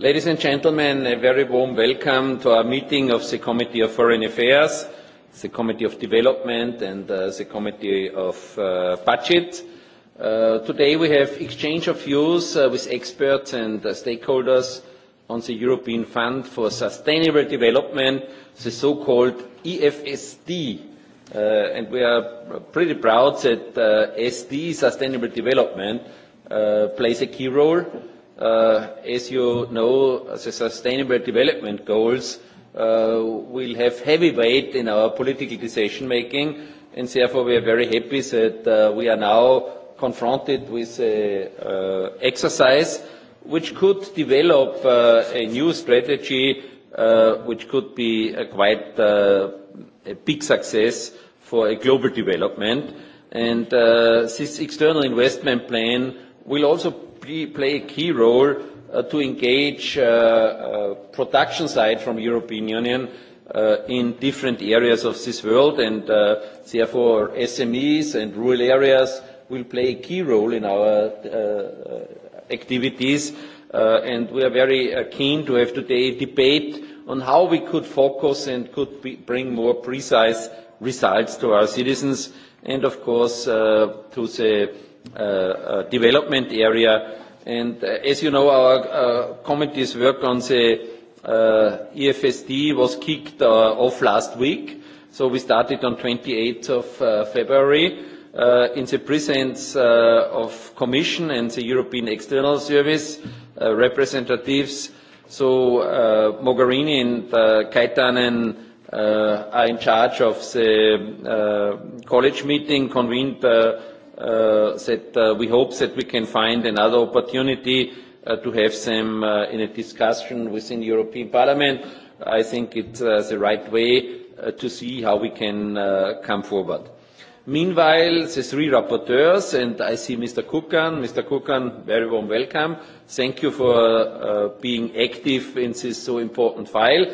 Ladies and gentlemen, a very warm welcome to our meeting of the Committee of Foreign Affairs, the Committee of Development and uh, the Committee of uh, Budget. Uh, today we have exchange of views uh, with experts and uh, stakeholders on the European Fund for Sustainable Development, the so-called EFSD. Uh, and we are pretty proud that uh, SD, Sustainable Development, uh, uh, plays a key role. Uh, as you know, the Sustainable Development Goals uh, will have heavy weight in our political decision making, and therefore we are very happy that uh, we are now confronted with an uh, exercise which could develop uh, a new strategy uh, which could be a quite uh, a big success for a global development. And uh, this external investment plan will also play a key role uh, to engage uh, uh, production side from European Union uh, in different areas of this world and uh, therefore SMEs and rural areas will play a key role in our uh, activities uh, and we are very uh, keen to have today a debate on how we could focus and could be, bring more precise results to our citizens and of course uh, to the uh, uh, development area. And uh, as you know, our uh, committee's work on the uh, EFSD was kicked uh, off last week. So we started on 28th of uh, February uh, in the presence uh, of Commission and the European External Service uh, representatives. So uh, Mogherini and uh, Kaitanen uh, are in charge of the uh, college meeting convened uh, uh, that uh, we hope that we can find another opportunity uh, to have them uh, in a discussion within European Parliament. I think it's uh, the right way uh, to see how we can uh, come forward. Meanwhile, the three rapporteurs, and I see Mr. Kukan. Mr. Kukan, very warm welcome. Thank you for uh, being active in this so important file.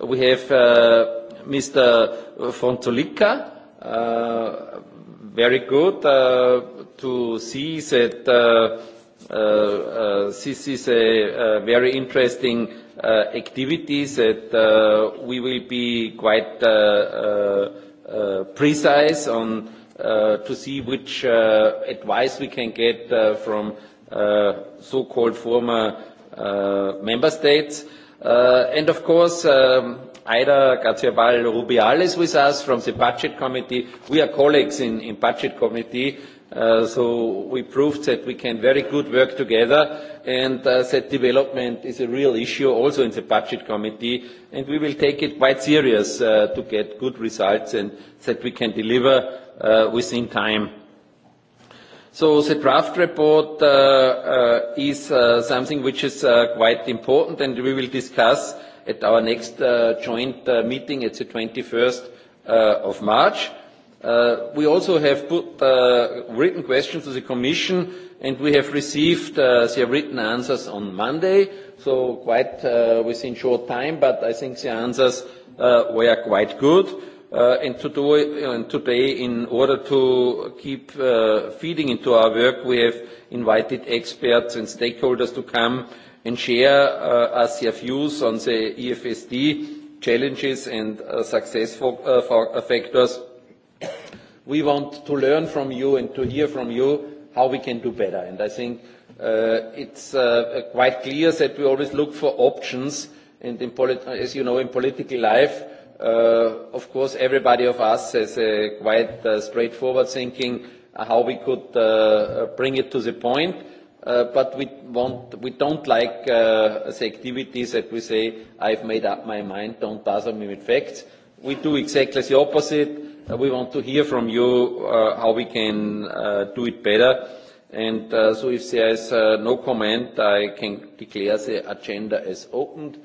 We have uh, Mr. Fontolica, uh, very good uh, to see that uh, uh, uh, this is a, a very interesting uh, activity that uh, we will be quite uh, uh, uh, precise on uh, to see which uh, advice we can get uh, from uh, so-called former uh, member states. Uh, and of course, um, Aida Garciabal Rubiales with us from the Budget Committee. We are colleagues in, in Budget Committee. Uh, so we proved that we can very good work together and uh, that development is a real issue also in the budget committee and we will take it quite serious uh, to get good results and that we can deliver uh, within time. So the draft report uh, uh, is uh, something which is uh, quite important and we will discuss uh, at our next uh, joint uh, meeting. It's the 21st uh, of March. Uh, we also have put uh, written questions to the Commission and we have received uh, their written answers on Monday, so quite uh, within short time, but I think the answers uh, were quite good. Uh, and, to do, uh, and today, in order to keep uh, feeding into our work, we have invited experts and stakeholders to come uh, and share uh, RCF views on the EFSD challenges and uh, success for, uh, for uh, factors. We want to learn from you and to hear from you how we can do better. And I think uh, it's uh, quite clear that we always look for options. And in polit- as you know, in political life, uh, of course, everybody of us has a quite uh, straightforward thinking how we could uh, bring it to the point. Uh, Uh, but we, want, we don't like uh, the activities that we say, I've made up my mind, don't bother me with facts. We do exactly the opposite. Uh, we want to hear from you uh, how we can uh, do it better. And uh, so if there is uh, no comment, I can declare the agenda as opened.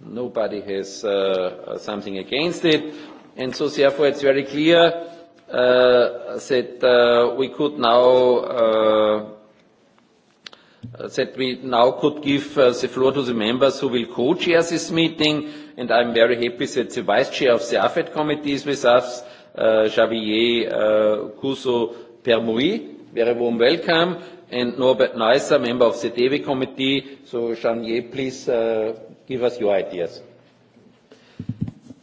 Nobody has uh, uh something against it. And so therefore it's very clear uh, that uh, we could now uh, uh, that we now could give uh, the floor to the members who will co-chair this meeting, and I'm very happy that the Vice Chair of the AFED Committee is with us, uh, Xavier uh, Couso-Permouy. Very warm welcome. And Norbert Neusser, member of the DEWE Committee. So, Xavier, please uh, give us your ideas.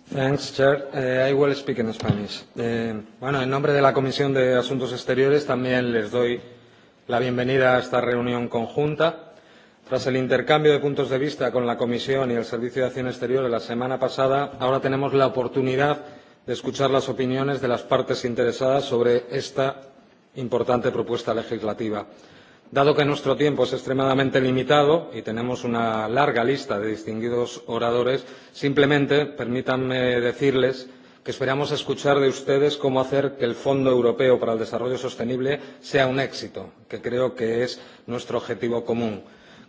Thanks, Chair. Eh, I will speak in Spanish. Eh, bueno, en nombre de la Comisión de Asuntos Exteriores también les doy la bienvenida a esta reunión conjunta. Tras el intercambio de puntos de vista con la Comisión y el Servicio de Acción Exterior de la semana pasada, ahora tenemos la oportunidad de escuchar las opiniones de las partes interesadas sobre esta importante propuesta legislativa. Dado que nuestro tiempo es extremadamente limitado y tenemos una larga lista de distinguidos oradores, simplemente permítanme decirles Esperamos escuchar de ustedes cómo hacer que el Fondo Europeo para el Desarrollo Sostenible sea un éxito, que creo que es nuestro objetivo común.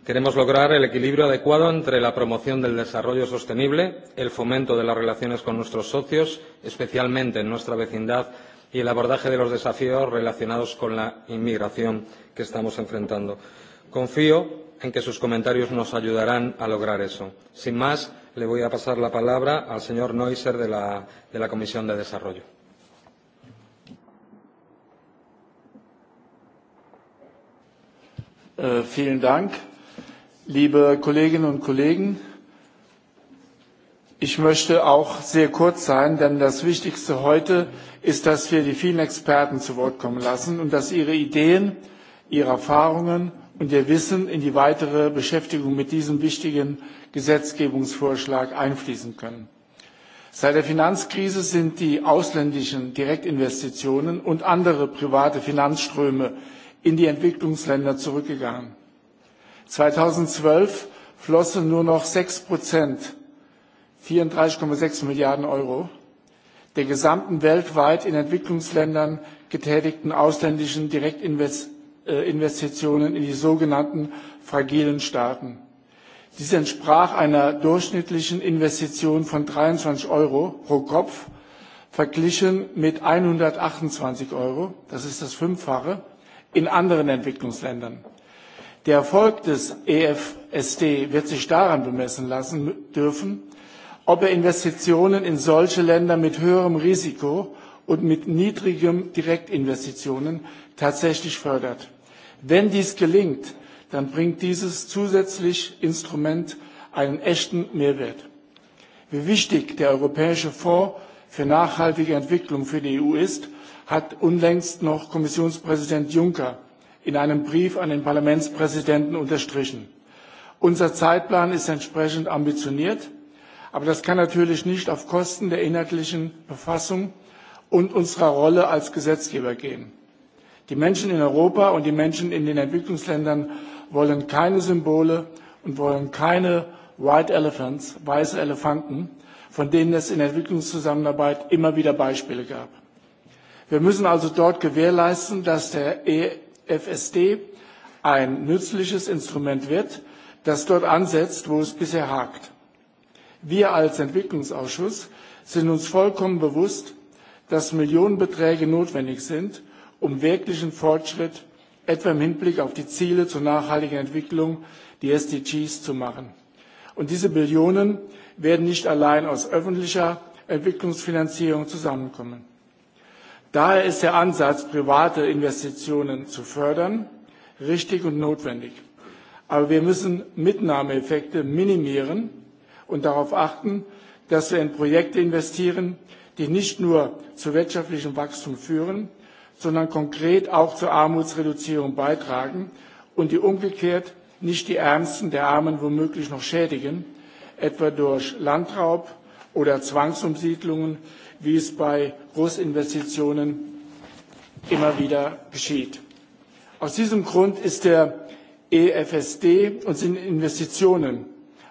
Queremos lograr el equilibrio adecuado entre la promoción del desarrollo sostenible, el fomento de las relaciones con nuestros socios, especialmente en nuestra vecindad, y el abordaje de los desafíos relacionados con la inmigración que estamos enfrentando. Confío en que sus comentarios nos ayudarán a lograr eso. Sin más, le voy a pasar la palabra al señor Neusser de la, de la Comisión de Desarrollo. Uh, vielen Dank. Liebe Kolleginnen und Kollegen, ich möchte auch sehr kurz sein, denn das Wichtigste heute ist, dass wir die vielen Experten zu Wort kommen lassen und dass ihre Ideen, ihre Erfahrungen und ihr Wissen in die weitere Beschäftigung mit diesem wichtigen Gesetzgebungsvorschlag einfließen können. Seit der Finanzkrise sind die ausländischen Direktinvestitionen und andere private Finanzströme in die Entwicklungsländer zurückgegangen. 2012 flossen nur noch 6 Prozent, 34,6 Milliarden Euro, der gesamten weltweit in Entwicklungsländern getätigten ausländischen Direktinvestitionen Äh, Investitionen in die sogenannten fragilen Staaten. Dies entsprach einer durchschnittlichen Investition von 23 Euro pro Kopf, verglichen mit 128 Euro, das ist das Fünffache, in anderen Entwicklungsländern. Der Erfolg des EFSD wird sich daran bemessen lassen dürfen, ob er Investitionen in solche Länder mit höherem Risiko und mit niedrigem Direktinvestitionen tatsächlich fördert. Wenn dies gelingt, dann bringt dieses zusätzliche Instrument einen echten Mehrwert. Wie wichtig der Europäische Fonds für nachhaltige Entwicklung für die EU ist, hat unlängst noch Kommissionspräsident Juncker in einem Brief an den Parlamentspräsidenten unterstrichen. Unser Zeitplan ist entsprechend ambitioniert, aber das kann natürlich nicht auf Kosten der inhaltlichen Befassung und unserer Rolle als Gesetzgeber gehen. Die Menschen in Europa und die Menschen in den Entwicklungsländern wollen keine Symbole und wollen keine White Elephants, weiße Elefanten, von denen es in der Entwicklungszusammenarbeit immer wieder Beispiele gab. Wir müssen also dort gewährleisten, dass der EFSD ein nützliches Instrument wird, das dort ansetzt, wo es bisher hakt. Wir als Entwicklungsausschuss sind uns vollkommen bewusst, dass Millionenbeträge notwendig sind, um wirklichen Fortschritt, etwa im Hinblick auf die Ziele zur nachhaltigen Entwicklung, die SDGs, zu machen. Und diese Billionen werden nicht allein aus öffentlicher Entwicklungsfinanzierung zusammenkommen. Daher ist der Ansatz, private Investitionen zu fördern, richtig und notwendig. Aber wir müssen Mitnahmeeffekte minimieren und darauf achten, dass wir in Projekte investieren, die nicht nur zu wirtschaftlichem Wachstum führen, sondern konkret auch zur Armutsreduzierung beitragen und die umgekehrt nicht die Ärmsten der Armen womöglich noch schädigen, etwa durch Landraub oder Zwangsumsiedlungen, wie es bei Großinvestitionen immer wieder geschieht. Aus diesem Grund ist der EFSD und sind Investitionen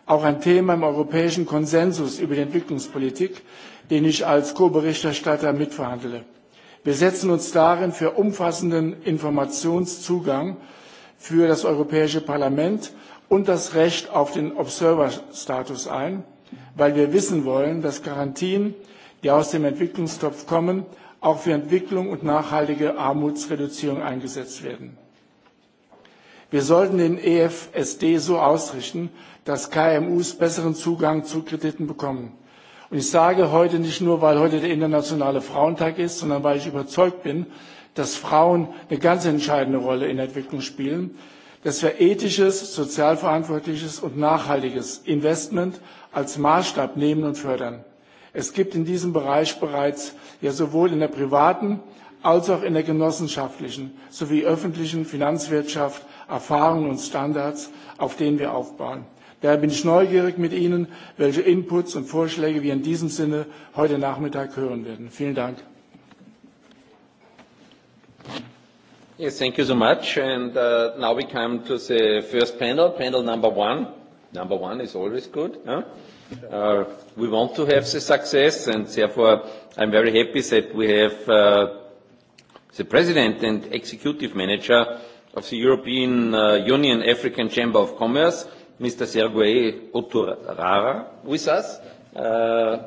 auch ein Thema im europäischen Konsensus über die Entwicklungspolitik, den ich als Co-Berichterstatter mitverhandle. Wir setzen uns darin für umfassenden Informationszugang für das Europäische Parlament und das Recht auf den Observer-Status ein, weil wir wissen wollen, dass Garantien, die aus dem Entwicklungstopf kommen, auch für Entwicklung und nachhaltige Armutsreduzierung eingesetzt werden. Wir sollten den EFSD so ausrichten, dass KMUs besseren Zugang zu Krediten bekommen. Und ich sage heute nicht nur, weil heute der internationale Frauentag ist, sondern weil ich überzeugt bin, dass Frauen eine ganz entscheidende Rolle in der Entwicklung spielen, dass wir ethisches, sozial verantwortliches und nachhaltiges Investment als Maßstab nehmen und fördern. Es gibt in diesem Bereich bereits ja sowohl in der privaten als auch in der genossenschaftlichen sowie öffentlichen Finanzwirtschaft Erfahrungen und Standards, auf denen wir aufbauen. Daher bin ich neugierig mit Ihnen, welche Inputs und Vorschläge wir in diesem Sinne heute Nachmittag hören werden. Vielen Dank. Yes, thank you so much. And uh, now we come to the first panel, panel number one. Number one is always good. Huh? Uh, we want to have the success, and therefore I'm very happy that we have uh, the President and Executive Manager of the European uh, Union African Chamber of Commerce, Mr. Sergei Otorara with us. Uh,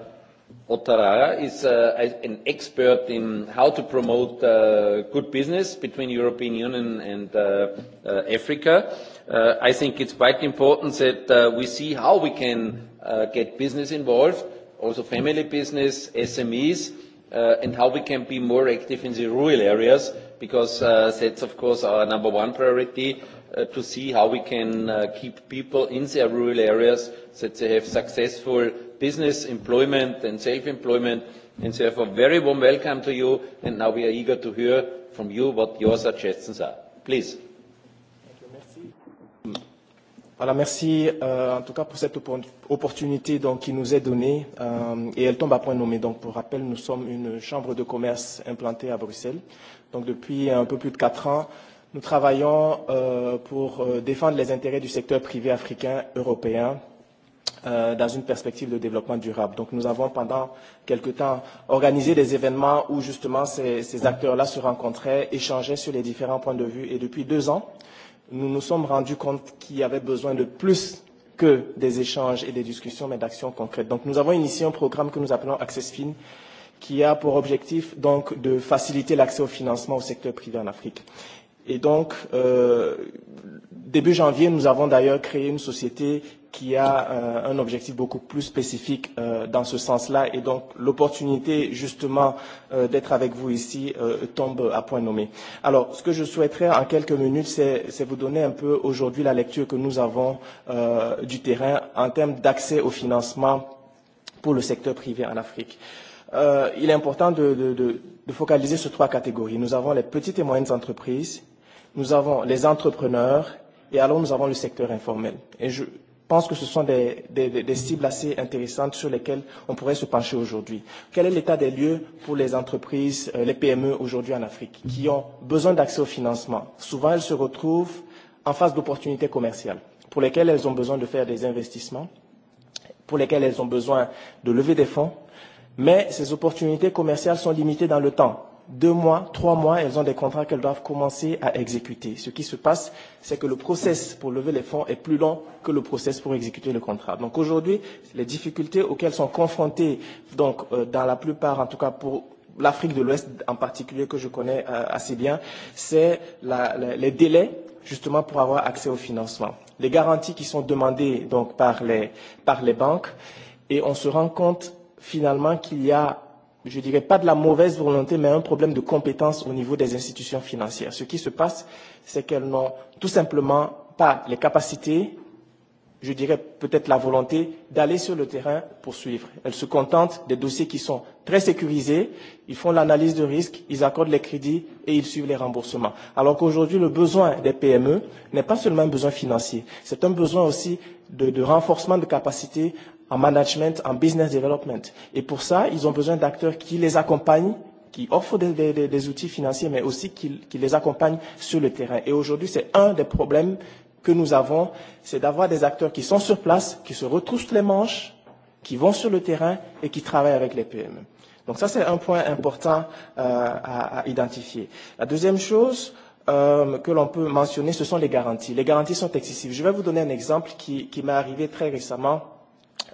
Otorara is uh, an expert in how to promote uh, good business between European Union and uh, uh, Africa. Uh, I think it's quite important that uh, we see how we can uh, get business involved, also family business, SMEs, uh, and how we can be more active in the rural areas because uh, that's of course our number one priority uh, to see how we can uh, keep people in their rural areas so that they have successful business, employment and self-employment. And therefore, very warm welcome to you. And now we are eager to hear from you what your suggestions are. Please. Voilà, merci euh, en tout cas pour cette op opportunité donc, qui nous est donnée euh, et elle tombe à point nommé. Donc, pour rappel, nous sommes une chambre de commerce implantée à Bruxelles. Donc, depuis un peu plus de quatre ans, euh, Nous travaillons euh, pour euh, défendre les intérêts du secteur privé africain, européen, euh, dans une perspective de développement durable. Donc nous avons pendant quelque temps organisé des événements où justement ces, ces acteurs-là se rencontraient, échangeaient sur les différents points de vue. Et depuis deux ans, nous nous sommes rendus compte qu'il y avait besoin de plus que des échanges et des discussions, mais d'actions concrètes. Donc nous avons initié un programme que nous appelons AccessFin, qui a pour objectif donc de faciliter l'accès au financement au secteur privé en Afrique. Et donc, euh, début janvier, nous avons d'ailleurs créé une société qui a euh, un objectif beaucoup plus spécifique euh, dans ce sens-là. Et donc, l'opportunité, justement, euh, d'être avec vous ici euh, tombe à point nommé. Alors, ce que je souhaiterais en quelques minutes, c'est vous donner un peu aujourd'hui la lecture que nous avons euh, du terrain en termes d'accès au financement pour le secteur privé en Afrique. Euh, il est important de, de, de, de focaliser sur trois catégories. Nous avons les petites et moyennes entreprises, nous avons les entrepreneurs et alors nous avons le secteur informel. Et je pense que ce sont des, des, des cibles assez intéressantes sur lesquelles on pourrait se pencher aujourd'hui. Quel est l'état des lieux pour les entreprises, euh, les PME aujourd'hui en Afrique, qui ont besoin d'accès au financement Souvent, elles se retrouvent en face d'opportunités commerciales pour lesquelles elles ont besoin de faire des investissements, pour lesquelles elles ont besoin de lever des fonds, mais ces opportunités commerciales sont limitées dans le temps deux mois, trois mois, elles ont des contrats qu'elles doivent commencer à exécuter. Ce qui se passe, c'est que le process pour lever les fonds est plus long que le process pour exécuter le contrat. Donc aujourd'hui, les difficultés auxquelles sont confrontées, donc euh, dans la plupart, en tout cas pour l'Afrique de l'Ouest en particulier que je connais euh, assez bien, c'est la, la, les délais justement pour avoir accès au financement, les garanties qui sont demandées donc par les, par les banques, et on se rend compte finalement qu'il y a je dirais pas de la mauvaise volonté, mais un problème de compétence au niveau des institutions financières. Ce qui se passe, c'est qu'elles n'ont tout simplement pas les capacités, je dirais peut-être la volonté, d'aller sur le terrain pour suivre. Elles se contentent des dossiers qui sont très sécurisés, ils font l'analyse de risque, ils accordent les crédits et ils suivent les remboursements. Alors qu'aujourd'hui, le besoin des PME n'est pas seulement un besoin financier, c'est un besoin aussi de, de renforcement de capacités en management, en business development. Et pour ça, ils ont besoin d'acteurs qui les accompagnent qui offrent des, des, des, des outils financiers, mais aussi qui, qui les accompagnent sur le terrain. Et aujourd'hui, c'est un des problèmes que nous avons, c'est d'avoir des acteurs qui sont sur place, qui se retroussent les manches, qui vont sur le terrain et qui travaillent avec les PME. Donc ça, c'est un point important euh, à, à identifier. La deuxième chose euh, que l'on peut mentionner, ce sont les garanties. Les garanties sont excessives. Je vais vous donner un exemple qui, qui m'est arrivé très récemment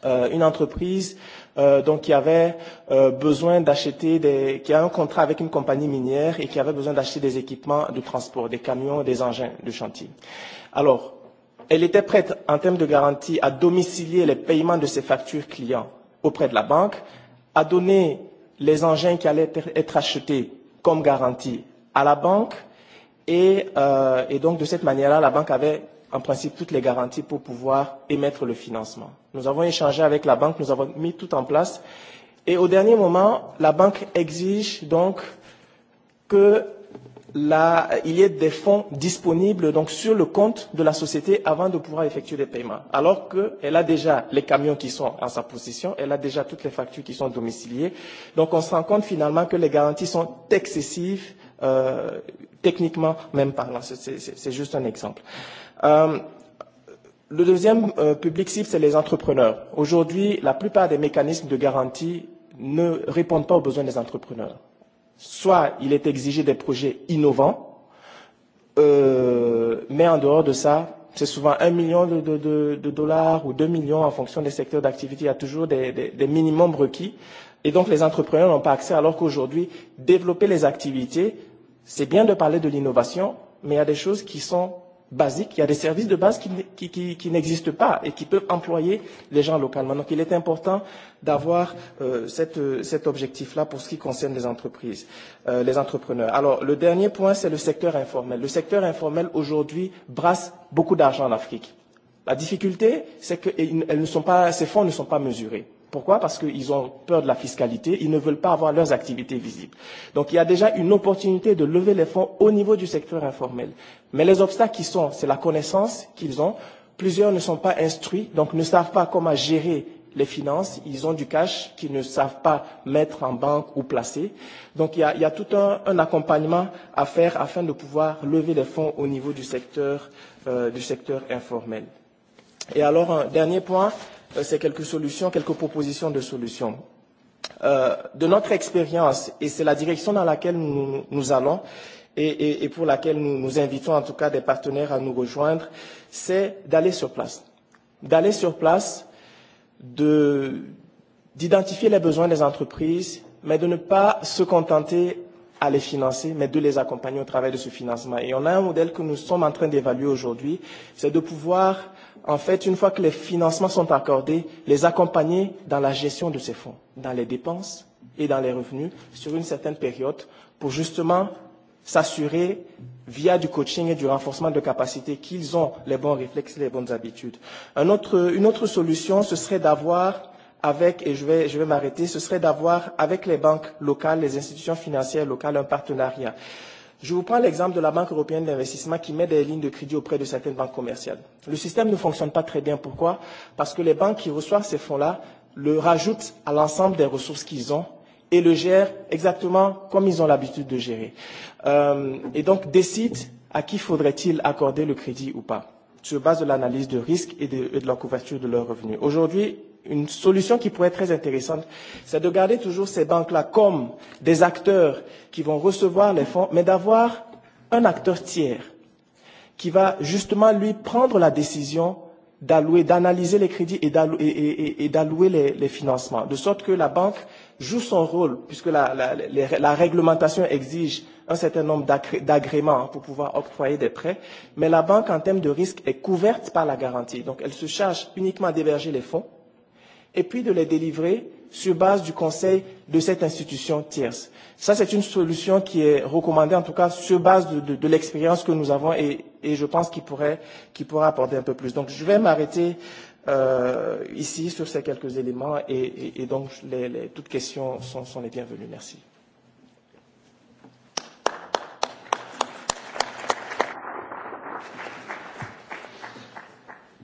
euh, une entreprise euh, donc qui avait euh, besoin d'acheter des qui a un contrat avec une compagnie minière et qui avait besoin d'acheter des équipements de transport, des camions, des engins de chantier. Alors, elle était prête en termes de garantie à domicilier les paiements de ses factures clients auprès de la banque, à donner les engins qui allaient être achetés comme garantie à la banque et, euh, et donc de cette manière-là, la banque avait en principe toutes les garanties pour pouvoir émettre le financement. Nous avons échangé avec la banque, nous avons mis tout en place. Et au dernier moment, la banque exige donc que la, il y ait des fonds disponibles donc sur le compte de la société avant de pouvoir effectuer les paiements. Alors qu'elle a déjà les camions qui sont en sa possession, elle a déjà toutes les factures qui sont domiciliées. Donc on se rend compte finalement que les garanties sont excessives, euh, techniquement même parlant. C'est juste un exemple. Euh, Euh, le deuxième euh, public cible, c'est les entrepreneurs. Aujourd'hui, la plupart des mécanismes de garantie ne répondent pas aux besoins des entrepreneurs. Soit il est exigé des projets innovants, euh, mais en dehors de ça, c'est souvent 1 million de, de, de, de dollars ou 2 millions en fonction des secteurs d'activité. Il y a toujours des, des, des minimums requis. Et donc les entrepreneurs n'ont pas accès alors qu'aujourd'hui, développer les activités, c'est bien de parler de l'innovation, mais il y a des choses qui sont basique, il y a des services de base qui, qui, qui, qui n'existent pas et qui peuvent employer les gens localement. Donc il est important d'avoir euh, cette, euh, cet objectif-là pour ce qui concerne les entreprises, euh, les entrepreneurs. Alors le dernier point, c'est le secteur informel. Le secteur informel aujourd'hui brasse beaucoup d'argent en Afrique. La difficulté, c'est que elles ne sont pas, ces fonds ne sont pas mesurés. Pourquoi Parce qu'ils ont peur de la fiscalité, ils ne veulent pas avoir leurs activités visibles. Donc il y a déjà une opportunité de lever les fonds au niveau du secteur informel. Mais les obstacles qui sont, c'est la connaissance qu'ils ont. Plusieurs ne sont pas instruits, donc ne savent pas comment gérer les finances, ils ont du cash qu'ils ne savent pas mettre en banque ou placer. Donc il y a, il y a tout un, un accompagnement à faire afin de pouvoir lever les fonds au niveau du secteur, euh, du secteur informel. Et alors, un dernier point, Euh, ces quelques solutions, quelques propositions de solutions. Euh, de notre expérience, et c'est la direction dans laquelle nous, nous allons et, et, et pour laquelle nous, nous invitons en tout cas des partenaires à nous rejoindre, c'est d'aller sur place. D'aller sur place, d'identifier les besoins des entreprises, mais de ne pas se contenter à les financer, mais de les accompagner au travers de ce financement. Et on a un modèle que nous sommes en train d'évaluer aujourd'hui, c'est de pouvoir en fait, une fois que les financements sont accordés, les accompagner dans la gestion de ces fonds, dans les dépenses et dans les revenus sur une certaine période pour justement s'assurer via du coaching et du renforcement de capacité qu'ils ont les bons réflexes et les bonnes habitudes. Un autre, une autre solution, ce serait d'avoir avec, et je vais, je vais m'arrêter, ce serait d'avoir avec les banques locales, les institutions financières locales, un partenariat. Euh, Je vous prends l'exemple de la Banque européenne d'investissement qui met des lignes de crédit auprès de certaines banques commerciales. Le système ne fonctionne pas très bien. Pourquoi Parce que les banques qui reçoivent ces fonds-là le rajoutent à l'ensemble des ressources qu'ils ont et le gèrent exactement comme ils ont l'habitude de gérer. Euh, et donc décident à qui faudrait-il accorder le crédit ou pas, sur base de l'analyse de risque et de, et de la couverture de leurs revenus. Aujourd'hui, une solution qui pourrait être très intéressante, c'est de garder toujours ces banques-là comme des acteurs qui vont recevoir les fonds, mais d'avoir un acteur tiers qui va justement lui prendre la décision d'allouer, d'analyser les crédits et d'allouer, et, et, et d'allouer les, les financements, de sorte que la banque joue son rôle, puisque la, la, les, la réglementation exige un certain nombre d'agréments pour pouvoir octroyer des prêts, mais la banque, en termes de risque, est couverte par la garantie. Donc, elle se charge uniquement d'héberger les fonds et puis de les délivrer sur base du conseil de cette institution tierce. Ça, c'est une solution qui est recommandée, en tout cas, sur base de, de, de l'expérience que nous avons et, et je pense qu'il pourrait, qu pourrait apporter un peu plus. Donc, je vais m'arrêter euh, ici sur ces quelques éléments et, et, et donc les, les, toutes questions sont, sont les bienvenues. Merci.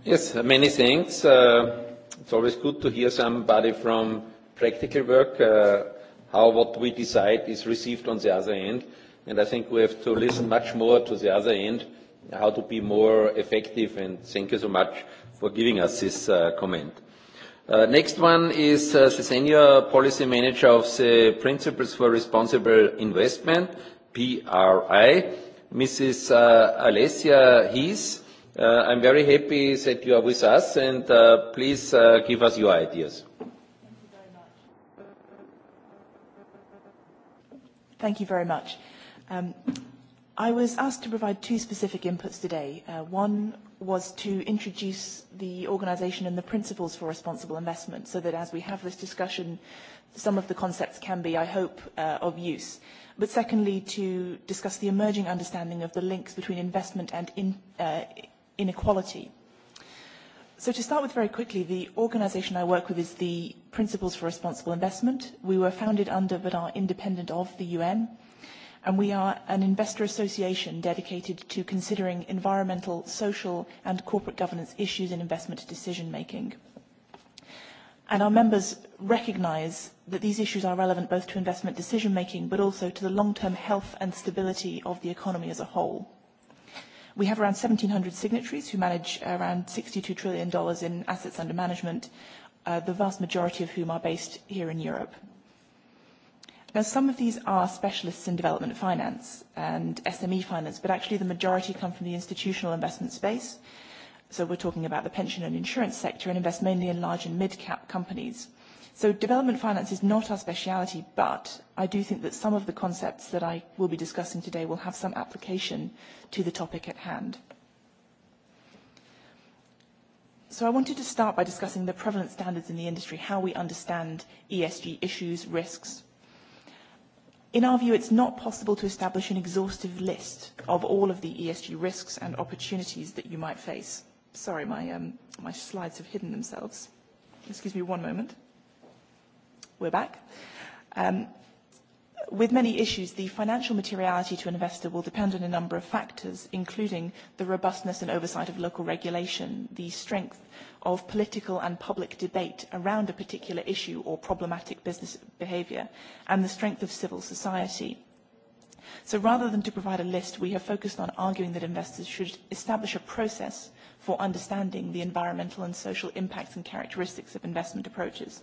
Yes, many thanks. Uh, It's always good to hear somebody from practical work, uh, how what we decide is received on the other end. And I think we have to listen much more to the other end, how to be more effective. And thank you so much for giving us this uh, comment. Uh, next one is uh, the senior policy manager of the Principles for Responsible Investment, PRI, Mrs. Uh, Alessia Hees. Uh, I'm very happy that you are with us, and uh, please uh, give us your ideas. Thank you very much. Um, I was asked to provide two specific inputs today. Uh, one was to introduce the organisation and the principles for responsible investment so that as we have this discussion, some of the concepts can be, I hope, uh, of use. But secondly, to discuss the emerging understanding of the links between investment and in, uh, inequality. So to start with very quickly, the organisation I work with is the Principles for Responsible Investment. We were founded under but are independent of the UN, and we are an investor association dedicated to considering environmental, social and corporate governance issues in investment decision making. And our members recognise that these issues are relevant both to investment decision making but also to the long-term health and stability of the economy as a whole. We have around 1,700 signatories who manage around $62 trillion in assets under management, uh, the vast majority of whom are based here in Europe. Now, some of these are specialists in development finance and SME finance, but actually the majority come from the institutional investment space. So we're talking about the pension and insurance sector and invest mainly in large and mid-cap companies. So development finance is not our speciality, but I do think that some of the concepts that I will be discussing today will have some application to the topic at hand. So I wanted to start by discussing the prevalent standards in the industry, how we understand ESG issues, risks. In our view, it's not possible to establish an exhaustive list of all of the ESG risks and opportunities that you might face. Sorry, my, um, my slides have hidden themselves. Excuse me one moment we're back. Um, with many issues, the financial materiality to an investor will depend on a number of factors, including the robustness and oversight of local regulation, the strength of political and public debate around a particular issue or problematic business behaviour, and the strength of civil society. So rather than to provide a list, we have focused on arguing that investors should establish a process for understanding the environmental and social impacts and characteristics of investment approaches.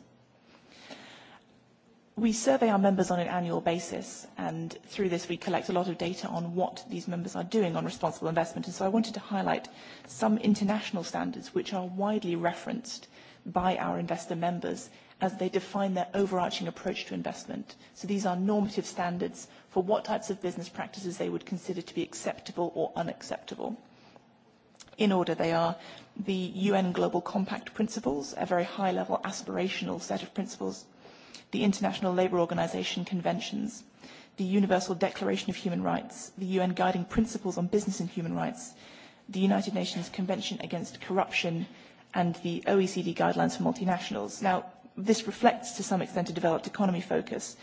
We survey our members on an annual basis, and through this we collect a lot of data on what these members are doing on responsible investment. And so I wanted to highlight some international standards which are widely referenced by our investor members as they define their overarching approach to investment. So these are normative standards for what types of business practices they would consider to be acceptable or unacceptable. In order, they are the UN Global Compact Principles, a very high-level aspirational set of principles – the International Labour Organization conventions, the Universal Declaration of Human Rights, the UN Guiding Principles on Business and Human Rights, the United Nations Convention Against Corruption, and the OECD Guidelines for Multinationals. Now, this reflects to some extent a developed economy focus.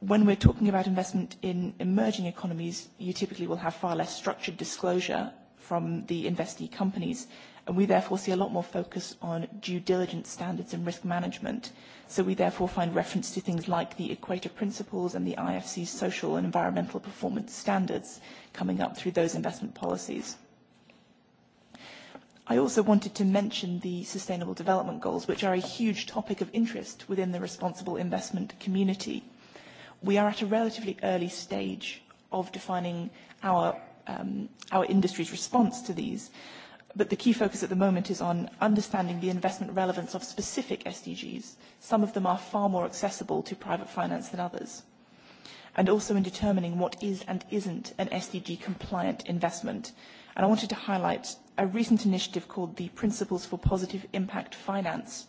When we're talking about investment in emerging economies, you typically will have far less structured disclosure from the investee companies and we therefore see a lot more focus on due diligence standards and risk management. So we therefore find reference to things like the Equator Principles and the IFC's social and environmental performance standards coming up through those investment policies. I also wanted to mention the Sustainable Development Goals, which are a huge topic of interest within the responsible investment community. We are at a relatively early stage of defining our, um, our industry's response to these, but the key focus at the moment is on understanding the investment relevance of specific SDGs. Some of them are far more accessible to private finance than others. And also in determining what is and isn't an SDG compliant investment. And I wanted to highlight a recent initiative called the Principles for Positive Impact Finance,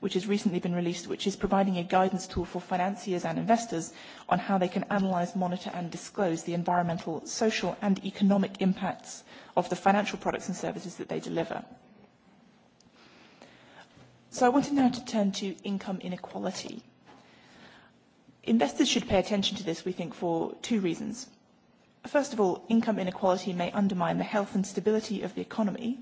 which has recently been released, which is providing a guidance tool for financiers and investors on how they can analyse, monitor and disclose the environmental, social and economic impacts of the financial products and services that they deliver. So I wanted now to turn to income inequality. Investors should pay attention to this, we think, for two reasons. First of all, income inequality may undermine the health and stability of the economy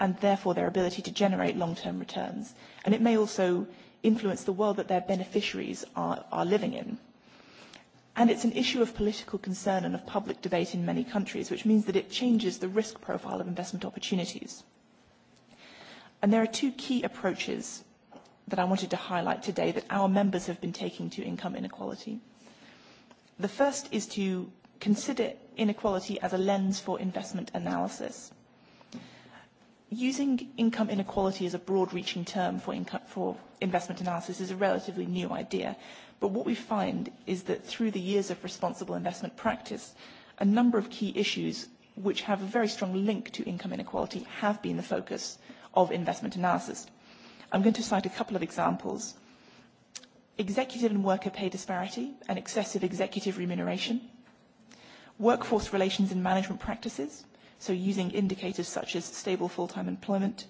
and therefore their ability to generate long-term returns. And it may also influence the world that their beneficiaries are, are living in. And it's an issue of political concern and of public debate in many countries, which means that it changes the risk profile of investment opportunities. And there are two key approaches that I wanted to highlight today that our members have been taking to income inequality. The first is to consider inequality as a lens for investment analysis. Using income inequality as a broad-reaching term for, income, for investment analysis is a relatively new idea, but what we find is that through the years of responsible investment practice, a number of key issues which have a very strong link to income inequality have been the focus of investment analysis. I'm going to cite a couple of examples. Executive and worker pay disparity and excessive executive remuneration, workforce relations and management practices, so using indicators such as stable full-time employment,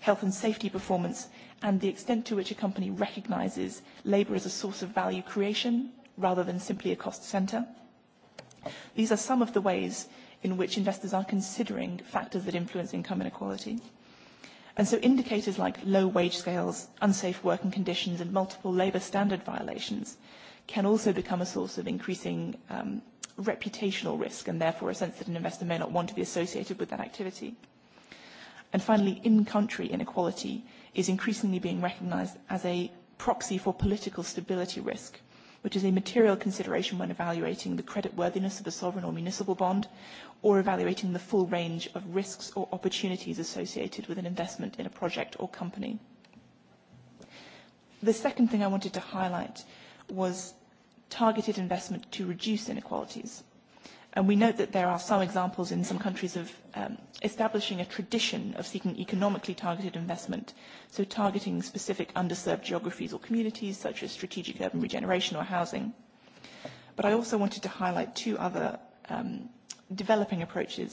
health and safety performance, and the extent to which a company recognises labour as a source of value creation rather than simply a cost centre. These are some of the ways in which investors are considering factors that influence income inequality. And so indicators like low wage scales, unsafe working conditions, and multiple labour standard violations can also become a source of increasing um, reputational risk, and therefore a sense that an investor may not want to be associated with that activity. And finally, in-country inequality is increasingly being recognized as a proxy for political stability risk, which is a material consideration when evaluating the creditworthiness of a sovereign or municipal bond, or evaluating the full range of risks or opportunities associated with an investment in a project or company. The second thing I wanted to highlight was targeted investment to reduce inequalities. And we note that there are some examples in some countries of um, establishing a tradition of seeking economically targeted investment, so targeting specific underserved geographies or communities such as strategic urban regeneration or housing. But I also wanted to highlight two other um, developing approaches.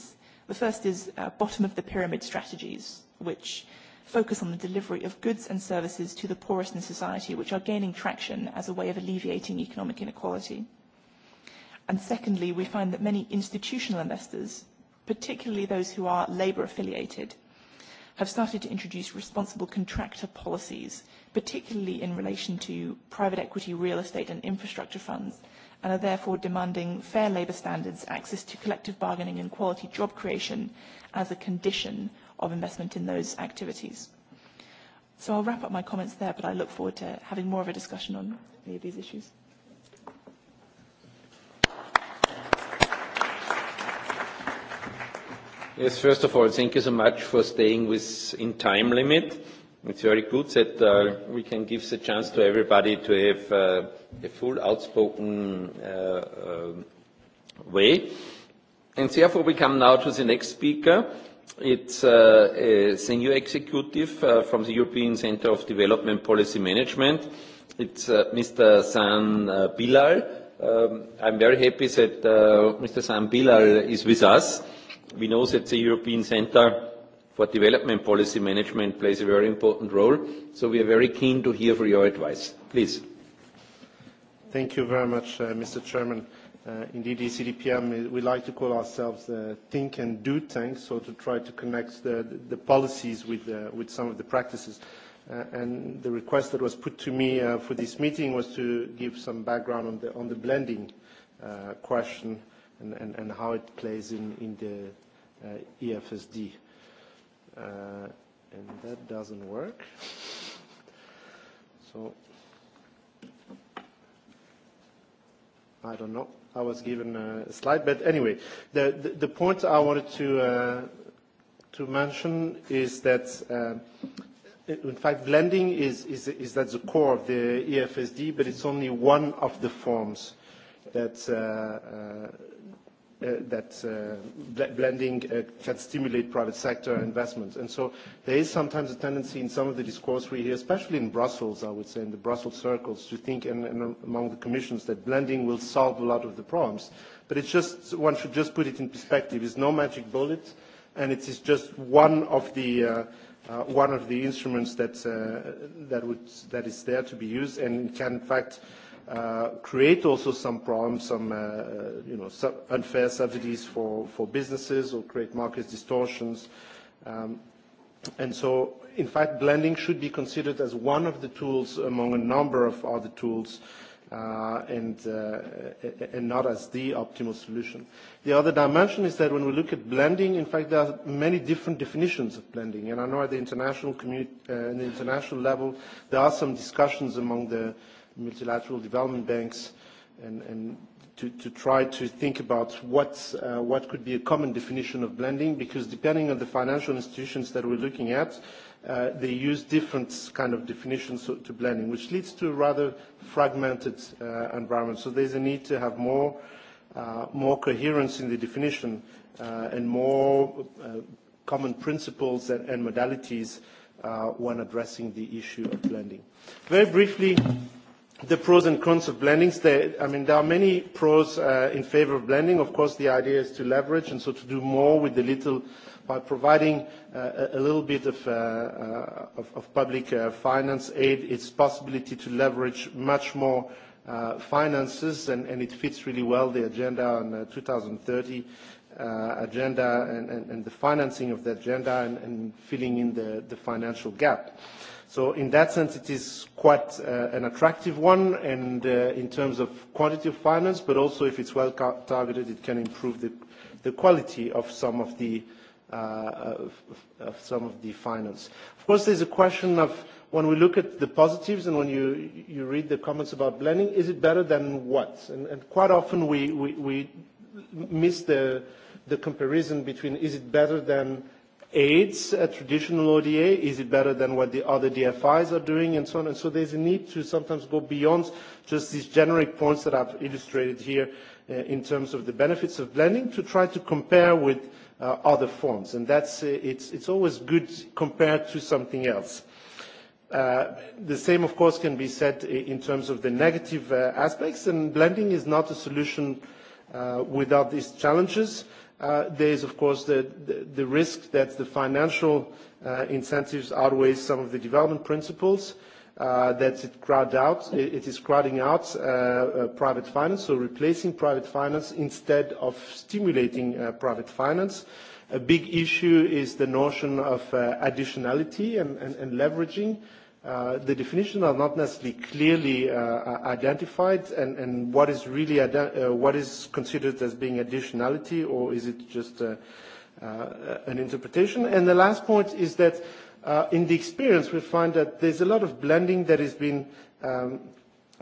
The first is uh, bottom of the pyramid strategies, which uh, focus on the delivery of goods and services to the poorest in society, which are gaining traction as a way of alleviating economic inequality. And secondly, we find that many institutional investors, particularly those who are labour affiliated, have started to introduce responsible contractor policies, particularly in relation to private equity, real estate and infrastructure funds, and are therefore demanding fair labour standards, access to collective bargaining and quality job creation as a condition of investment in those activities. So I'll wrap up my comments there, but I look forward to having more of a discussion on any of these issues. Yes, first of all, thank you so much for staying within time limit. It's very good that uh, we can give the chance to everybody to have uh, a full outspoken uh, uh way. And therefore, we come now to the next speaker, it's uh, a senior executive uh, from the European Center of Development Policy Management. It's uh, Mr. San uh, Bilal. Um, I'm very happy that uh, Mr. San Bilal is with us. We know that the European Center for Development Policy Management plays a very important role, so we are very keen to hear for your advice. Please. Thank you very much, uh, Mr. Chairman. Uh, Uh, indeed, ECDPM, uh, we like to call ourselves uh, think and do tank, so to try to connect the, the policies with, uh, with some of the practices. Uh, and the request that was put to me uh, for this meeting was to give some background on the, on the blending uh, question and, and, and how it plays in, in the uh, EFSD. Uh, and that doesn't work. So I don't know. I was given a slide. But anyway, the, the, the point I wanted to, uh, to mention is that, uh, in fact, lending is, is, is at the core of the EFSD, but it's only one of the forms that uh, uh, uh, that uh, bl blending uh, can stimulate private sector investment. And so there is sometimes a tendency in some of the discourse we hear, especially in Brussels, I would say, in the Brussels circles, to think in, in, among the commissions that blending will solve a lot of the problems. But it's just, one should just put it in perspective. It's no magic bullet, and it is just one of the uh, uh, one of the instruments that uh, that would that is there to be used and can in fact uh, uh, create also some problems, some uh, uh, you know, sub unfair subsidies for, for businesses or create market distortions. Um, and so, in fact, blending should be considered as one of the tools among a number of other tools uh, and, uh, and not as the optimal solution. The other dimension is that when we look at blending, in fact, there are many different definitions of blending. And I know at the international, community, uh, the international level, there are some discussions among the, multilateral development banks and, and to, to try to think about what, uh, what could be a common definition of blending because depending on the financial institutions that we're looking at, uh, they use different kind of definitions to, to blending, which leads to a rather fragmented uh, environment. So there's a need to have more, uh, more coherence in the definition uh, and more uh, common principles and, and modalities uh, when addressing the issue of blending. Very briefly, the pros and cons of blendings, there, I mean, there are many pros uh, in favor of blending. Of course, the idea is to leverage and so to do more with the little by providing uh, a little bit of, uh, uh, of, of public uh, finance aid, its possibility to leverage much more uh, finances, and, and it fits really well the agenda on uh, 2030 uh, agenda and, and, and the financing of the agenda and, and filling in the, the financial gap. Uh, So in that sense, it is quite uh, an attractive one, and uh, in terms of quantity of finance, but also if it's well targeted, it can improve the, the quality of some of the uh, of, of some of the finance. Of course, there's a question of when we look at the positives and when you you read the comments about blending, is it better than what? And, and quite often we, we we miss the the comparison between is it better than aids a traditional ODA? Is it better than what the other DFIs are doing and so on? And so there's a need to sometimes go beyond just these generic points that I've illustrated here uh, in terms of the benefits of blending to try to compare with uh, other forms. And that's, uh, it's, it's always good compared to something else. Uh, the same, of course, can be said uh, in terms of the negative uh, aspects, and blending is not a solution uh, uh, without these challenges. Uh, there is, of course, the, the, the risk that the financial uh, incentives outweigh some of the development principles, uh, that it, crowd out, it, it is crowding out uh, uh, private finance, so replacing private finance instead of stimulating uh, private finance. A big issue is the notion of uh, additionality and, and, and leveraging. Uh, uh, the definitions are not necessarily clearly uh, uh identified, and, and what is really uh, what is considered as being additionality, or is it just uh, uh, an interpretation? And the last point is that uh, in the experience, we find that there's a lot of blending that has been um,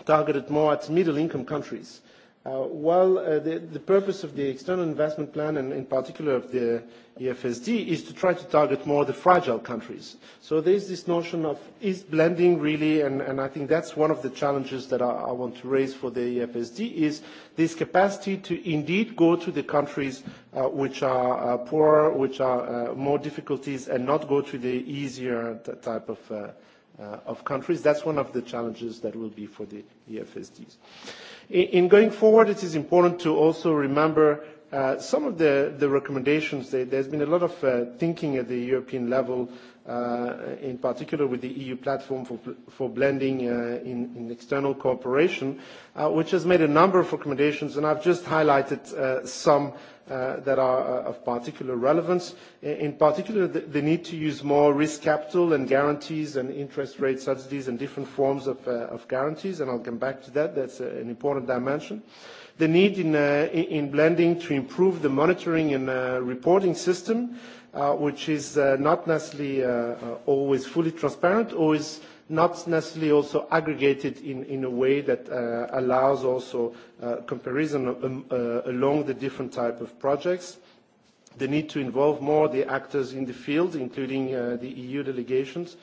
targeted more at middle-income countries. Uh, well, uh, the, the purpose of the external investment plan, and in particular of the EFSD, is to try to target more the fragile countries. So there is this notion of is blending really, and, and I think that's one of the challenges that I, I want to raise for the EFSD, is this capacity to indeed go to the countries uh, which are uh, poorer, which are uh, more difficulties, and not go to the easier t- type of, uh, uh, of countries. That's one of the challenges that will be for the EFSDs. Uh, In, in going forward, it is important to also remember uh, some of the, the recommendations. There, there's been a lot of uh, thinking at the European level uh, in particular with the EU platform for, for blending uh, in, in external cooperation, uh, which has made a number of recommendations, and I've just highlighted uh, some uh, that are uh, of particular relevance. In, in particular, the, the need to use more risk capital and guarantees and interest rate subsidies and different forms of, uh, of guarantees, and I'll come back to that. That's uh, an important dimension. The need in, uh, in blending to improve the monitoring and uh, reporting system uh, uh, which is uh, not necessarily uh, uh, always fully transparent or is not necessarily also aggregated in, in a way that uh, allows also uh, comparison um, uh, along the different type of projects. They need to involve more the actors in the field, including uh, the EU delegations,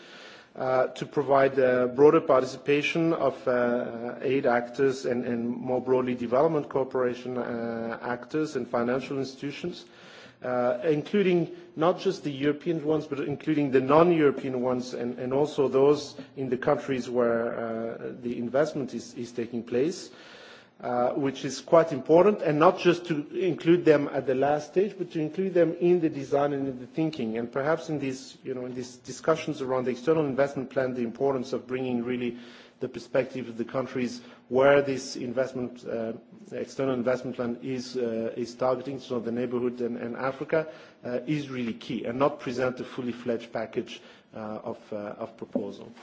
uh, to provide uh, broader participation of uh, aid actors and, and more broadly development cooperation uh, actors and financial institutions. Uh, uh, including not just the European ones, but including the non-European ones and, and also those in the countries where uh, the investment is, is taking place. Uh, which is quite important, and not just to include them at the last stage, but to include them in the design and in the thinking, and perhaps in these, you know, in these discussions around the external investment plan, the importance of bringing really the perspective of the countries where this investment, uh, external investment plan is, uh, is targeting, so the neighborhood and, and Africa, uh, is really key, and not present a fully fledged package uh, of, uh, of proposal. Uh,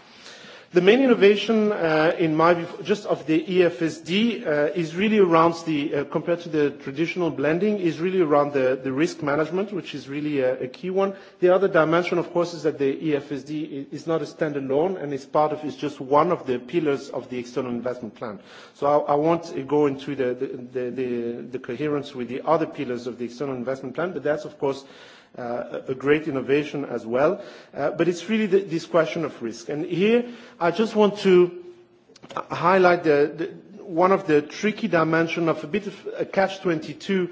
The main innovation, uh, in my view, just of the EFSD, uh, is really around the, uh, compared to the traditional blending, is really around the, the risk management, which is really a, a key one. The other dimension, of course, is that the EFSD is not a standalone and is part of, is just one of the pillars of the external investment plan. So I, I won't go into the, the, the coherence with the other pillars of the external investment plan, but that's, of course, uh, a great innovation as well. Uh, but it's really the, this question of risk. And here, I just want to highlight the, the, one of the tricky dimension of a bit of a catch-22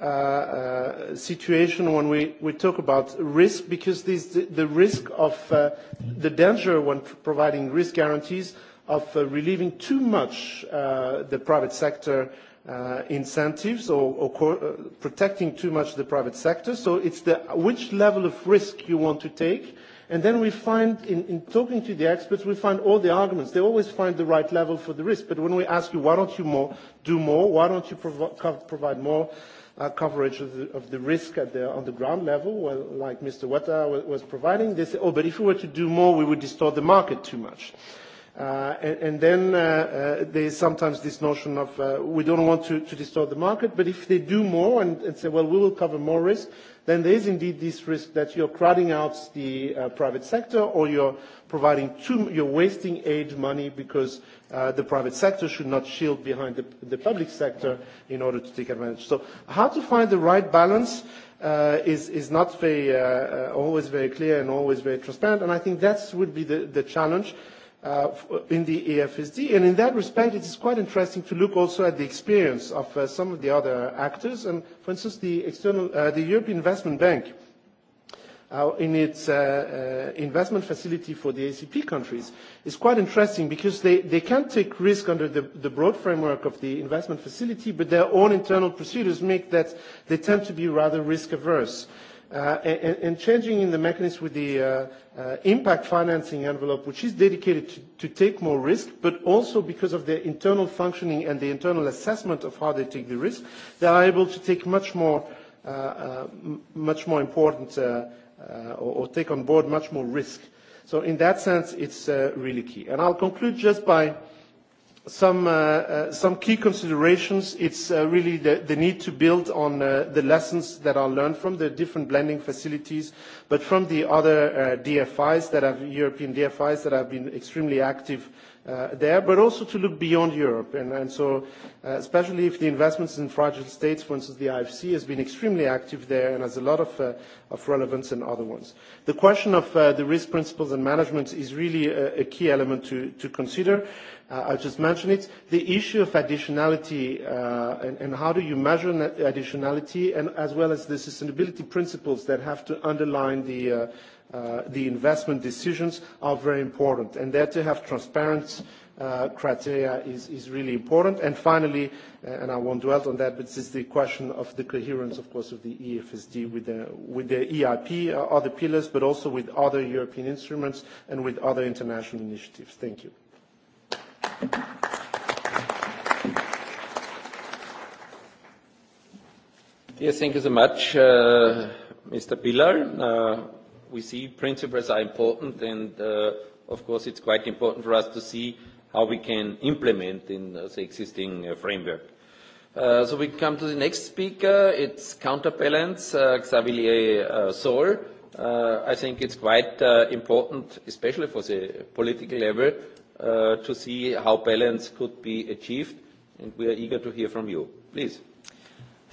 uh, uh, situation when we, we talk about risk, because this, the, the risk of uh, the danger when providing risk guarantees of uh, relieving too much uh, the private sector uh, uh, incentives or, or co- uh, protecting too much the private sector. So it's the which level of risk you want to take. And then we find, in, in talking to the experts, we find all the arguments. They always find the right level for the risk. But when we ask you, why don't you more, do more? Why don't you provo- co- provide more uh, coverage of the, of the risk at the, on the ground level, well, like Mr. Weta was, was providing? They say, oh, but if we were to do more, we would distort the market too much. Uh, Uh, and, and then uh, uh, there's sometimes this notion of uh, we don't want to, to distort the market, but if they do more and, and say, well, we will cover more risk, then there is indeed this risk that you're crowding out the uh, private sector or you're providing too, you're wasting aid money because uh, the private sector should not shield behind the, the public sector in order to take advantage. So how to find the right balance uh, is, is not very, uh, uh, always very clear and always very transparent, and I think that would be the, the challenge. Uh, uh, in the AFSD. E And in that respect, it is quite interesting to look also at the experience of uh, some of the other actors. And for instance, the, external, uh, the European Investment Bank, uh, in its uh, uh, investment facility for the ACP countries, is quite interesting because they, they can take risk under the, the broad framework of the investment facility, but their own internal procedures make that they tend to be rather risk averse. Uh, Uh, and, and changing in the mechanism with the uh, uh, impact financing envelope, which is dedicated to, to take more risk, but also because of their internal functioning and the internal assessment of how they take the risk, they are able to take much more, uh, uh, much more important uh, uh, or, or take on board much more risk. So in that sense, it's uh, really key. And I'll conclude just by uh, some, uh, uh, some key considerations. It's uh, really the, the need to build on uh, the lessons that are learned from the different blending facilities, but from the other uh, DFIs that have, European DFIs that have been extremely active uh, there, but also to look beyond Europe. And, and so, uh, especially if the investments in fragile states, for instance, the IFC has been extremely active there and has a lot of, uh, of relevance in other ones. The question of uh, the risk principles and management is really a, a key element to, to consider. Uh, I'll just mention it. The issue of additionality uh, and, and how do you measure additionality, and as well as the sustainability principles that have to underline the uh, uh, the investment decisions are very important, and there to have transparent uh, criteria is, is really important. And finally, uh, and I won't dwell on that, but this is the question of the coherence, of course, of the EFSD with the, with the EIP, uh, other pillars, but also with other European instruments and with other international initiatives. Thank you. Yes, thank you so much, uh, Mr. Pillar. Uh, we see principles are important, and uh, of course it's quite important for us to see how we can implement in uh, the existing uh, framework. Uh, so we come to the next speaker. It's counterbalance, uh, Xavier uh, Sol. Uh, I think it's quite uh, important, especially for the political level, uh, to see how balance could be achieved, and we are eager to hear from you. Please.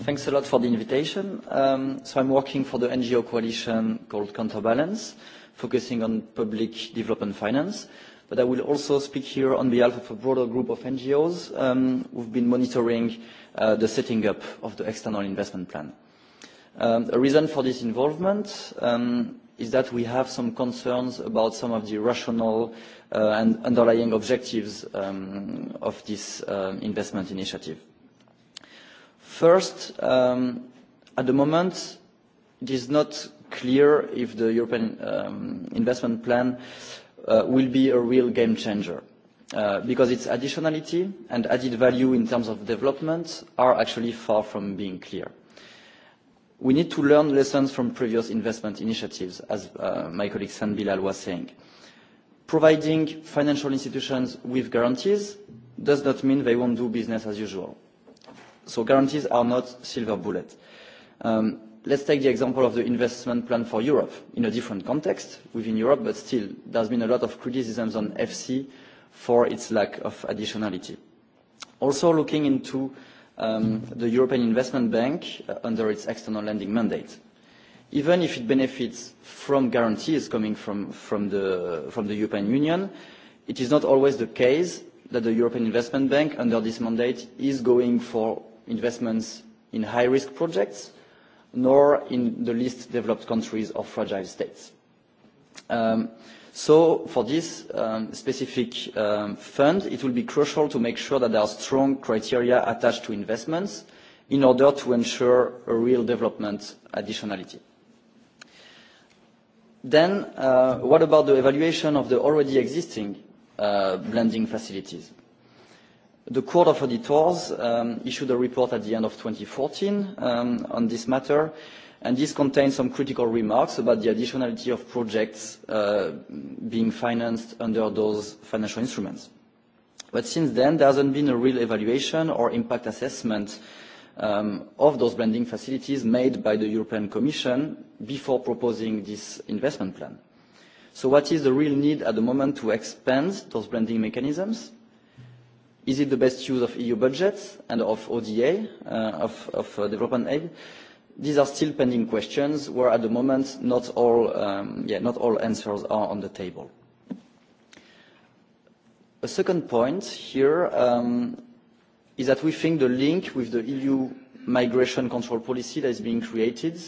Thanks a lot for the invitation. Um, so I'm working for the NGO coalition called Counterbalance, focusing on public development finance. But I will also speak here on behalf of a broader group of NGOs um, who've been monitoring uh, the setting up of the external investment plan. Um, a reason for this involvement um, is that we have some concerns about some of the rational uh, and underlying objectives um, of this uh, investment initiative. First, um, at the moment, it is not clear if the European um, investment plan uh, will be a real game changer. Uh, because its additionality and added value in terms of development are actually far from being clear. We need to learn lessons from previous investment initiatives, as uh, my colleague San Bilal was saying. Providing financial institutions with guarantees does not mean they won't do business as usual. So guarantees are not silver bullet. Um, let's take the example of the investment plan for Europe in a different context within Europe, but still, there's been a lot of criticisms on FC for its lack of additionality. Also looking into um, the European Investment Bank uh, under its external lending mandate. Even if it benefits from guarantees coming from, from, the, from the European Union, it is not always the case that the European Investment Bank, under this mandate, is going for investments in high-risk projects, nor in the least developed countries or fragile states. Um, so for this um, specific um, fund, it will be crucial to make sure that there are strong criteria attached to investments in order to ensure a real development additionality. Then, uh, what about the evaluation of the already existing uh, blending facilities? The Court of Auditors um, issued a report at the end of 2014 um, on this matter, and this contains some critical remarks about the additionality of projects uh, being financed under those financial instruments. But since then, there hasn't been a real evaluation or impact assessment um, of those blending facilities made by the European Commission before proposing this investment plan. So what is the real need at the moment to expand those blending mechanisms? is it the best use of EU budgets and of ODA, uh, of, of uh, development aid? These are still pending questions where at the moment not all, um, yeah, not all answers are on the table. A second point here um, is that we think the link with the EU migration control policy that is being created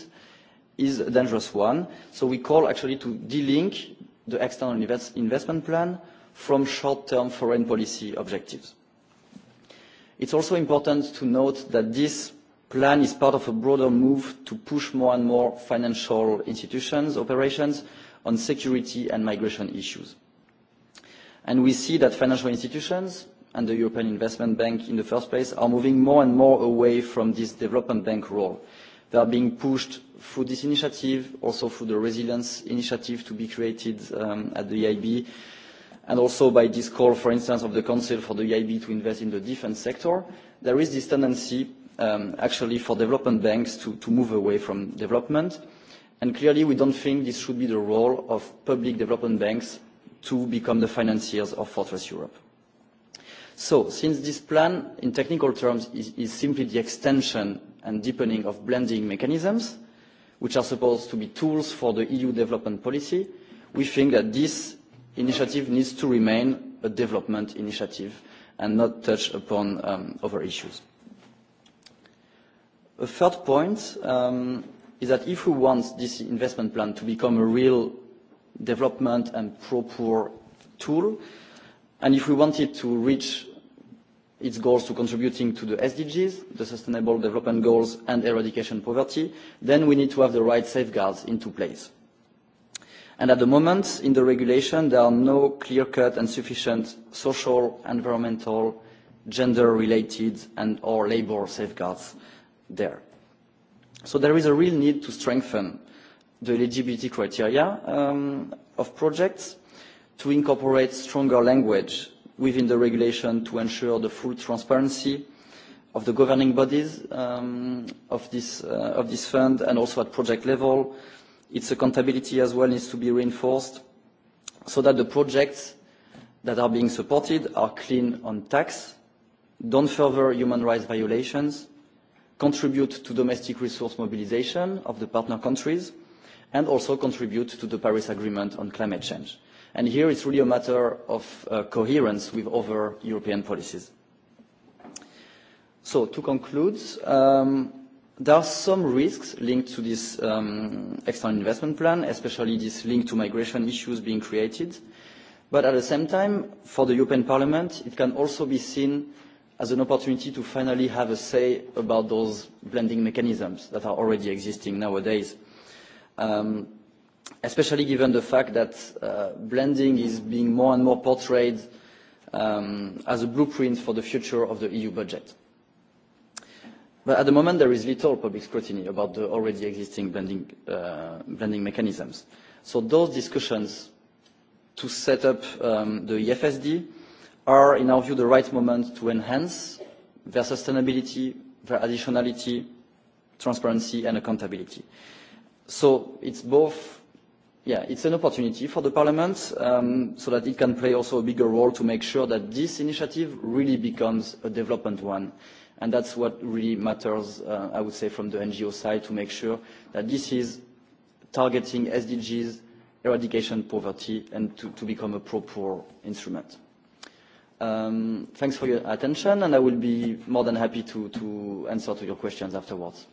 is a dangerous one. So we call actually to de-link the external invest investment plan from short-term foreign policy objectives. It's also important to note that this plan is part of a broader move to push more and more financial institutions' operations on security and migration issues. And we see that financial institutions and the European Investment Bank in the first place are moving more and more away from this development bank role. They are being pushed through this initiative, also through the resilience initiative to be created um, at the EIB, and also by this call, for instance, of the Council for the EIB to invest in the defense sector, there is this tendency um, actually for development banks to, to move away from development. And clearly, we don't think this should be the role of public development banks to become the financiers of Fortress Europe. So since this plan, in technical terms, is, is simply the extension and deepening of blending mechanisms, which are supposed to be tools for the EU development policy, we think that this initiative needs to remain a development initiative and not touch upon um, other issues. A third point um, is that if we want this investment plan to become a real development and proper tool, and if we want it to reach its goals to contributing to the SDGs, the Sustainable Development Goals, and eradication poverty, then we need to have the right safeguards into place. Uh, And at the moment, in the regulation, there are no clear-cut and sufficient social, environmental, gender-related and or labor safeguards there. So there is a real need to strengthen the eligibility criteria um, of projects, to incorporate stronger language within the regulation to ensure the full transparency of the governing bodies um, of, this, uh, of this fund and also at project level, uh, Its accountability as well needs to be reinforced so that the projects that are being supported are clean on tax, don't further human rights violations, contribute to domestic resource mobilization of the partner countries, and also contribute to the Paris Agreement on climate change. And here it's really a matter of uh, coherence with other European policies. So to conclude, um, There are some risks linked to this um, external investment plan, especially this link to migration issues being created. But at the same time, for the European Parliament, it can also be seen as an opportunity to finally have a say about those blending mechanisms that are already existing nowadays. Um, especially given the fact that uh, blending is being more and more portrayed um, as a blueprint for the future of the EU budget. But at the moment, there is little public scrutiny about the already existing blending, uh, blending mechanisms. So those discussions to set up um, the EFSD are, in our view, the right moment to enhance their sustainability, their additionality, transparency, and accountability. So it's both, yeah, it's an opportunity for the Parliament um, so that it can play also a bigger role to make sure that this initiative really becomes a development one And that's what really matters, uh, I would say, from the NGO side to make sure that this is targeting SDGs, eradication poverty, and to, to become a pro-poor instrument. Um, thanks for your attention, and I will be more than happy to, to answer to your questions afterwards.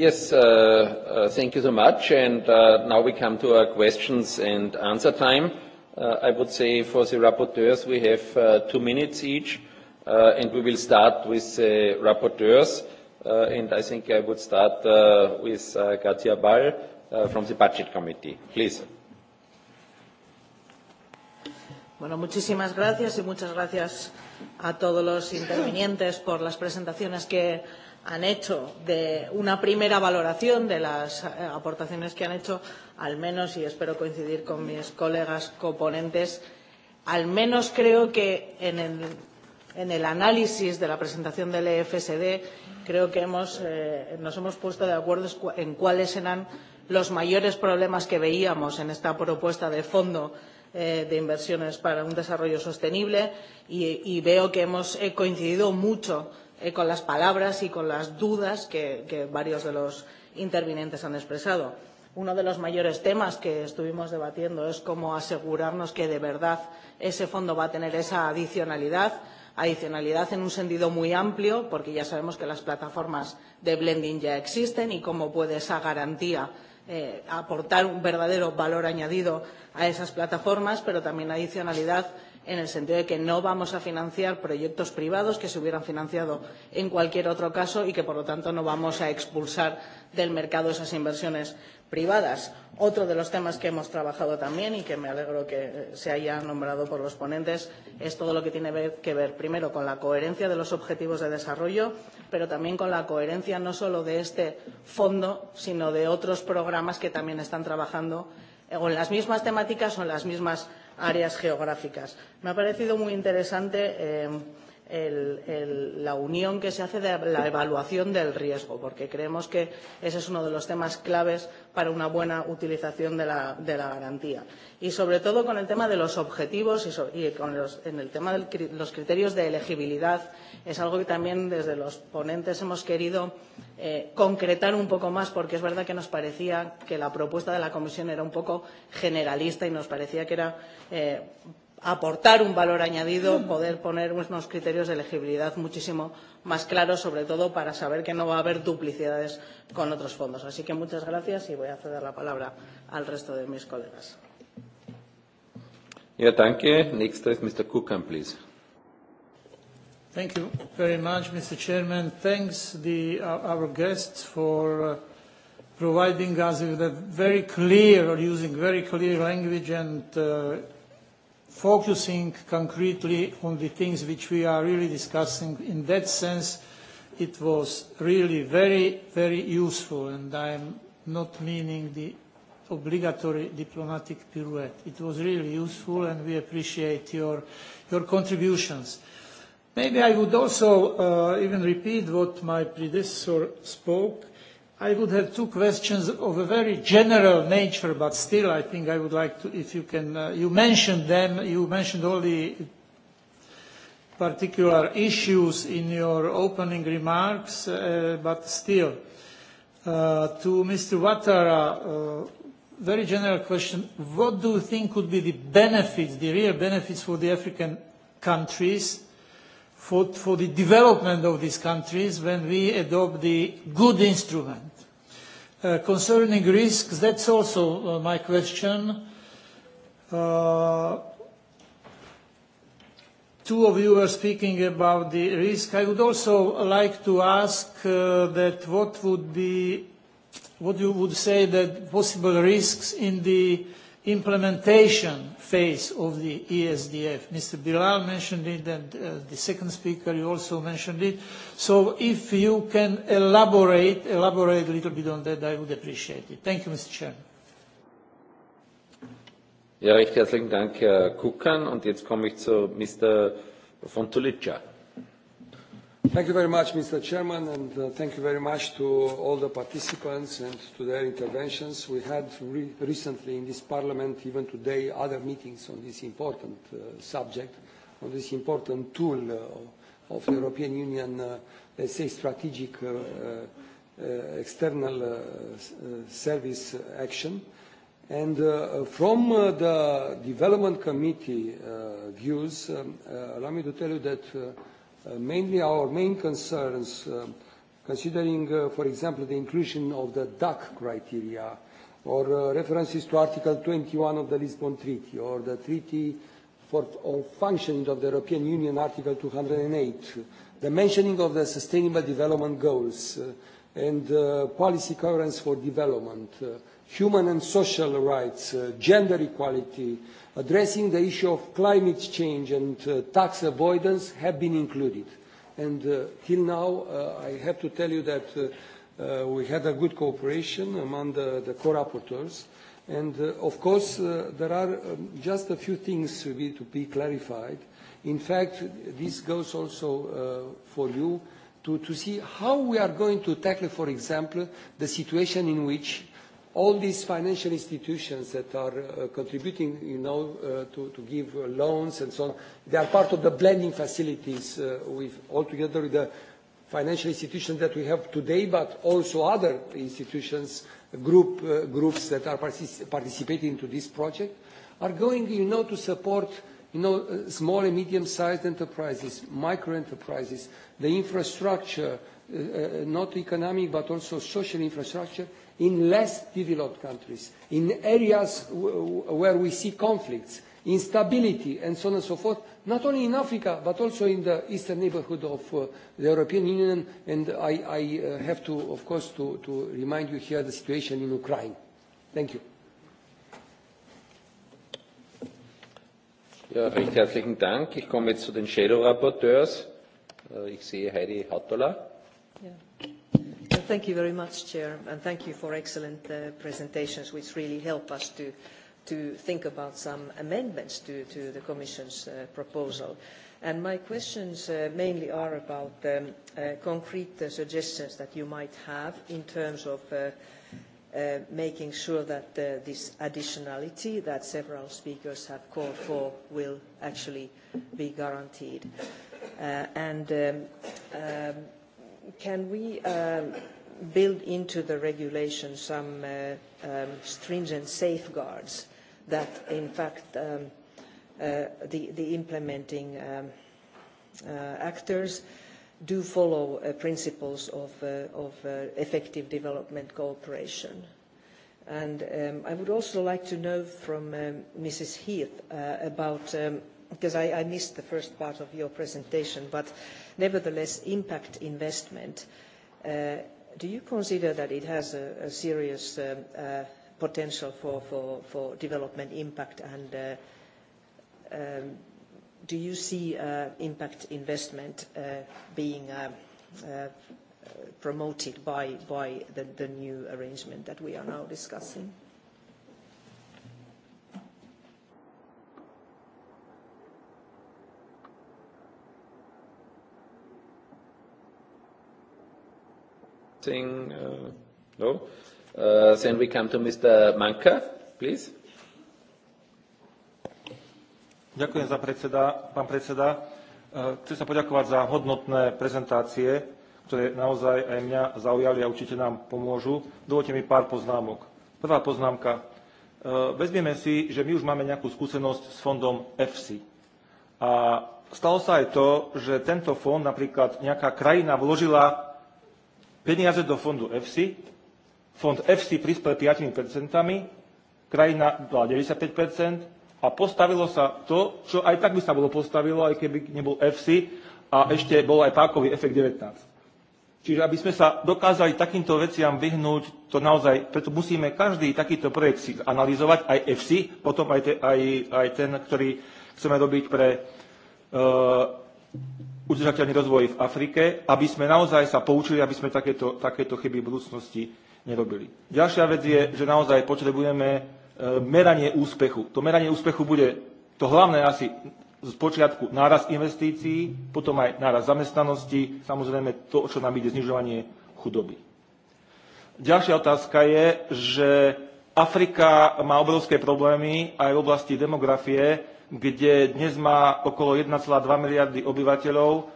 Yes, uh, uh, thank you so much. And uh, now we come to our questions and answer time. I would say for the rapporteurs, we have two minutes each, and we will start with the rapporteurs. And I think I would start with Katja Ball from the Budget Committee. Please. Bueno, muchísimas gracias y muchas gracias a todos los intervinientes por las presentaciones que han hecho de una primera valoración de las eh, aportaciones que han hecho, al menos, y espero coincidir con mis colegas coponentes, al menos creo que en el, en el análisis de la presentación del EFSD creo que hemos, eh, nos hemos puesto de acuerdo en cuáles eran los mayores problemas que veíamos en esta propuesta de fondo eh, de inversiones para un desarrollo sostenible y, y veo que hemos eh, coincidido mucho eh, con las palabras y con las dudas que, que varios de los intervinientes han expresado. Uno de los mayores temas que estuvimos debatiendo es cómo asegurarnos que de verdad ese fondo va a tener esa adicionalidad, adicionalidad en un sentido muy amplio, porque ya sabemos que las plataformas de blending ya existen y cómo puede esa garantía eh, aportar un verdadero valor añadido a esas plataformas, pero también adicionalidad en el sentido de que no vamos a financiar proyectos privados que se hubieran financiado en cualquier otro caso y que, por lo tanto, no vamos a expulsar del mercado esas inversiones privadas. Otro de los temas que hemos trabajado también y que me alegro que se haya nombrado por los ponentes es todo lo que tiene que ver, primero, con la coherencia de los objetivos de desarrollo, pero también con la coherencia no solo de este fondo, sino de otros programas que también están trabajando o en las mismas temáticas o en las mismas áreas geográficas. Me ha parecido muy interesante. Eh, el, el, la unión que se hace de la evaluación del riesgo, porque creemos que ese es uno de los temas claves para una buena utilización de la, de la garantía. Y sobre todo con el tema de los objetivos y, so, y con los, en el tema de los criterios de elegibilidad, es algo que también desde los ponentes hemos querido eh, concretar un poco más, porque es verdad que nos parecía que la propuesta de la Comisión era un poco generalista y nos parecía que era. Eh, aportar un valor añadido, mm. poder poner unos criterios de elegibilidad muchísimo más claros, sobre todo para saber que no va a haber duplicidades con otros fondos. Así que muchas gracias y voy a ceder la palabra al resto de mis colegas. Ja, danke. Nächster ist Mr. Kukan, please. Thank you very much, Mr. Chairman. Thanks the, uh, our guests for uh, providing us with a very clear or using very clear language and uh, focusing concretely on the things which we are really discussing. In that sense, it was really very, very useful, and I am not meaning the obligatory diplomatic pirouette. It was really useful, and we appreciate your, your contributions. Maybe I would also uh, even repeat what my predecessor spoke I would have two questions of a very general nature, but still I think I would like to, if you can, uh, you mentioned them, you mentioned all the particular issues in your opening remarks, uh, but still, uh, to Mr. Watara, uh, very general question, what do you think could be the benefits, the real benefits for the African countries for, for the development of these countries when we adopt the good instrument? Uh, concerning risks, that's also uh, my question. Uh, two of you were speaking about the risk. I would also like to ask uh, that what would be, what you would say that possible risks in the uh, implementation phase of the ESDF. Mr. Bilal mentioned it, and uh, the second speaker, you also mentioned it. So if you can elaborate, elaborate a little bit on that, I would appreciate it. Thank you, Mr. Chairman. Ja, recht herzlichen Dank, Herr Kukan. Und jetzt komme ich zu Mr. von Tulica. Thank you very much, Mr. Chairman, and uh, thank you very much to all the participants and to their interventions. We had re recently in this Parliament, even today, other meetings on this important uh, subject, on this important tool uh, of the European Union, uh, let's say, strategic uh, uh, external uh, uh, service action. And uh, from uh, the Development Committee uh, views, um, uh, allow me to tell you that uh, Uh, mainly our main concerns, um, considering, uh, for example, the inclusion of the DAC criteria or uh, references to Article 21 of the Lisbon Treaty or the Treaty for, on Functioning of the European Union, Article 208, the mentioning of the Sustainable Development Goals uh, and uh, policy coherence for development, uh, human and social rights, uh, gender equality, uh, addressing the issue of climate change and uh, tax avoidance have been included. And uh, till now, uh, I have to tell you that uh, uh, we had a good cooperation among the, the co-rapporteurs. And uh, of course, uh, there are um, just a few things to be, to be clarified. In fact, this goes also uh, for you to, to see how we are going to tackle, for example, the situation in which all these financial institutions that are uh, contributing, you know, uh, to, to give uh, loans and so on, they are part of the blending facilities uh, with altogether with the financial institutions that we have today, but also other institutions, group, uh, groups that are partic participating to this project, are going, you know, to support you know, uh, small and medium-sized enterprises, micro enterprises, the infrastructure, uh, uh, not economic but also social infrastructure, in less developed countries, in areas w- where we see conflicts, instability, and so on and so forth, not only in Africa, but also in the eastern neighborhood of uh, the European Union. And I, I uh, have to, of course, to, to remind you here the situation in Ukraine. Thank you. Ja, recht herzlichen Dank. Ich komme jetzt zu den Shadow Rapporteurs. Äh, ich sehe Heidi Hautala. Ja. Thank you very much, Chair, and thank you for excellent uh, presentations, which really help us to, to think about some amendments to, to the Commission's uh, proposal. And my questions uh, mainly are about um, uh, concrete uh, suggestions that you might have in terms of uh, uh, making sure that uh, this additionality that several speakers have called for will actually be guaranteed. Uh, and um, um, can we um, build into the regulation some uh, um, stringent safeguards that, in fact, um, uh, the, the implementing um, uh, actors do follow uh, principles of, uh, of uh, effective development cooperation. And um, I would also like to know from um, Mrs. Heath uh, about, um, because I, I missed the first part of your presentation, but nevertheless, impact investment. Uh, do you consider that it has a, a serious um, uh, potential for, for, for development impact and uh, um, do you see uh, impact investment uh, being uh, uh, promoted by, by the, the new arrangement that we are now discussing? something? Uh, no? Uh, then we come to Mr. Manka, please. Ďakujem za predseda, pán predseda. Uh, chcem sa poďakovať za hodnotné prezentácie, ktoré naozaj aj mňa zaujali a určite nám pomôžu. Dovolte mi pár poznámok. Prvá poznámka. Uh, Vezmeme si, že my už máme nejakú skúsenosť s fondom EFSI. A stalo sa aj to, že tento fond, napríklad nejaká krajina vložila peniaze do fondu EFSI, fond EFSI prispel 5%, krajina dala 95% a postavilo sa to, čo aj tak by sa bolo postavilo, aj keby nebol EFSI a ešte bol aj pákový efekt 19. Čiže aby sme sa dokázali takýmto veciam vyhnúť, to naozaj, preto musíme každý takýto projekt si analyzovať, aj FC, potom aj, te, aj, aj ten, ktorý chceme robiť pre uh, udržateľný rozvoj v Afrike, aby sme naozaj sa poučili, aby sme takéto, takéto chyby v budúcnosti nerobili. Ďalšia vec je, že naozaj potrebujeme e, meranie úspechu. To meranie úspechu bude to hlavné asi z počiatku náraz investícií, potom aj náraz zamestnanosti, samozrejme to, čo nám ide znižovanie chudoby. Ďalšia otázka je, že Afrika má obrovské problémy aj v oblasti demografie kde dnes má okolo 1,2 miliardy obyvateľov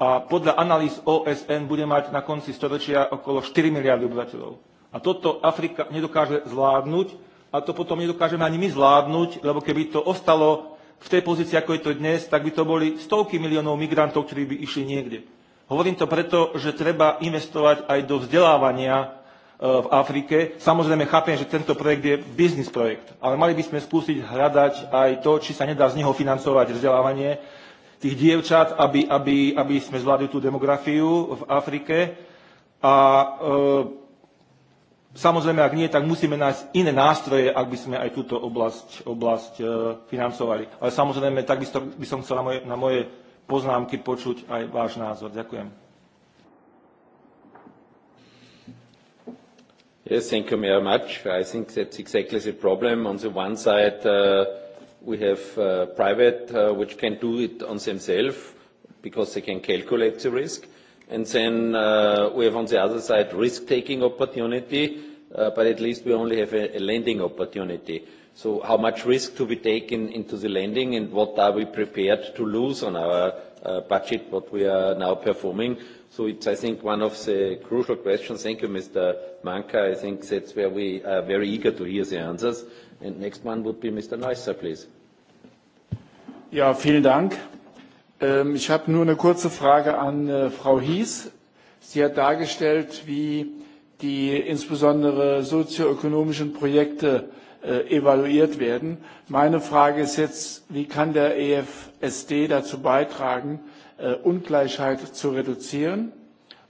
a podľa analýz OSN bude mať na konci storočia okolo 4 miliardy obyvateľov. A toto Afrika nedokáže zvládnuť a to potom nedokážeme ani my zvládnuť, lebo keby to ostalo v tej pozícii, ako je to dnes, tak by to boli stovky miliónov migrantov, ktorí by išli niekde. Hovorím to preto, že treba investovať aj do vzdelávania E, v Afrike. Samozrejme chápem, že tento projekt je biznis projekt, ale mali by sme skúsiť hľadať aj to, či sa nedá z neho financovať vzdelávanie tých dievčat, aby, aby, aby sme zvládli tú demografiu v Afrike. A e, samozrejme, ak nie, tak musíme nájsť iné nástroje, ak by sme aj túto oblasť, oblasť e, financovali. Ale samozrejme, tak by som, by som chcel na moje, na moje poznámky počuť aj váš názor. Ďakujem. Yes, thank you very much. I think that's exactly the problem. On the one side, uh, we have uh, private, uh, which can do it on themselves because they can calculate the risk. And then, uh, we have on the other side, risk-taking opportunity, uh, but at least we only have a, a lending opportunity. So how much risk do we take in, into the lending, and what are we prepared to lose on our uh, budget, what we are now performing? So it's, I think, one of the crucial questions. Thank you, Mr. Manka. I think that's where we are very eager to hear the answers. And next one would be Mr. Neusser, please. Ja, vielen Dank. Ähm, ich habe nur eine kurze Frage an äh, Frau Hies. Sie hat dargestellt, wie die insbesondere sozioökonomischen Projekte äh, evaluiert werden. Meine Frage ist jetzt, wie kann der EFSD dazu beitragen, äh, äh, Ungleichheit zu reduzieren?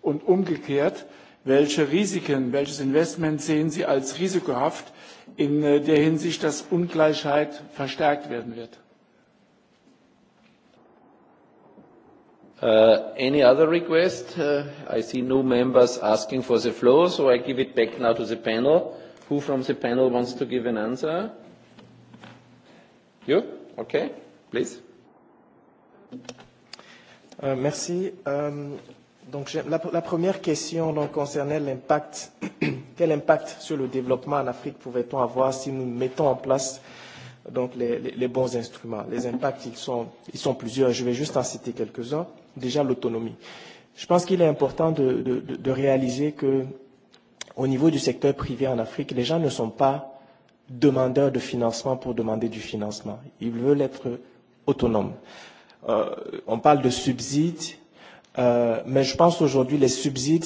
Und umgekehrt, welche Risiken, welches Investment sehen Sie als risikohaft in äh, der Hinsicht, dass Ungleichheit verstärkt werden wird? Uh, any other request? Uh, I see no members asking for the floor, so I give it back now to the panel. Who from the panel wants to give an answer? You? Okay, please. Euh, merci. Euh, donc, la, la première question donc, concernait l'impact. Quel impact sur le développement en Afrique pouvait-on avoir si nous mettons en place donc, les, les, les bons instruments Les impacts, ils sont, ils sont plusieurs. Je vais juste en citer quelques-uns. Déjà, l'autonomie. Je pense qu'il est important de, de, de réaliser que au niveau du secteur privé en Afrique, les gens ne sont pas demandeurs de financement pour demander du financement. Ils veulent être autonomes euh, on parle de subsides, euh, mais je pense aujourd'hui les subsides,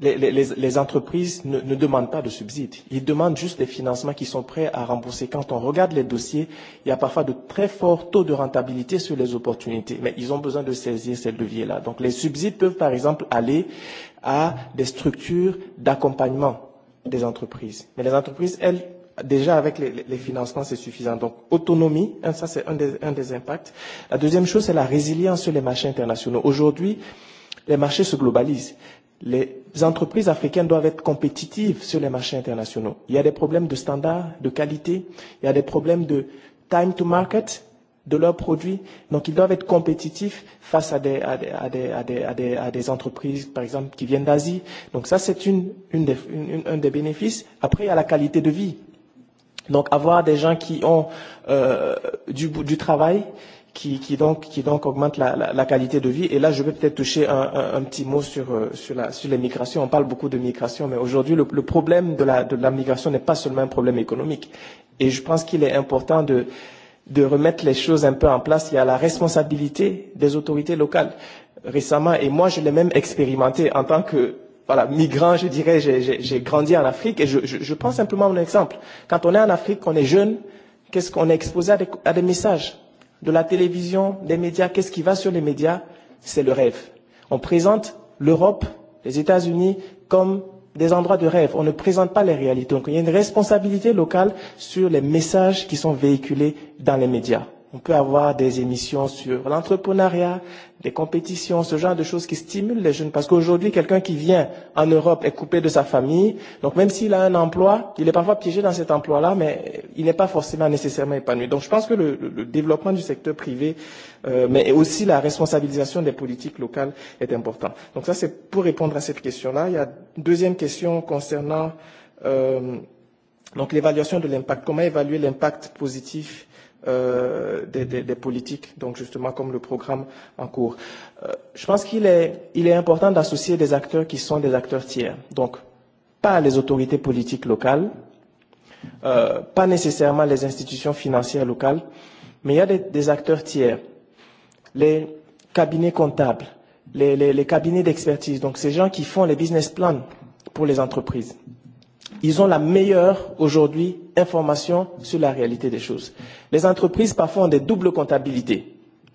les, les, les entreprises ne, ne demandent pas de subsides. Ils demandent juste les financements qui sont prêts à rembourser. Quand on regarde les dossiers, il y a parfois de très forts taux de rentabilité sur les opportunités, mais ils ont besoin de saisir ces leviers-là. Donc les subsides peuvent par exemple aller à des structures d'accompagnement des entreprises. Mais les entreprises, elles, déjà avec les, les financements, c'est suffisant. Donc, autonomie, hein, ça c'est un des, un des impacts. La deuxième chose, c'est la résilience sur les marchés internationaux. Aujourd'hui, les marchés se globalisent. Les entreprises africaines doivent être compétitives sur les marchés internationaux. Il y a des problèmes de standards, de qualité, il y a des problèmes de time to market, de leurs produits. Donc, ils doivent être compétitifs face à des, à des, à des, à des, à des, à des entreprises, par exemple, qui viennent d'Asie. Donc, ça, c'est une, une des, une, un des bénéfices. Après, il y a la qualité de vie. Donc avoir des gens qui ont euh, du, du travail, qui, qui, donc, qui donc augmente la, la, la qualité de vie. Et là, je vais peut-être toucher un, un, un petit mot sur, euh, sur, la, sur les migrations. On parle beaucoup de migration, mais aujourd'hui, le, le problème de la, de la migration n'est pas seulement un problème économique. Et je pense qu'il est important de, de remettre les choses un peu en place. Il y a la responsabilité des autorités locales récemment, et moi, je l'ai même expérimenté en tant que voilà, migrant, je dirais, j'ai grandi en Afrique et je, je, je prends simplement mon exemple. Quand on est en Afrique, on est jeune, qu'est-ce qu'on est exposé à des, à des messages de la télévision, des médias, qu'est-ce qui va sur les médias C'est le rêve. On présente l'Europe, les États-Unis comme des endroits de rêve. On ne présente pas les réalités. Donc il y a une responsabilité locale sur les messages qui sont véhiculés dans les médias. On peut avoir des émissions sur l'entrepreneuriat, des compétitions, ce genre de choses qui stimulent les jeunes. Parce qu'aujourd'hui, quelqu'un qui vient en Europe est coupé de sa famille. Donc même s'il a un emploi, il est parfois piégé dans cet emploi-là, mais il n'est pas forcément nécessairement épanoui. Donc je pense que le, le, le développement du secteur privé, euh, mais aussi la responsabilisation des politiques locales est important. Donc ça, c'est pour répondre à cette question-là. Il y a une deuxième question concernant euh, donc l'évaluation de l'impact. Comment évaluer l'impact positif euh, des, des, des politiques, donc justement comme le programme en cours. Euh, je pense qu'il est, il est important d'associer des acteurs qui sont des acteurs tiers, donc pas les autorités politiques locales, euh, pas nécessairement les institutions financières locales, mais il y a des, des acteurs tiers, les cabinets comptables, les, les, les cabinets d'expertise, donc ces gens qui font les business plans pour les entreprises. Euh, ils ont la meilleure aujourd'hui information sur la réalité des choses. Les entreprises parfois ont des doubles comptabilités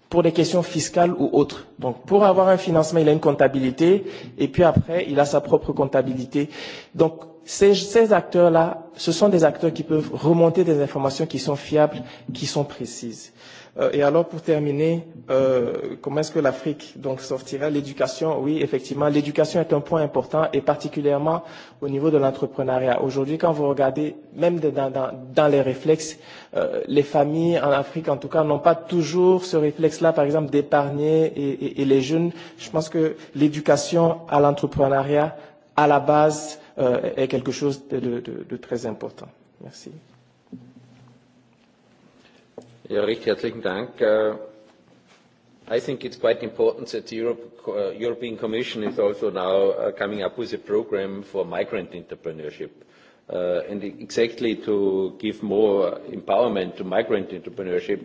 pour des questions fiscales ou autres. Donc pour avoir un financement, il a une comptabilité et puis après, il a sa propre comptabilité. Donc ces, ces acteurs-là, ce sont des acteurs qui peuvent remonter des informations qui sont fiables, qui sont précises. Euh, et alors, pour terminer, euh, comment est-ce que l'Afrique donc sortira L'éducation, oui, effectivement, l'éducation est un point important et particulièrement au niveau de l'entrepreneuriat. Aujourd'hui, quand vous regardez, même dans, dans, dans les réflexes, euh, les familles en Afrique, en tout cas, n'ont pas toujours ce réflexe-là, par exemple, d'épargner et, et, et les jeunes. Je pense que l'éducation à l'entrepreneuriat, à la base, euh, est quelque chose de, de, de, de très important. Merci. Ja, recht herzlichen Dank. Uh, I think it's quite important that the Europe, uh, European Commission is also now uh, coming up with a program for migrant entrepreneurship. Uh, and exactly to give more empowerment to migrant entrepreneurship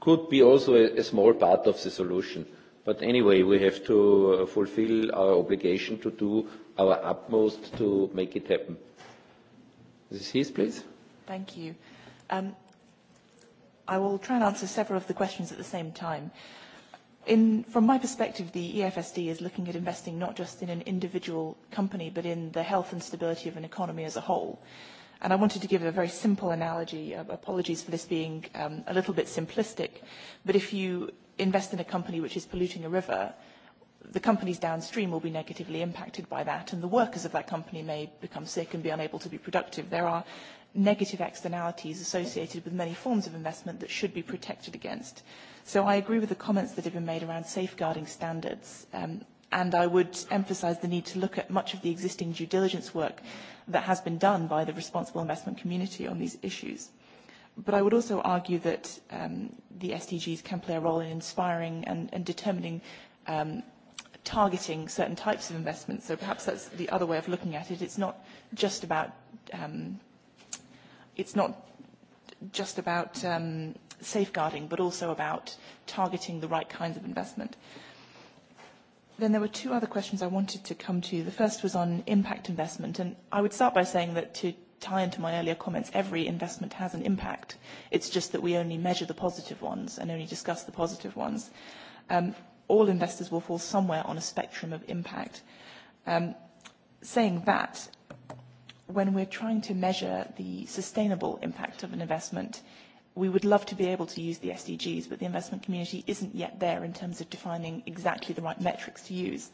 could be also a, a small part of the solution. But anyway, we have to uh, fulfill our obligation to do our utmost to make it happen. This is his, please. Thank you. Um, I will try and answer several of the questions at the same time. In, from my perspective, the EFSD is looking at investing not just in an individual company, but in the health and stability of an economy as a whole. And I wanted to give a very simple analogy. Uh, apologies for this being um, a little bit simplistic, but if you invest in a company which is polluting a river, the companies downstream will be negatively impacted by that, and the workers of that company may become sick and be unable to be productive. There are negative externalities associated with many forms of investment that should be protected against. So I agree with the comments that have been made around safeguarding standards. Um, and I would emphasize the need to look at much of the existing due diligence work that has been done by the responsible investment community on these issues. But I would also argue that um, the SDGs can play a role in inspiring and, and determining um, targeting certain types of investments. So perhaps that's the other way of looking at it. It's not just about um, it's not just about um, safeguarding, but also about targeting the right kinds of investment. Then there were two other questions I wanted to come to. The first was on impact investment, and I would start by saying that to tie into my earlier comments, every investment has an impact. It's just that we only measure the positive ones and only discuss the positive ones. Um, all investors will fall somewhere on a spectrum of impact. Um, saying that, when we're trying to measure the sustainable impact of an investment, we would love to be able to use the SDGs, but the investment community isn't yet there in terms of defining exactly the right metrics to use.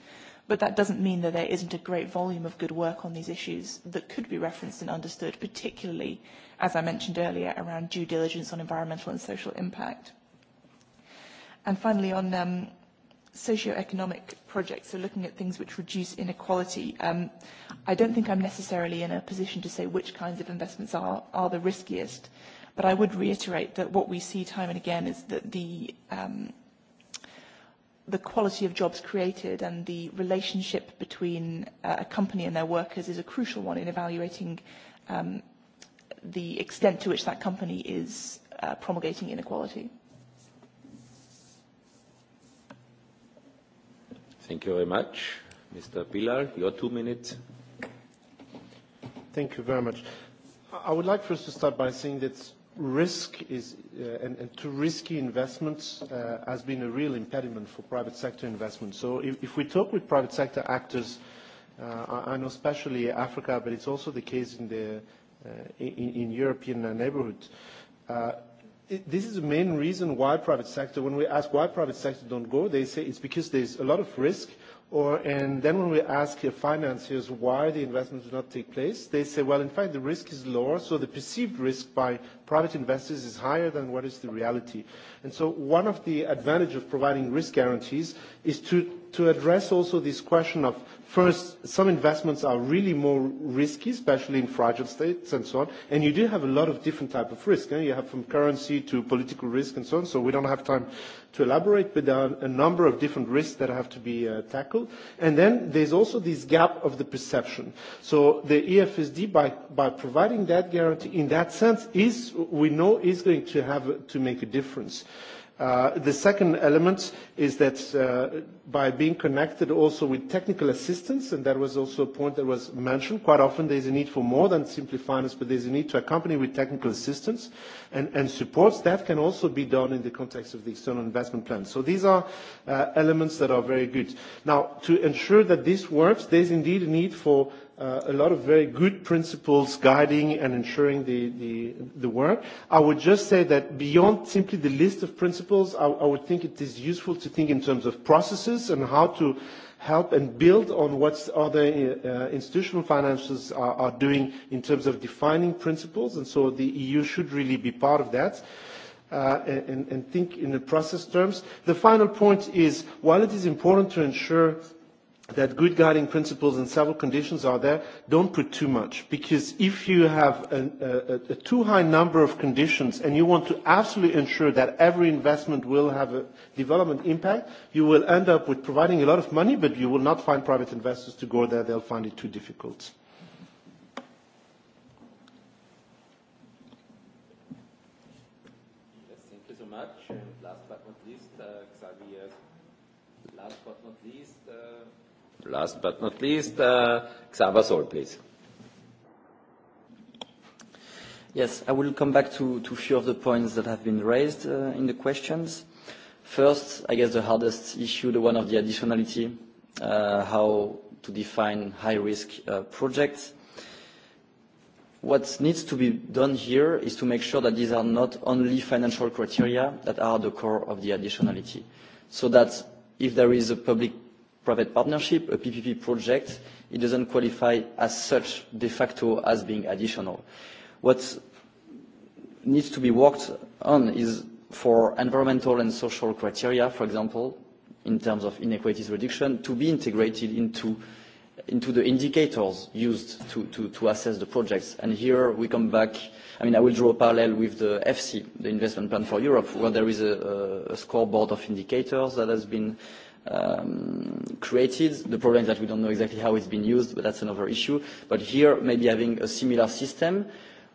But that doesn't mean that there isn't a great volume of good work on these issues that could be referenced and understood, particularly, as I mentioned earlier, around due diligence on environmental and social impact. And finally, on um, socio-economic projects, so looking at things which reduce inequality. Um, I don't think I'm necessarily in a position to say which kinds of investments are, are the riskiest, but I would reiterate that what we see time and again is that the, um, the quality of jobs created and the relationship between uh, a company and their workers is a crucial one in evaluating um, the extent to which that company is uh, promulgating inequality. Thank you very much. Mr. Pilar, your two minutes. Thank you very much. I would like first to start by saying that risk is, uh, and, and too risky investments uh, has been a real impediment for private sector investment. So if, if we talk with private sector actors, uh, I, I know especially Africa, but it's also the case in the uh, in, in European neighborhood, uh, this is the main reason why private sector, when we ask why private sector don't go, they say it's because there's a lot of risk, or, and then when we ask financiers why the investments do not take place, they say, well, in fact, the risk is lower, so the perceived risk by private investors is higher than what is the reality. And so one of the advantage of providing risk guarantees is to to address also this question of first, some investments are really more risky, especially in fragile states and so on. And you do have a lot of different type of risk. Eh? You have from currency to political risk and so on. So we don't have time to elaborate, but there are a number of different risks that have to be uh, tackled. And then there's also this gap of the perception. So the EFSD, by, by providing that guarantee, in that sense, is, we know is going to have to make a difference. Uh, Uh, the second element is that uh, by being connected also with technical assistance, and that was also a point that was mentioned, quite often there's a need for more than simply finance, but there's a need to accompany with technical assistance and, and supports. That can also be done in the context of the external investment plan. So these are uh, elements that are very good. Now, to ensure that this works, there's indeed a need for uh, a lot of very good principles guiding and ensuring the, the, the work. I would just say that beyond simply the list of principles, I, I would think it is useful to think in terms of processes and how to help and build on what other uh, uh institutional finances are, are doing in terms of defining principles. And so the EU should really be part of that. Uh, and, and think in the process terms. The final point is, while it is important to ensure that good-guiding principles and several conditions are there, don't put too much. Because if you have an, a, a too high number of conditions and you want to absolutely ensure that every investment will have a development impact, you will end up with providing a lot of money, but you will not find private investors to go there. They'll find it too difficult. Last but not least, Csaba uh, Sól, please. Yes, I will come back to a few of the points that have been raised uh, in the questions. First, I guess the hardest issue, the one of the additionality, uh, how to define high-risk projects. What needs to be done here is to make sure that these are not only financial criteria that are the core of the additionality, so that if there is a public private partnership, a PPP project, it doesn't qualify as such de facto as being additional. What needs to be worked on is for environmental and social criteria, for example, in terms of inequalities reduction, to be integrated into, into the indicators used to, to, to assess the projects. And here we come back, I mean, I will draw a parallel with the EFSI, the Investment Plan for Europe, where there is a, a scoreboard of indicators that has been uh, um, created. The problem is that we don't know exactly how it's been used, but that's another issue. But here, maybe having a similar system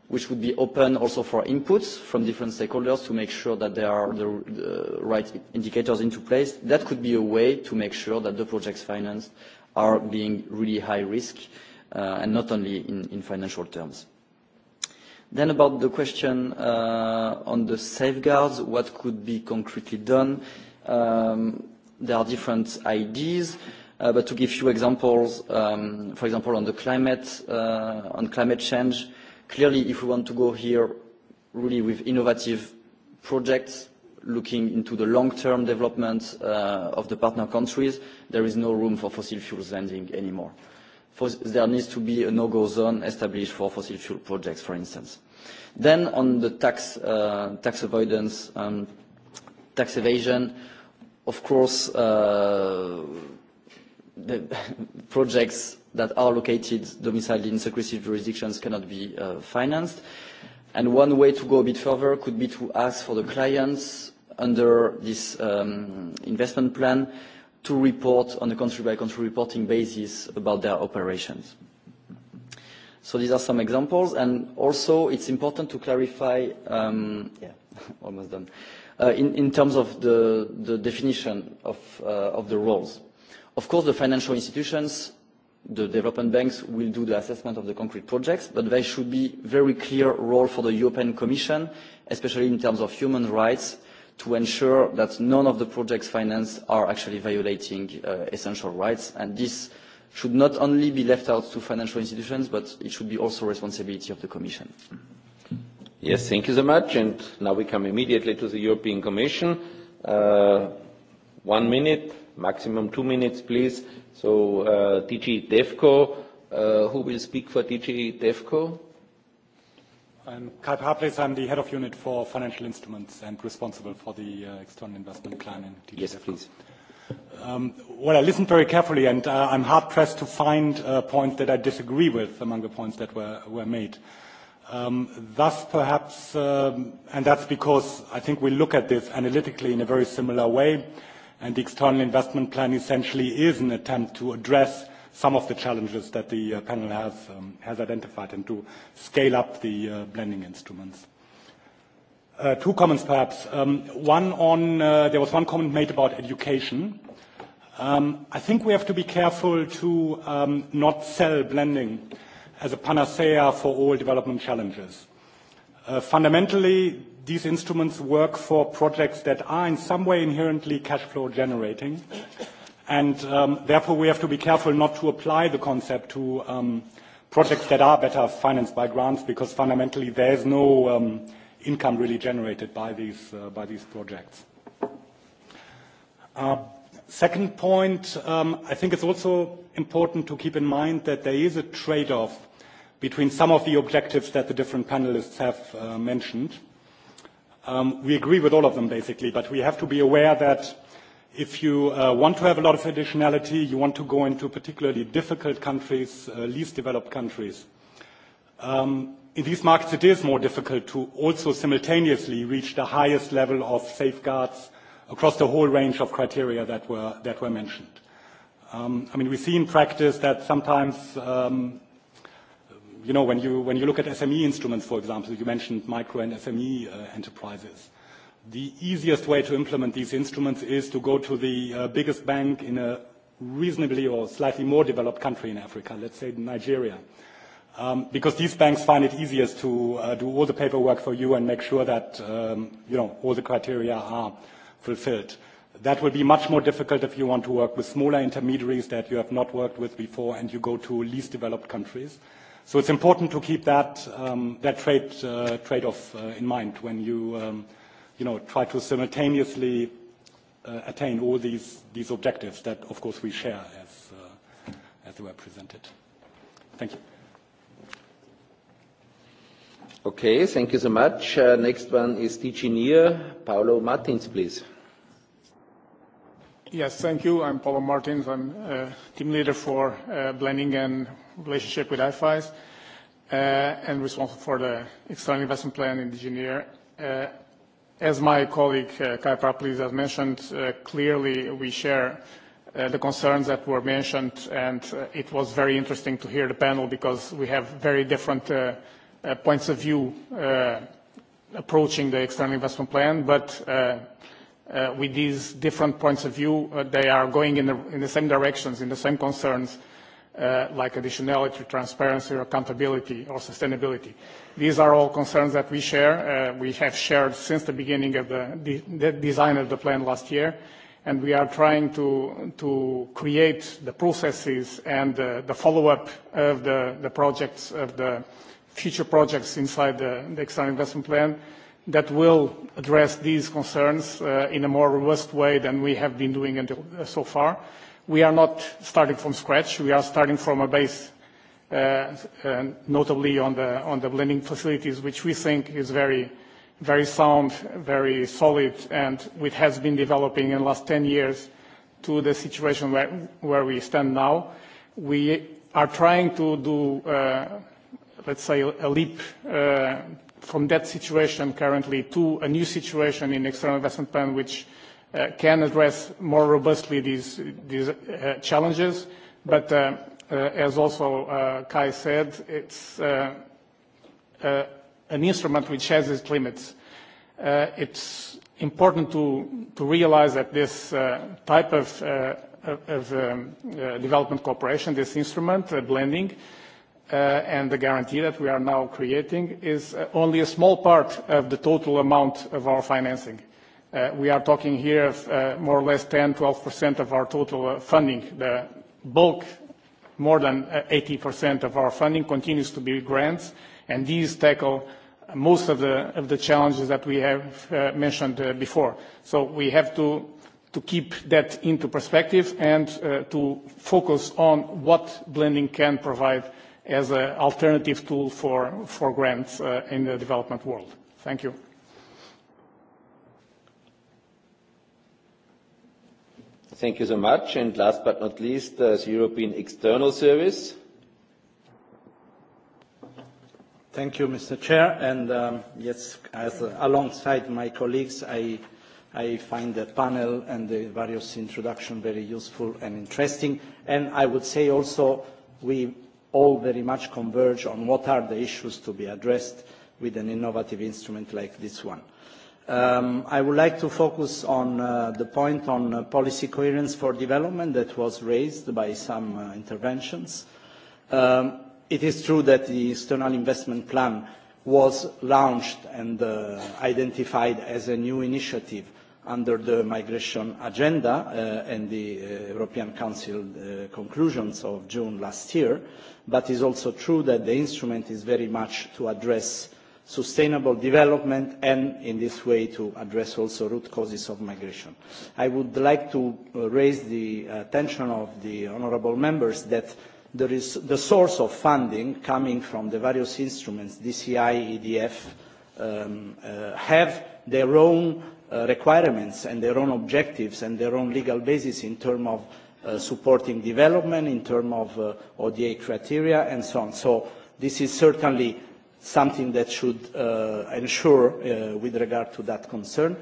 which would be open also for inputs from different stakeholders to make sure that there are the, the right indicators into place. That could be a way to make sure that the projects financed are being really high risk uh, and not only in, in financial terms. Then about the question uh, on the safeguards, what could be concretely done? Um, there are different ideas. Uh, but to give you examples, um, for example, on the climate, uh, on climate change, clearly, if we want to go here really with innovative projects, looking into the long-term development uh, of the partner countries, there is no room for fossil fuels lending anymore. Fos there needs to be a no-go zone established for fossil fuel projects, for instance. Then on the tax, uh, tax avoidance, um, tax evasion, uh, of course, uh, the projects that are located domiciled in secretive jurisdictions cannot be uh, financed. And one way to go a bit further could be to ask for the clients under this um, investment plan to report on a country-by-country -country reporting basis about their operations. So these are some examples. And also, it's important to clarify, um, yeah, almost done. Uh, uh, in, in terms of the, the definition of, uh, of the roles. Of course, the financial institutions, the development banks will do the assessment of the concrete projects, but there should be very clear role for the European Commission, especially in terms of human rights, to ensure that none of the projects financed are actually violating uh, essential rights. And this should not only be left out to financial institutions, but it should be also responsibility of the Commission. Mm-hmm. Yes, thank you so much. And now we come immediately to the European Commission. Uh, one minute, maximum two minutes, please. So uh, DG DEFCO, uh, who will speak for DG DEFCO? I'm Kai Paplis. I'm the head of unit for financial instruments and responsible for the uh, external investment plan in DG Yes, DEFCO. please. Um, well, I listened very carefully, and uh, I'm hard-pressed to find a point that I disagree with among the points that were, were made. Uh, Um, thus, perhaps, um, and that's because I think we look at this analytically in a very similar way, and the external investment plan essentially is an attempt to address some of the challenges that the uh, panel has, um, has identified and to scale up the uh, blending instruments. Uh, two comments, perhaps. Um, one on, uh, there was one comment made about education. Um, I think we have to be careful to um, not sell blending uh, as a panacea for all development challenges. Uh, fundamentally, these instruments work for projects that are in some way inherently cash flow generating, and um, therefore we have to be careful not to apply the concept to um, projects that are better financed by grants, because fundamentally there is no um, income really generated by these, uh, by these projects. Uh, second point, um, I think it's also important to keep in mind that there is a trade-off between some of the objectives that the different panelists have uh, mentioned. Um, we agree with all of them, basically, but we have to be aware that if you uh, want to have a lot of additionality, you want to go into particularly difficult countries, uh, least developed countries. Um, in these markets, it is more difficult to also simultaneously reach the highest level of safeguards across the whole range of criteria that were, that were mentioned. Um, I mean, we see in practice that sometimes, um, you know, when you, when you look at SME instruments, for example, you mentioned micro and SME uh, enterprises. The easiest way to implement these instruments is to go to the uh, biggest bank in a reasonably or slightly more developed country in Africa, let's say Nigeria. Um, because these banks find it easiest to uh, do all the paperwork for you and make sure that, um, you know, all the criteria are fulfilled that will be much more difficult if you want to work with smaller intermediaries that you have not worked with before and you go to least developed countries. So it's important to keep that, um, that trade, uh, trade-off uh, in mind when you, um, you know, try to simultaneously uh, attain all these, these objectives that, of course, we share as, uh, as they were presented. Thank you. Okay, thank you so much. Uh, next one is DG NIR. Paolo Martins, please. Yes, thank you. I'm Paulo Martins. I'm uh, team leader for uh, blending and relationship with IFIs, uh, and responsible for the external investment plan in Digineer. Uh, as my colleague, uh, Kai Parplees, has mentioned, uh, clearly we share the concerns that were mentioned, and it was very interesting to hear the panel because we have very different points of view approaching the external investment plan. But uh, with these different points of view, uh, they are going in the, in the same directions, in the same concerns, uh, like additionality, transparency, accountability, or sustainability. These are all concerns that we share. Uh, we have shared since the beginning of the, the, the design of the plan last year, and we are trying to, to create the processes and uh, the follow-up of the, the projects, of the future projects inside the, the external investment plan, uh, that will address these concerns uh, in a more robust way than we have been doing until uh, so far. We are not starting from scratch. We are starting from a base, uh, notably on the, on the blending facilities, which we think is very, very sound, very solid, and which has been developing in the last 10 years to the situation where, where we stand now. We are trying to do, uh, let's say, a leap uh, from that situation currently to a new situation in external investment plan which uh, can address more robustly these, these uh, challenges. But uh, uh, as also uh, Kai said, it's uh, uh, an instrument which has its limits. Uh, it's important to, to realize that this uh, type of, uh, of um, uh, development cooperation, this instrument, uh, blending, uh, Uh, and the guarantee that we are now creating is uh, only a small part of the total amount of our financing. Uh, we are talking here of uh, more or less 10%-12% of our total uh, funding. The bulk, more than 80% uh, of our funding continues to be grants, and these tackle most of the, of the challenges that we have mentioned before. So we have to to keep that into perspective and to focus on what blending can provide as an alternative tool for, for grants uh, in the development world. Thank you. Thank you so much. And last but not least, uh, the European External Service. Thank you, Mr. Chair. And um, yes, as, uh, alongside my colleagues, I, I find the panel and the various introduction very useful and interesting. And I would say also we all very much converge on what are the issues to be addressed with an innovative instrument like this one. Um, I would like to focus on uh, the point on uh, policy coherence for development that was raised by some uh, interventions. Um, it is true that the external investment plan was launched and uh, identified as a new initiative under the migration agenda uh, and the uh, European Council uh, conclusions of June last year, but it's also true that the instrument is very much to address sustainable development and in this way to address also root causes of migration. I would like to uh, raise the attention of the honourable members that there is the source of funding coming from the various instruments, DCI, EDF, um, uh, have their own uh, requirements and their own objectives and their own legal basis in terms of uh, supporting development, in terms of uh, ODA criteria, and so on. So this is certainly something that should uh, ensure uh, with regard to that concern.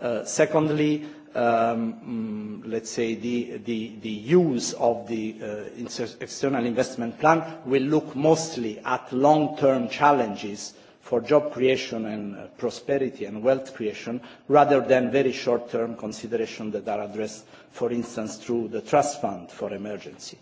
Uh, secondly, um, mm, let's say the, the, the use of the uh, external investment plan will look mostly at long-term challenges uh, for job creation and uh, prosperity and wealth creation rather than very short-term considerations that are addressed, for instance, through the trust fund for emergency.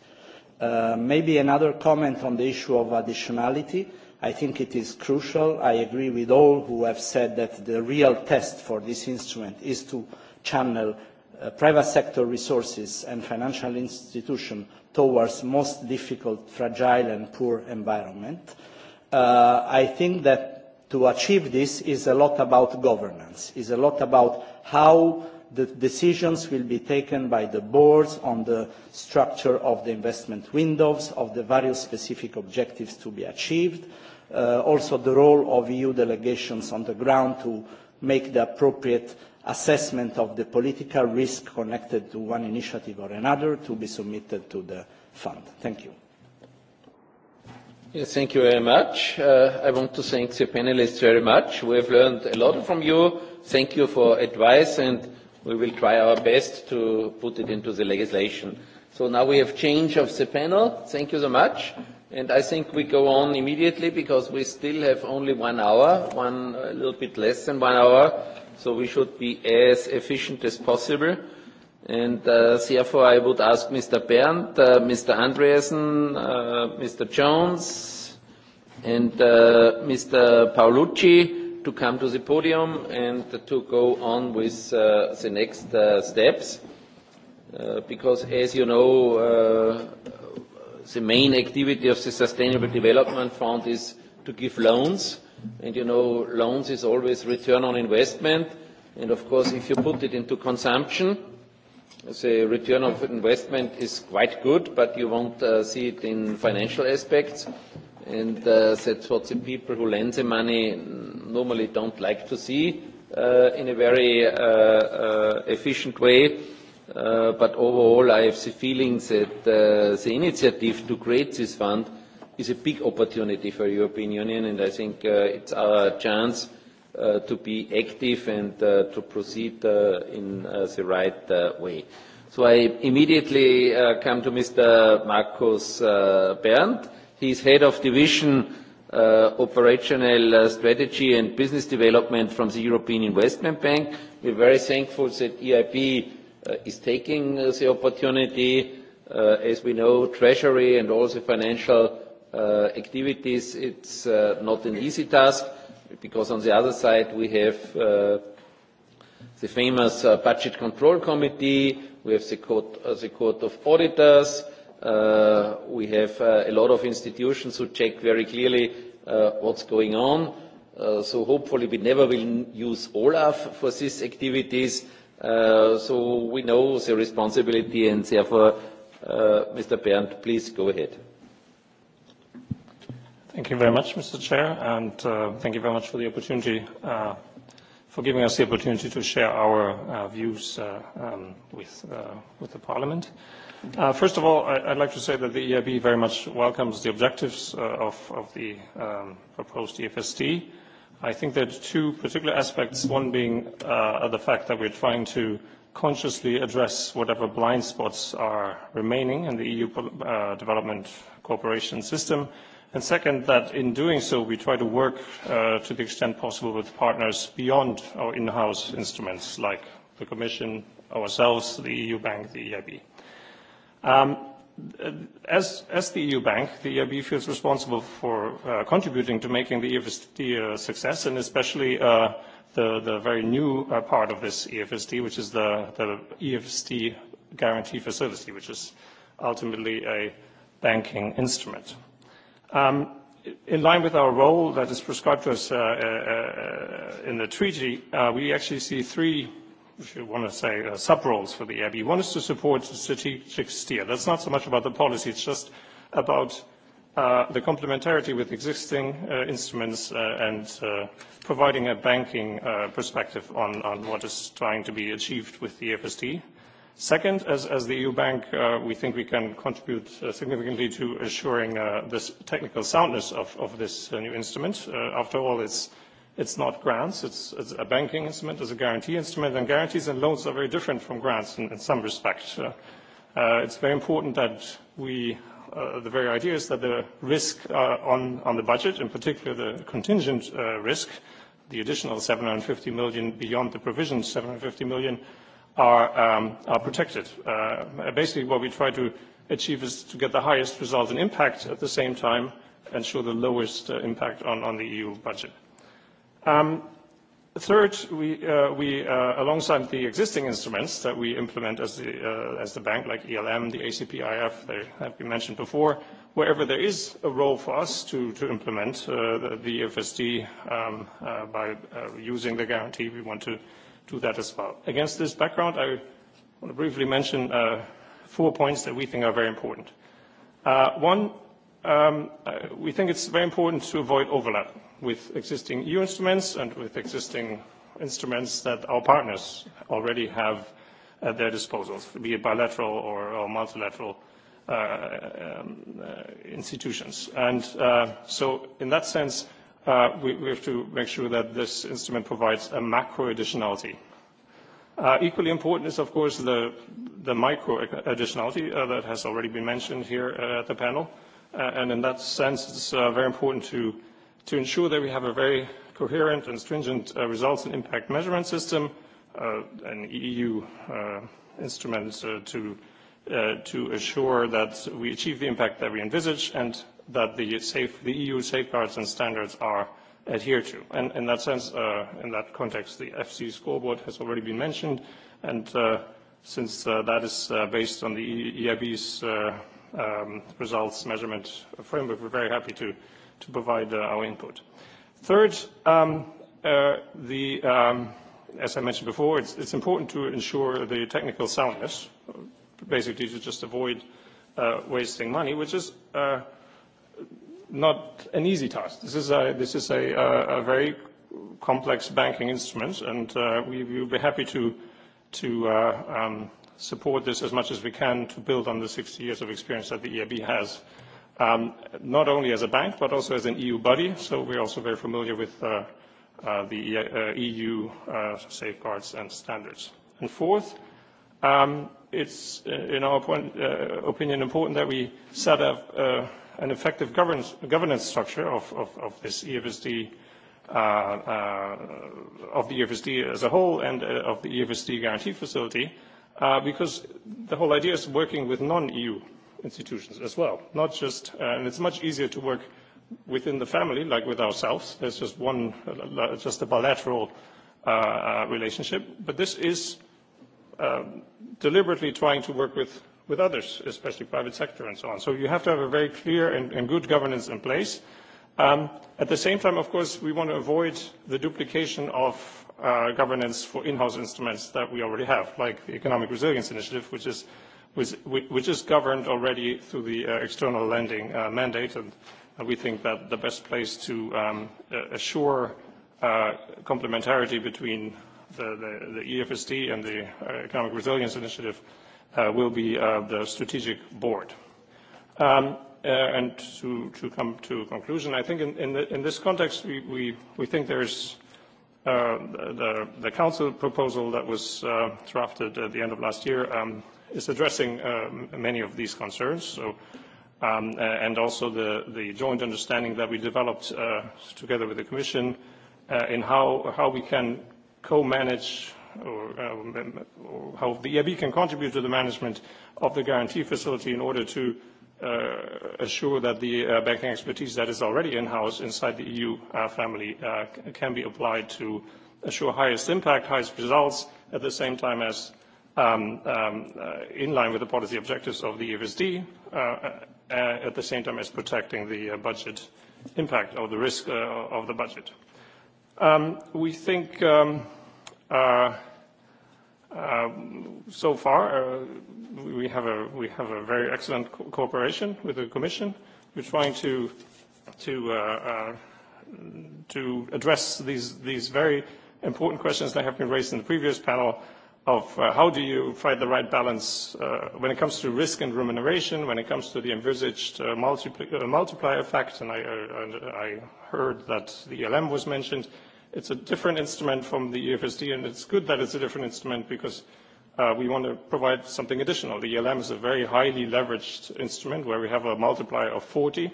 Uh, maybe another comment on the issue of additionality. I think it is crucial. I agree with all who have said that the real test for this instrument is to channel uh, private sector resources and financial institutions towards most difficult, fragile and poor environment. Uh, uh, I think that to achieve this is a lot about governance, is a lot about how the decisions will be taken by the boards on the structure of the investment windows, of the various specific objectives to be achieved, uh, also the role of EU delegations on the ground to make the appropriate assessment of the political risk connected to one initiative or another to be submitted to the fund. Thank you. Yes, thank you very much. Uh, I want to thank the panelists very much. We have learned a lot from you. Thank you for advice, and we will try our best to put it into the legislation. So now we have change of the panel. Thank you so much. And I think we go on immediately because we still have only one hour, one a little bit less than one hour, so we should be as efficient as possible. And uh, therefore, I would ask Mr. Bernd, uh, Mr. Andreasen, uh, Mr. Jones, and uh, Mr. Paolucci to come to the podium and to go on with uh, the next uh, steps. Uh, because, as you know, uh, the main activity of the Sustainable Development Fund is to give loans. And you know, loans is always return on investment. And of course, if you put it into consumption, uh, the return of investment is quite good, but you won't uh, see it in financial aspects. And uh, that's what the people who lend the money normally don't like to see uh, in a very uh, uh, efficient way. Uh, but overall, I have the feeling that uh, the initiative to create this fund is a big opportunity for European Union, and I think uh, it's our chance uh, uh, to be active and uh, to proceed uh, in uh, the right uh, way. So I immediately uh, come to Mr. Markus uh, Berndt. He's head of division uh, operational uh, strategy and business development from the European Investment Bank. We're very thankful that EIB uh, is taking uh, the opportunity. Uh, as we know, Treasury and all the financial uh, activities, it's uh, not an easy task because on the other side we have uh, the famous uh, budget control committee, we have the court, uh, the court of auditors, uh, we have uh, a lot of institutions who check very clearly uh, what's going on. Uh, so hopefully we never will use Olaf for these activities. Uh, so we know the responsibility and therefore, uh, Mr. Bernd, please go ahead. Thank you very much, Mr. Chair, and uh, thank you very much for the opportunity, uh, for giving us the opportunity to share our uh, views uh, um, with, uh, with the Parliament. Uh, first of all, I, I'd like to say that the EIB very much welcomes the objectives uh, of, of the um, proposed EFSD. I think there are two particular aspects, one being uh, the fact that we're trying to consciously address whatever blind spots are remaining in the EU uh, development cooperation system, uh, And second, that in doing so, we try to work uh, to the extent possible with partners beyond our in-house instruments like the Commission, ourselves, the EU Bank, the EIB. Um, as, as the EU Bank, the EIB feels responsible for uh, contributing to making the EFSD a uh, success, and especially uh, the, the very new uh, part of this EFSD, which is the, the EFSD guarantee facility, which is ultimately a banking instrument. Uh, Um, in line with our role that is prescribed to us uh, uh, uh in the treaty, uh, we actually see three, if you want to say, uh, sub-roles for the EIB. One is to support the strategic steer. That's not so much about the policy, it's just about uh, the complementarity with existing uh, instruments uh, and uh, providing a banking uh, perspective on, on what is trying to be achieved with the FSD. Uh, Second, as, as the EU Bank, uh, we think we can contribute uh, significantly to assuring uh, this technical soundness of, of this uh, new instrument. Uh, after all, it's, it's not grants, it's, it's a banking instrument, it's a guarantee instrument, and guarantees and loans are very different from grants in, in some respect. Uh, uh, it's very important that we, uh, the very idea is that the risk uh, on, on the budget, in particular the contingent uh, risk, the additional 750 million beyond the provision 750 million, uh, are, um, are protected. Uh, basically, what we try to achieve is to get the highest result in impact at the same time ensure the lowest uh, impact on, on the EU budget. Um, third, we, uh, we uh, alongside the existing instruments that we implement as the, uh, as the bank, like ELM, the ACPIF, they have been mentioned before, wherever there is a role for us to, to implement uh, the, the e FSD um, uh, by using the guarantee, we want to to that as well. Against this background, I want to briefly mention uh, four points that we think are very important. Uh, one, um, uh, we think it's very important to avoid overlap with existing EU instruments and with existing instruments that our partners already have at their disposal, be it bilateral or, or multilateral uh, um, uh, institutions. And uh, so in that sense, uh, we, we have to make sure that this instrument provides a macro additionality. Uh, equally important is, of course, the, the micro additionality uh, that has already been mentioned here uh, at the panel. Uh, and in that sense, it's uh, very important to, to ensure that we have a very coherent and stringent uh, results and impact measurement system, uh, an EU e uh, instrument uh, to, uh, to assure that we achieve the impact that we envisage and that the, safe, the EU safeguards and standards are adhered to. And in that sense, uh, in that context, the FC scoreboard has already been mentioned, and uh, since uh, that is uh, based on the EIB's e uh, um, results measurement framework, we're very happy to, to provide uh, our input. Third, um, uh, the, um, as I mentioned before, it's, it's important to ensure the technical soundness, basically to just avoid uh, wasting money, which is uh, not an easy task. This is a, this is a, a, a very complex banking instrument, and uh, we will be happy to, to uh, um, support this as much as we can to build on the 60 years of experience that the EIB has, um, not only as a bank, but also as an EU body. So we're also very familiar with uh, uh, the e uh, EU uh, safeguards and standards. And fourth, um, it's, uh, in our point, uh, opinion, important that we set up uh, an effective governance, governance structure of, of, of this EFSD, uh, uh, of the EFSD as a whole and uh, of the EFSD guarantee facility, uh, because the whole idea is working with non-EU institutions as well, not just, uh, and it's much easier to work within the family, like with ourselves. There's just one, uh, uh just a bilateral uh, uh, relationship. But this is uh, deliberately trying to work with with others, especially private sector and so on. So you have to have a very clear and, and good governance in place. Um, at the same time, of course, we want to avoid the duplication of uh, governance for in-house instruments that we already have, like the Economic Resilience Initiative, which is, which, which is governed already through the uh, external lending uh, mandate. And, and we think that the best place to um, assure uh, complementarity between the, the, the EFSD and the uh, Economic Resilience Initiative uh, uh, will be uh, the strategic board. Um, uh, and to, to come to a conclusion, I think in, in, the, in this context, we, we, we think there's uh, the, the council proposal that was uh, drafted at the end of last year um, is addressing uh, many of these concerns. So, um, uh, and also the, the joint understanding that we developed uh, together with the Commission uh, in how, how we can co-manage or, um, or how the EIB can contribute to the management of the guarantee facility in order to uh, assure that the uh, banking expertise that is already in-house inside the EU uh, family uh, can be applied to assure highest impact, highest results, at the same time as um, um, uh, in line with the policy objectives of the EFSD, uh, uh, uh, at the same time as protecting the uh, budget impact of the risk uh, of the budget. Um, we think um, uh, Um, so far, uh, we, have a, we have a very excellent co cooperation with the Commission. We're trying to, to, uh, uh, to address these, these very important questions that have been raised in the previous panel of uh, how do you find the right balance uh, when it comes to risk and remuneration, when it comes to the envisaged uh, multipli uh, multiplier effect, and I, uh, I heard that the e LM was mentioned, uh, It's a different instrument from the EFSD, and it's good that it's a different instrument because uh, we want to provide something additional. The ELM is a very highly leveraged instrument where we have a multiplier of 40,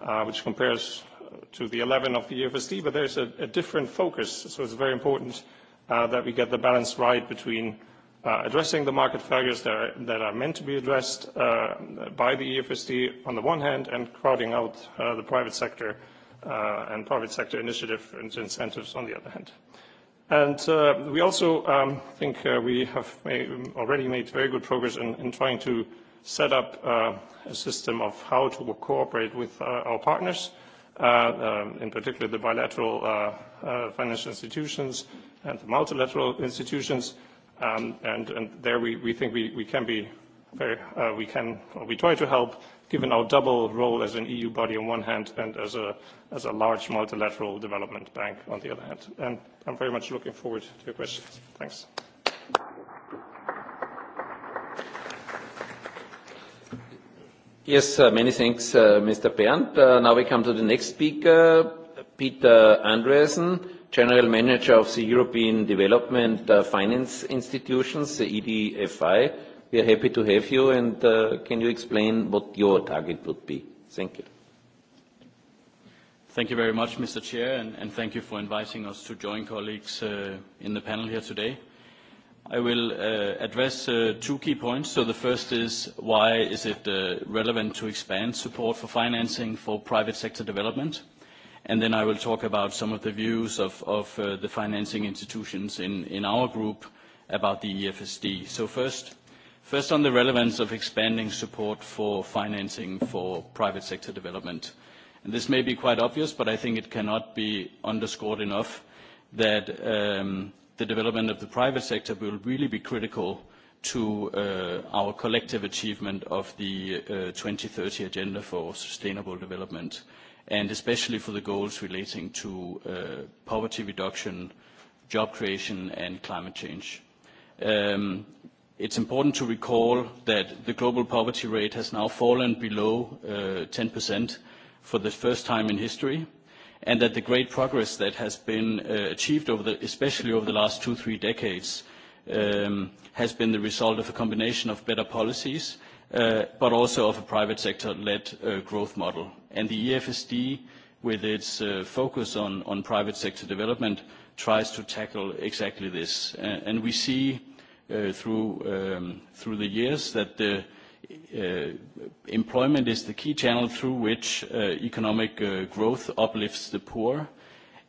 uh, which compares uh, to the 11 of the EFSD, but there's a, a different focus. So it's very important uh, that we get the balance right between uh, addressing the market failures that are, that are meant to be addressed uh, by the EFSD on the one hand and crowding out uh, the private sector uh, and private sector initiative and incentives on the other hand. And uh, we also um, think uh, we have made, already made very good progress in, in trying to set up uh, a system of how to cooperate with uh, our partners, uh, um, in particular the bilateral uh, uh, financial institutions and the multilateral institutions. Um, and, and there we, we think we, we can be very, uh, we can, or we try to help given our double role as an EU body on one hand and as a, as a large multilateral development bank on the other hand. And I'm very much looking forward to your questions. Thanks. Yes, uh, many thanks, uh, Mr. Bernd. Uh, now we come to the next speaker, Peter Andreasen, General Manager of the European Development uh, Finance Institutions, the EDFI. We are happy to have you, and uh, can you explain what your target would be? Thank you. Thank you very much, Mr. Chair, and, and thank you for inviting us to join colleagues uh, in the panel here today. I will uh, address uh, two key points. So the first is why is it uh, relevant to expand support for financing for private sector development? And then I will talk about some of the views of, of uh, the financing institutions in, in our group about the EFSD. So first, First, on the relevance of expanding support for financing for private sector development. And this may be quite obvious, but I think it cannot be underscored enough that um, the development of the private sector will really be critical to uh, our collective achievement of the uh, 2030 Agenda for Sustainable Development, and especially for the goals relating to uh, poverty reduction, job creation, and climate change. Um, It's important to recall that the global poverty rate has now fallen below uh, 10% for the first time in history, and that the great progress that has been uh, achieved, over the, especially over the last two, three decades, um, has been the result of a combination of better policies, uh, but also of a private sector-led uh, growth model. And the EFSD, with its uh, focus on, on private sector development, tries to tackle exactly this. Uh, and we see uh, through, um, through the years that uh, uh, employment is the key channel through which uh, economic uh, growth uplifts the poor.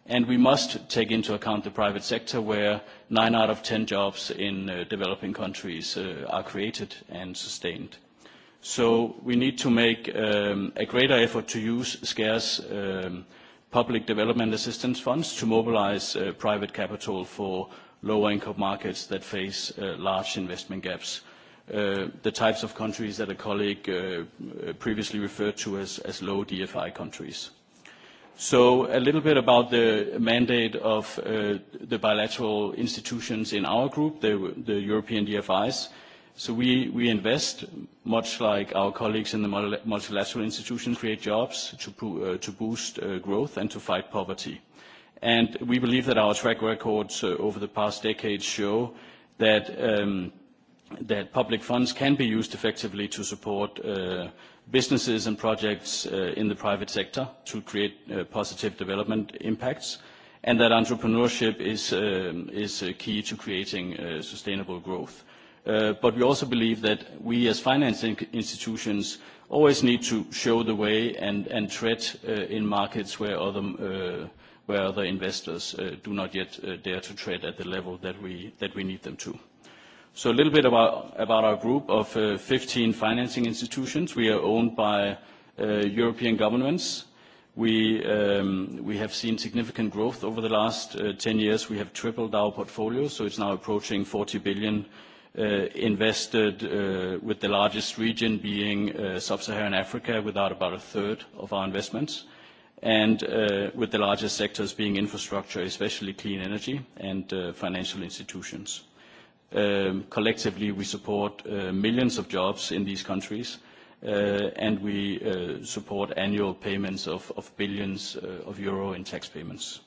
And we must take into account the private sector where nine out of 10 jobs in uh, developing countries uh, are created and sustained. So we need to make um, a greater effort to use scarce um, public development assistance funds to mobilize uh, private capital for uh, lower-income markets that face uh, large investment gaps. Uh, the types of countries that a colleague uh, previously referred to as, as low DFI countries. So a little bit about the mandate of uh, the bilateral institutions in our group, the, the European DFIs. So we, we invest, much like our colleagues in the multilateral institutions, create jobs to, uh, to boost uh, growth and to fight poverty. Uh, and we believe that our track records uh, over the past decades show that um, that public funds can be used effectively to support uh, businesses and projects uh, in the private sector to create uh, positive development impacts, and that entrepreneurship is, um, is uh, key to creating uh, sustainable growth. Uh, but we also believe that we as financing institutions always need to show the way and, and tread uh, in markets where other uh, where the investors uh, do not yet uh, dare to trade at the level that we, that we need them to. So a little bit about, about our group of uh, 15 financing institutions. We are owned by uh, European governments. We, um, we have seen significant growth over the last 10 uh, years. We have tripled our portfolio, so it's now approaching 40 billion uh, invested, with the largest region being Sub-Saharan Africa, with about a third of our investments and uh, with the largest sectors being infrastructure, especially clean energy and uh, financial institutions. Um, collectively, we support uh, millions of jobs in these countries, uh, and we uh, support annual payments of, of billions uh, of euro in tax payments.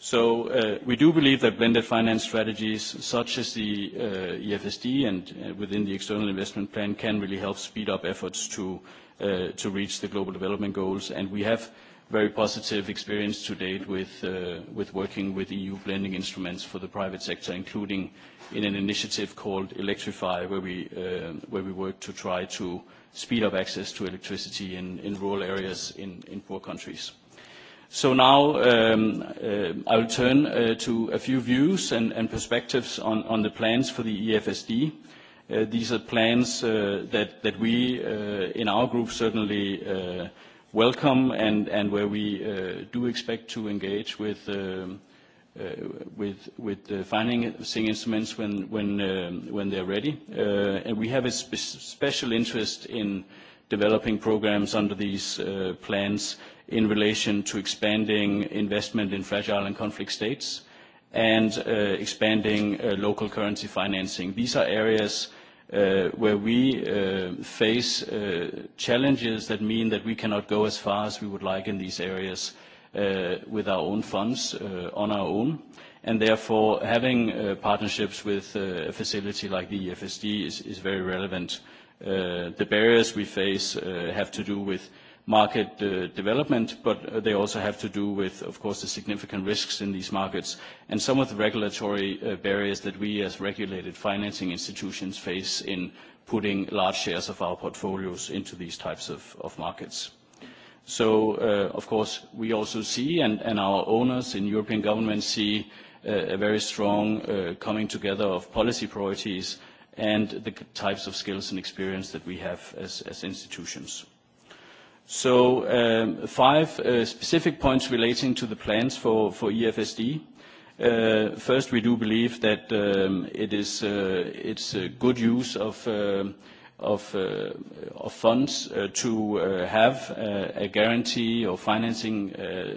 So, we do believe that blended finance strategies such as the EFSD and within the external investment plan can really help speed up efforts to, to reach the global development goals. We have very positive experience to date with, uh, with working with EU blending instruments for the private sector, including in an initiative called Electrify, where we, uh, where we work to try to speed up access to electricity in, in rural areas in, in poor countries. So now um, uh, I'll turn uh, to a few views and, and perspectives on, on the plans for the EFSD. Uh, these are plans uh, that, that we uh, in our group certainly uh, welcome and, and where we uh, do expect to engage with, um, uh, with, with the financing instruments when, when, um, when they're ready. Uh, and we have a spe special interest in developing programs under these uh, plans in relation to expanding investment in fragile and conflict states and uh, expanding uh, local currency financing. These are areas uh, where we uh, face uh, challenges that mean that we cannot go as far as we would like in these areas uh, with our own funds uh, on our own. And therefore, having uh, partnerships with uh, a facility like the EFSD is, is very relevant. Uh, the barriers we face uh, have to do with uh, market uh, development, but uh, they also have to do with, of course, the significant risks in these markets and some of the regulatory uh, barriers that we as regulated financing institutions face in putting large shares of our portfolios into these types of, of markets. So, uh, of course, we also see, and, and our owners in European governments see, uh, a very strong uh, coming together of policy priorities and the types of skills and experience that we have as, as institutions. So um, five uh, specific points relating to the plans for, for EFSD. Uh, first, we do believe that um, it is uh, it's a good use of uh, of, uh, of funds uh, to uh, have uh, a guarantee or financing uh,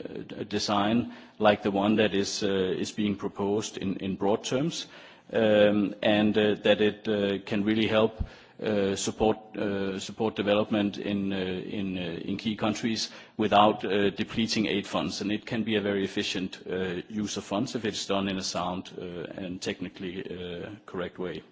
design like the one that is uh, is being proposed in, in broad terms, um, and uh, that it uh, can really help uh, uh, support, uh, support development in, uh, in, uh, in key countries without uh, depleting aid funds. And it can be a very efficient uh, use of funds if it's done in a sound uh, and technically uh, correct way.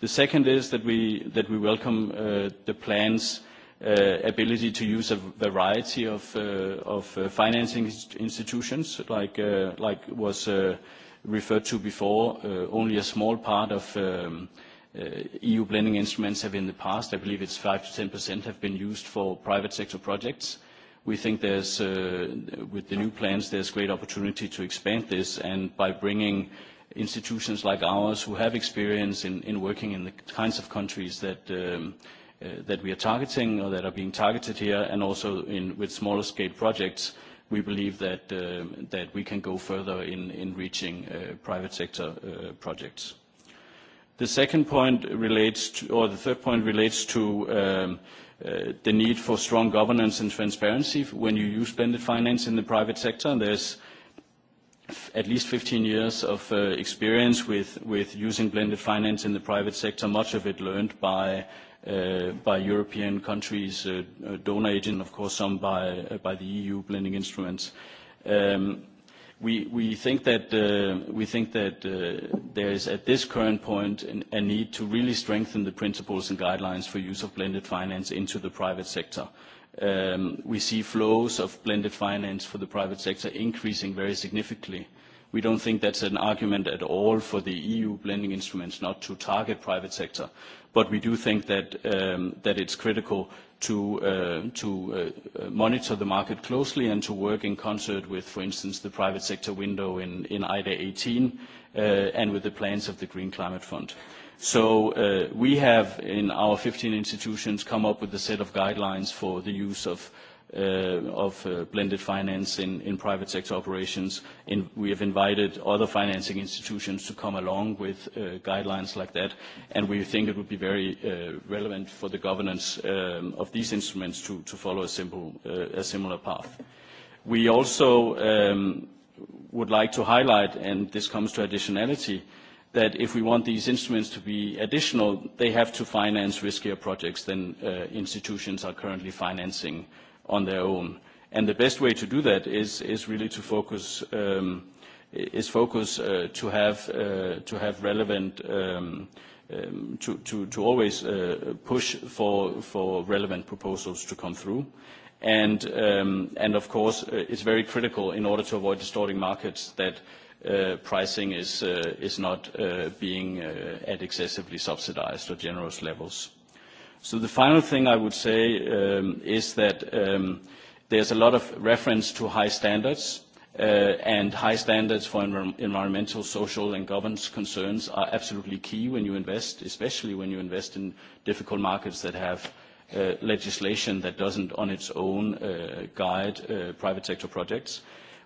The second is that we, that we welcome uh, the plan's uh, ability to use a variety of, uh, of uh, financing institutions, like, uh, like was uh, referred to before. Uh, only a small part of um, uh, Uh, EU blending instruments have in the past, I believe it's 5%-10%, have been used for private sector projects. We think there's, uh, with the new plans, there's great opportunity to expand this, and by bringing institutions like ours who have experience in, in working in the kinds of countries that, um, uh, that we are targeting or that are being targeted here, and also in, with smaller scale projects, we believe that, uh, that we can go further in, in reaching uh, private sector uh, projects. The second point relates to, or the third point relates to um, uh, the need for strong governance and transparency. When you use blended finance in the private sector, there's at least 15 years of uh, experience with, with using blended finance in the private sector, much of it learned by, uh, by European countries, uh, uh donor agent, of course, some by, uh, by the EU blending instruments. Um, We, we think that, uh, we think that uh, there is, at this current point, an, a need to really strengthen the principles and guidelines for use of blended finance into the private sector. Um, we see flows of blended finance for the private sector increasing very significantly. We don't think that's an argument at all for the EU blending instruments not to target private sector, but we do think that, um, that it's critical to, uh, to uh, monitor the market closely and to work in concert with, for instance, the private sector window in, in IDA 18 uh, and with the plans of the Green Climate Fund. So uh, we have in our 15 institutions come up with a set of guidelines for the use of uh, Uh, of uh, blended finance in private sector operations. And we have invited other financing institutions to come along with uh, guidelines like that, and we think it would be very relevant for the governance um, of these instruments to follow a simple, a similar path. We also um, would like to highlight, and this comes to additionality, that if we want these instruments to be additional, they have to finance riskier projects than institutions are currently financing uh, on their own. And the best way to do that is, is really to focus, um, is focus uh, to, have, uh, to have relevant, um, um, to, to, to always uh, push for, for relevant proposals to come through. And, um, and of course, uh, it's very critical in order to avoid distorting markets that uh, pricing is, uh, is not uh, being uh, at excessively subsidized or generous levels. So the final thing I would say um, is that um, there's a lot of reference to high standards, uh, and high standards for env environmental, social, and governance concerns are absolutely key when you invest, especially when you invest in difficult markets that have uh, legislation that doesn't on its own uh, guide uh, private sector projects.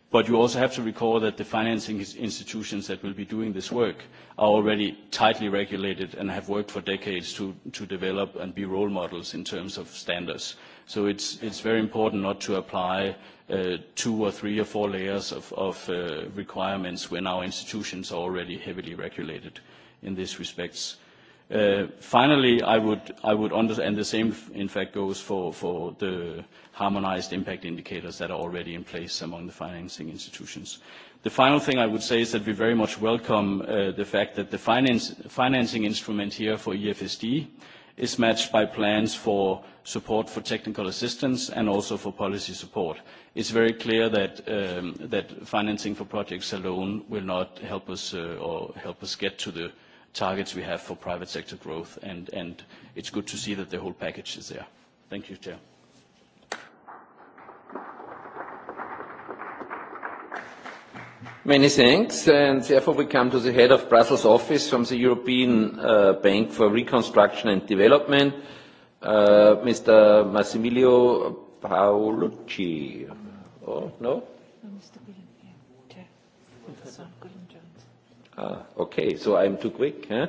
But you also have to recall that the financing institutions that will be doing this work are already tightly regulated and have worked for decades to, to develop and be role models in terms of standards. So it's, it's very important not to apply uh, two or three or four layers of, of uh, requirements when our institutions are already heavily regulated in this respects. Uh, finally, I would, I would understand the same, in fact, goes for, for the harmonized impact indicators that are already in place among the financing institutions. The final thing I would say is that we very much welcome uh, the fact that the finance, financing instrument here for EFSD is matched by plans for support for technical assistance and also for policy support. It's very clear that, um, that financing for projects alone will not help us uh, or help us get to the targets we have for private sector growth, and, and it's good to see that the whole package is there. Thank you, Chair. Many thanks. And therefore, we come to the head of Brussels office from the European uh, Bank for Reconstruction and Development, uh, Mr. Massimilio Paolucci. Oh, no? Mr. Ah, okay. So I'm too quick, huh?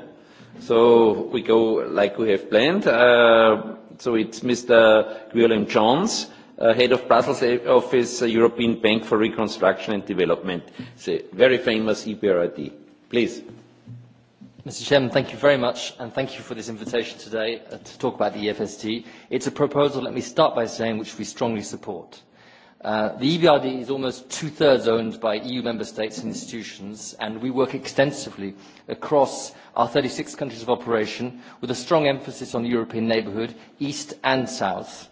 So we go like we have planned. Uh, so it's Mr. Gwilym Jones, uh, Head of Brussels Office, uh, European Bank for Reconstruction and Development. It's a very famous EBRD. Please. Mr. Chairman, thank you very much, and thank you for this invitation today uh, to talk about the EFSD. It's a proposal, let me start by saying, which we strongly support. Uh, Uh, the EBRD is almost two-thirds owned by EU member states and institutions, and we work extensively across our 36 countries of operation with a strong emphasis on the European neighbourhood, east and south.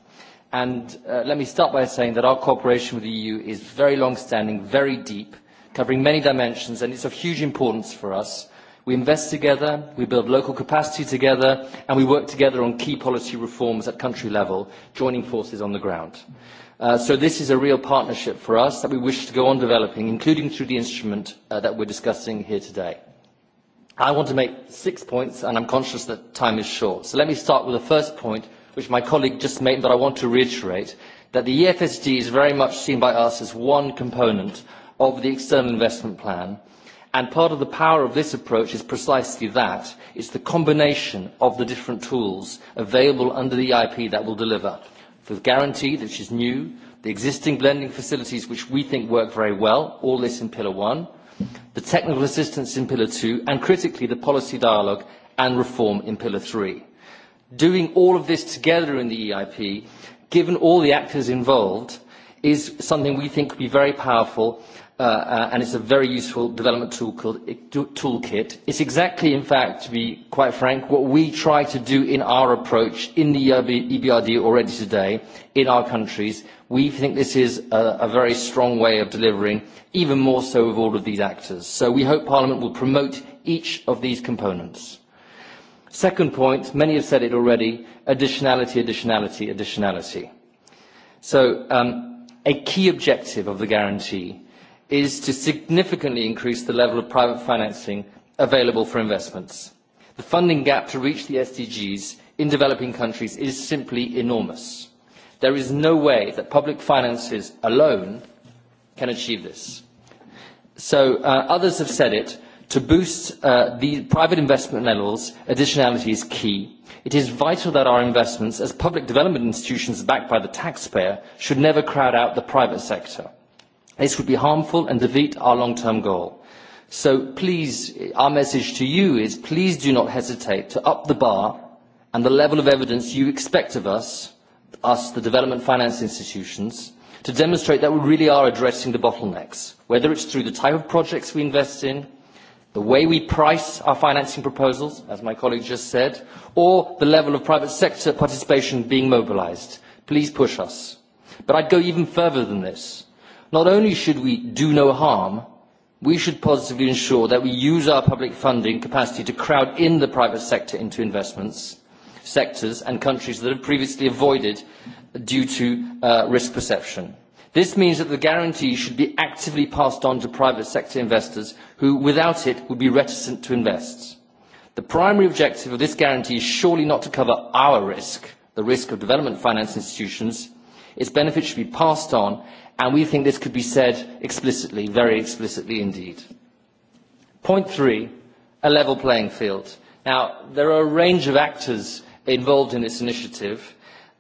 And uh, let me start by saying that our cooperation with the EU is very long-standing, very deep, covering many dimensions, and it's of huge importance for us. We invest together, we build local capacity together, and we work together on key policy reforms at country level, joining forces on the ground. Mm-hmm. Uh, so this is a real partnership for us that we wish to go on developing, including through the instrument uh, that we're discussing here today. I want to make six points, and I'm conscious that time is short. So let me start with the first point, which my colleague just made, but I want to reiterate, that the EFSD is very much seen by us as one component of the external investment plan, and part of the power of this approach is precisely that. It's the combination of the different tools available under the EIP that will deliver for the guarantee, which is new, the existing blending facilities, which we think work very well, all this in Pillar 1, the technical assistance in Pillar 2, and critically, the policy dialogue and reform in Pillar 3. Doing all of this together in the EIP, given all the actors involved, is something we think could be very powerful uh, uh, and it's a very useful development toolkit. toolkit. It's exactly, in fact, to be quite frank, what we try to do in our approach in the EBRD e already today in our countries. We think this is a, a very strong way of delivering, even more so with all of these actors. So we hope Parliament will promote each of these components. Second point, many have said it already, additionality, additionality, additionality. So um, a key objective of the guarantee is to significantly increase the level of private financing available for investments. The funding gap to reach the SDGs in developing countries is simply enormous. There is no way that public finances alone can achieve this. So uh, others have said it, to boost uh, the private investment levels, additionality is key. It is vital that our investments, as public development institutions backed by the taxpayer, should never crowd out the private sector. This would be harmful and defeat our long-term goal. So please, our message to you is please do not hesitate to up the bar and the level of evidence you expect of us, us, the development finance institutions, to demonstrate that we really are addressing the bottlenecks, whether it's through the type of projects we invest in, the way we price our financing proposals, as my colleague just said, or the level of private sector participation being mobilized. Please push us. But I'd go even further than this. Not only should we do no harm, we should positively ensure that we use our public funding capacity to crowd in the private sector into investments, sectors and countries that have previously avoided due to uh, risk perception. This means that the guarantee should be actively passed on to private sector investors who, without it, would be reticent to invest. The primary objective of this guarantee is surely not to cover our risk, the risk of development finance institutions. Its benefits should be passed on And we think this could be said explicitly, very explicitly indeed. Point three, a level playing field. Now, there are a range of actors involved in this initiative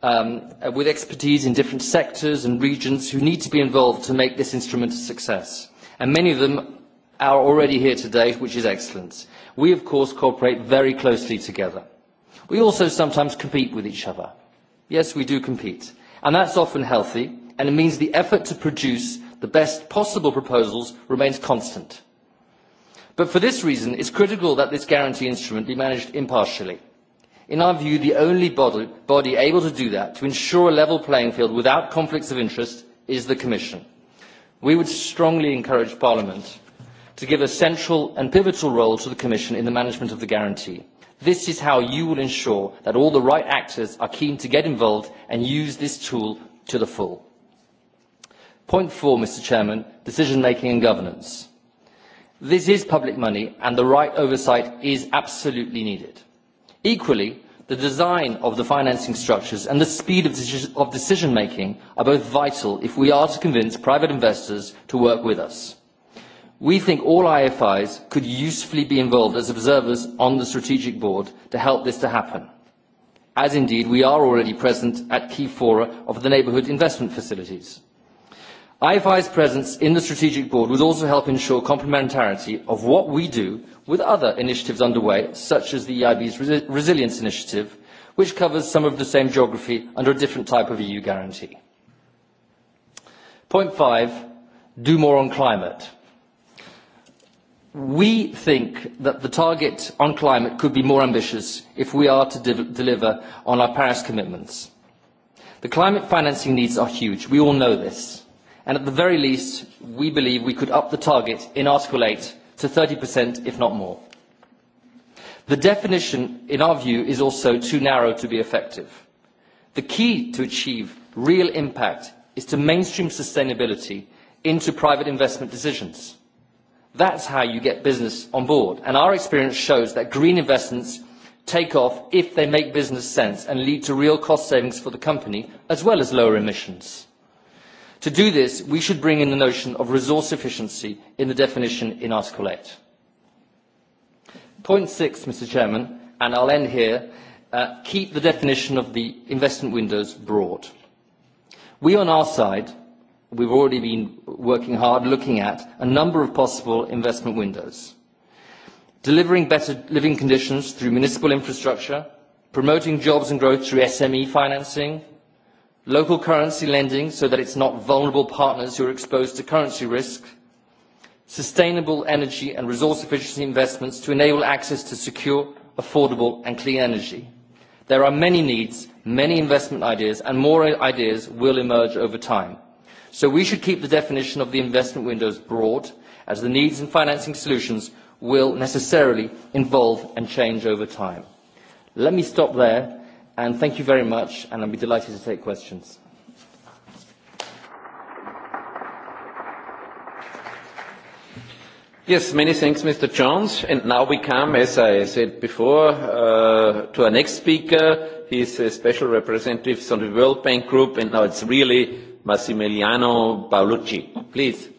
um, with expertise in different sectors and regions who need to be involved to make this instrument a success. And many of them are already here today, which is excellent. We, of course, cooperate very closely together. We also sometimes compete with each other. Yes, we do compete. And that's often healthy and it means the effort to produce the best possible proposals remains constant. But for this reason, it's critical that this guarantee instrument be managed impartially. In our view, the only body, body able to do that, to ensure a level playing field without conflicts of interest, is the Commission. We would strongly encourage Parliament to give a central and pivotal role to the Commission in the management of the guarantee. This is how you will ensure that all the right actors are keen to get involved and use this tool to the full. Point four, Mr Chairman, decision-making and governance. This is public money and the right oversight is absolutely needed. Equally, the design of the financing structures and the speed of, de of decision-making are both vital if we are to convince private investors to work with us. We think all IFIs could usefully be involved as observers on the strategic board to help this to happen, as indeed we are already present at key fora of the neighbourhood investment facilities. IFI's presence in the strategic board would also help ensure complementarity of what we do with other initiatives underway, such as the EIB's Resi Resilience Initiative, which covers some of the same geography under a different type of EU guarantee. Point five, do more on climate. We think that the target on climate could be more ambitious if we are to de deliver on our Paris commitments. The climate financing needs are huge. We all know this and at the very least, we believe we could up the target in Article 8 to 30%, if not more. The definition, in our view, is also too narrow to be effective. The key to achieve real impact is to mainstream sustainability into private investment decisions. That's how you get business on board. And our experience shows that green investments take off if they make business sense and lead to real cost savings for the company, as well as lower emissions. To do this, we should bring in the notion of resource efficiency in the definition in Article 8. Point six, Mr. Chairman, and I'll end here, uh, keep the definition of the investment windows broad. We on our side, we've already been working hard looking at a number of possible investment windows. Delivering better living conditions through municipal infrastructure, promoting jobs and growth through SME financing, local currency lending so that it's not vulnerable partners who are exposed to currency risk, sustainable energy and resource efficiency investments to enable access to secure, affordable and clean energy. There are many needs, many investment ideas and more ideas will emerge over time. So we should keep the definition of the investment windows broad as the needs and financing solutions will necessarily involve and change over time. Let me stop there And thank you very much, and I'll be delighted to take questions. Yes, many thanks, Mr. Jones. And now we come, as I said before, uh, to our next speaker. He's a special representative on the World Bank Group, and now it's really Massimiliano Paolucci. Please.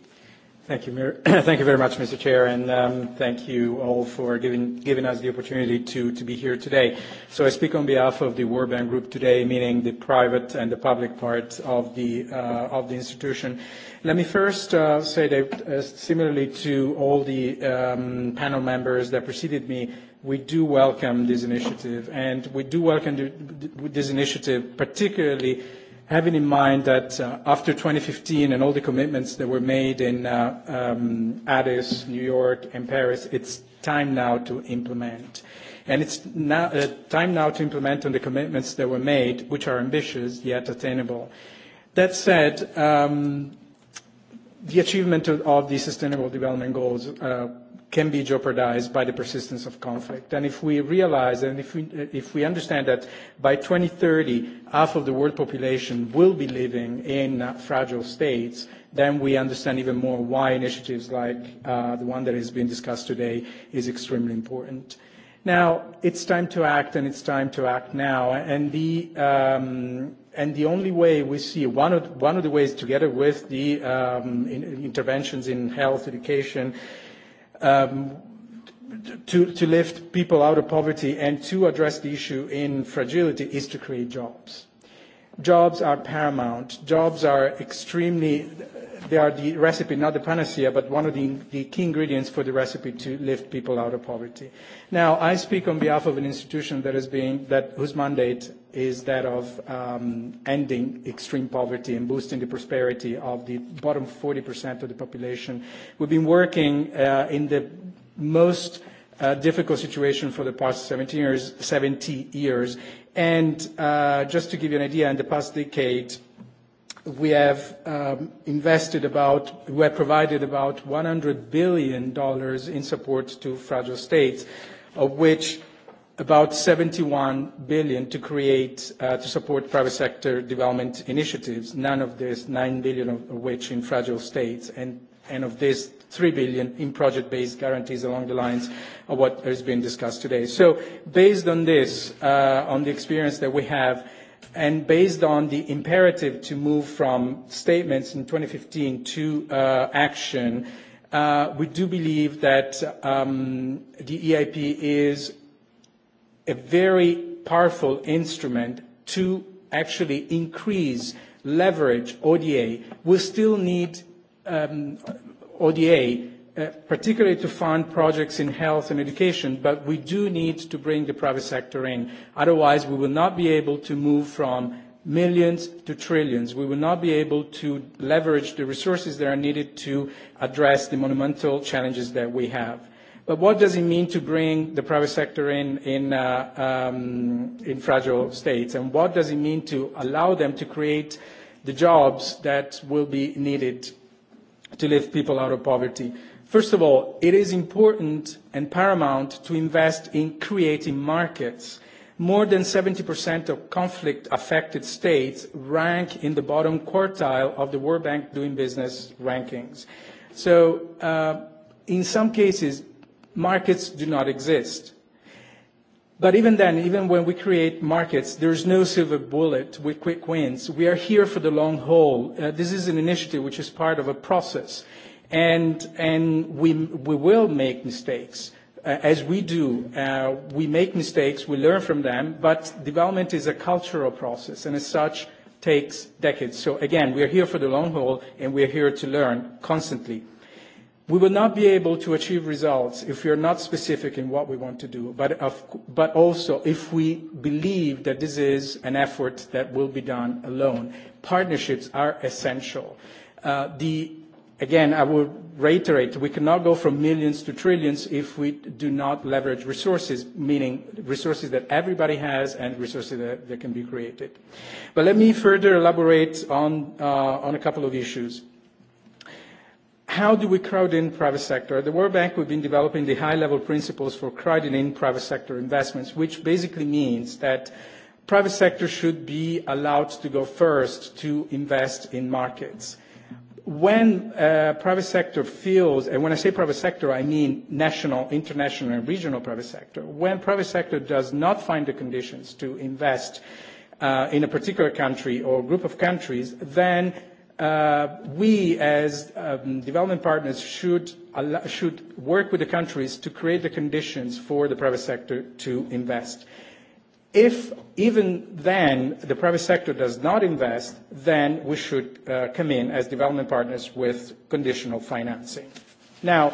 Thank you, Mir- thank you very much, Mr. Chair, and um, thank you all for giving, giving us the opportunity to, to be here today. So I speak on behalf of the World Bank Group today, meaning the private and the public part of the, uh, of the institution. Let me first uh, say that uh, similarly to all the um, panel members that preceded me, we do welcome this initiative, and we do welcome the, this initiative particularly having in mind that uh, after 2015 and all the commitments that were made in uh, um, Addis, New York, and Paris, it's time now to implement. And it's now, uh, time now to implement on the commitments that were made, which are ambitious yet attainable. That said, um, the achievement of, of the Sustainable Development Goals uh, can be jeopardized by the persistence of conflict. And if we realize and if we, if we understand that by 2030, half of the world population will be living in uh, fragile states, then we understand even more why initiatives like uh, the one that has been discussed today is extremely important. Now, it's time to act, and it's time to act now. And the, um, and the only way we see, one of, one of the ways together with the um, in, interventions in health, education, uh, um, to, to lift people out of poverty and to address the issue in fragility is to create jobs. Jobs are paramount. Jobs are extremely, they are the recipe, not the panacea, but one of the, the key ingredients for the recipe to lift people out of poverty. Now, I speak on behalf of an institution that has been, that, whose mandate is that of um, ending extreme poverty and boosting the prosperity of the bottom 40% of the population. We've been working uh, in the most uh, difficult situation for the past 17 years, 70 years. And uh, just to give you an idea, in the past decade, we have um, invested about, we have provided about $100 billion in support to fragile states, of which about 71 billion to create, uh, to support private sector development initiatives, none of this, 9 billion of which in fragile states, and, and of this, 3 billion in project-based guarantees along the lines of what has been discussed today. So based on this, uh, on the experience that we have, and based on the imperative to move from statements in 2015 to uh, action, uh, we do believe that um, the EIP is a very powerful instrument to actually increase leverage ODA, we still need um, ODA, uh, particularly to fund projects in health and education, but we do need to bring the private sector in. Otherwise, we will not be able to move from millions to trillions. We will not be able to leverage the resources that are needed to address the monumental challenges that we have. But what does it mean to bring the private sector in in, uh, um, in fragile states, and what does it mean to allow them to create the jobs that will be needed to lift people out of poverty? First of all, it is important and paramount to invest in creating markets. More than 70% of conflict-affected states rank in the bottom quartile of the World Bank Doing Business rankings. So, uh, in some cases, markets do not exist. But even then, even when we create markets, there's no silver bullet with quick wins. We are here for the long haul. Uh, this is an initiative which is part of a process. And, and we, we will make mistakes. Uh, as we do, uh, we make mistakes, we learn from them, but development is a cultural process, and as such, takes decades. So again, we are here for the long haul, and we are here to learn constantly. We will not be able to achieve results if we are not specific in what we want to do, but, of, but also if we believe that this is an effort that will be done alone. Partnerships are essential. Uh, the, again, I will reiterate, we cannot go from millions to trillions if we do not leverage resources, meaning resources that everybody has and resources that, that can be created. But let me further elaborate on, uh, on a couple of issues. Uh, How do we crowd in private sector? At the World Bank, we've been developing the high-level principles for crowding in private sector investments, which basically means that private sector should be allowed to go first to invest in markets. When uh, private sector feels, and when I say private sector, I mean national, international, and regional private sector. When private sector does not find the conditions to invest uh, in a particular country or group of countries, then uh, we as um, development partners should, allow, should work with the countries to create the conditions for the private sector to invest. If even then the private sector does not invest, then we should uh, come in as development partners with conditional financing. Now,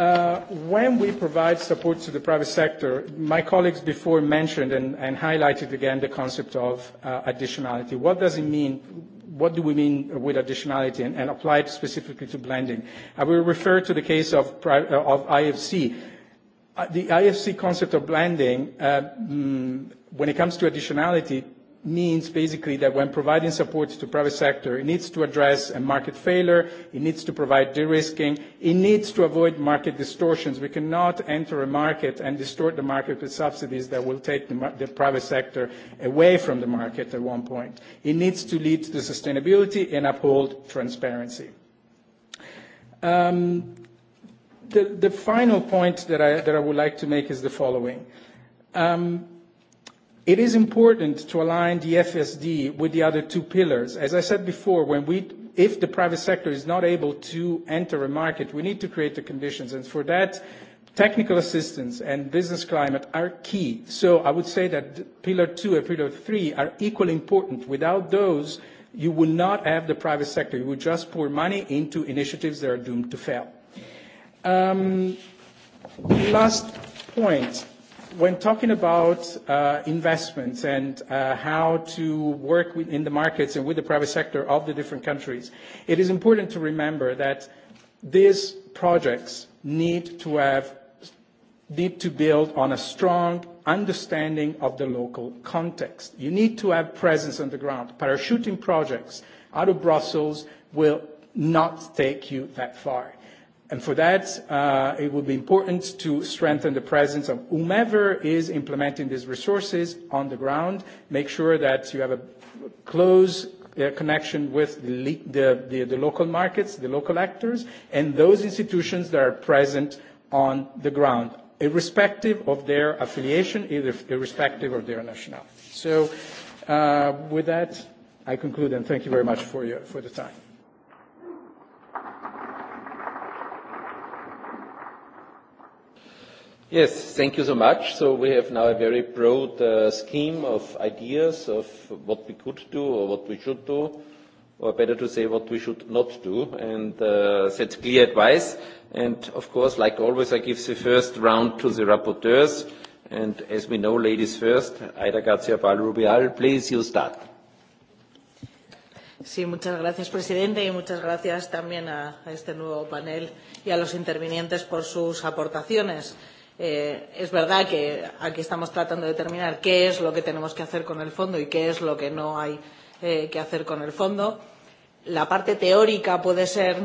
Uh, when we provide support to the private sector, my colleagues before mentioned and, and highlighted again the concept of uh, additionality. What does it mean? What do we mean with additionality and, and applied specifically to blending? I will refer to the case of, pri- uh, of IFC. Uh, the IFC concept of blending, uh, mm, when it comes to additionality, means basically that when providing support to private sector, it needs to address a market failure, it needs to provide de-risking, it needs to avoid market distortions. We cannot enter a market and distort the market with subsidies that will take the, the private sector away from the market at one point. It needs to lead to sustainability and uphold transparency. Um, the, the final point that I, that I would like to make is the following. Um, It is important to align the FSD with the other two pillars. As I said before, when we if the private sector is not able to enter a market, we need to create the conditions, and for that, technical assistance and business climate are key. So I would say that pillar two and pillar three are equally important. Without those, you will not have the private sector. You will just pour money into initiatives that are doomed to fail. Um, last point when talking about uh, investments and uh, how to work with, in the markets and with the private sector of the different countries, it is important to remember that these projects need to have need to build on a strong understanding of the local context. You need to have presence on the ground. Parachuting projects out of Brussels will not take you that far And for that, uh, it will be important to strengthen the presence of whomever is implementing these resources on the ground. Make sure that you have a close uh, connection with the, the, the, the local markets, the local actors, and those institutions that are present on the ground, irrespective of their affiliation, irrespective of their nationality. So uh, with that, I conclude, and thank you very much for, your, for the time. Yes, thank you so much. So we have now a very broad uh, scheme of ideas of what we could do or what we should do, or better to say what we should not do, and uh, set clear advice. And of course, like always, I give the first round to the rapporteurs. And as we know, ladies first, Aida García Rubial, please, you start. Sí, muchas gracias, presidente, y muchas gracias también a, a este nuevo panel y a los intervinientes por sus aportaciones. Eh, Eh, es verdad que aquí estamos tratando de determinar qué es lo que tenemos que hacer con el fondo y qué es lo que no hay eh, que hacer con el fondo. La parte teórica puede ser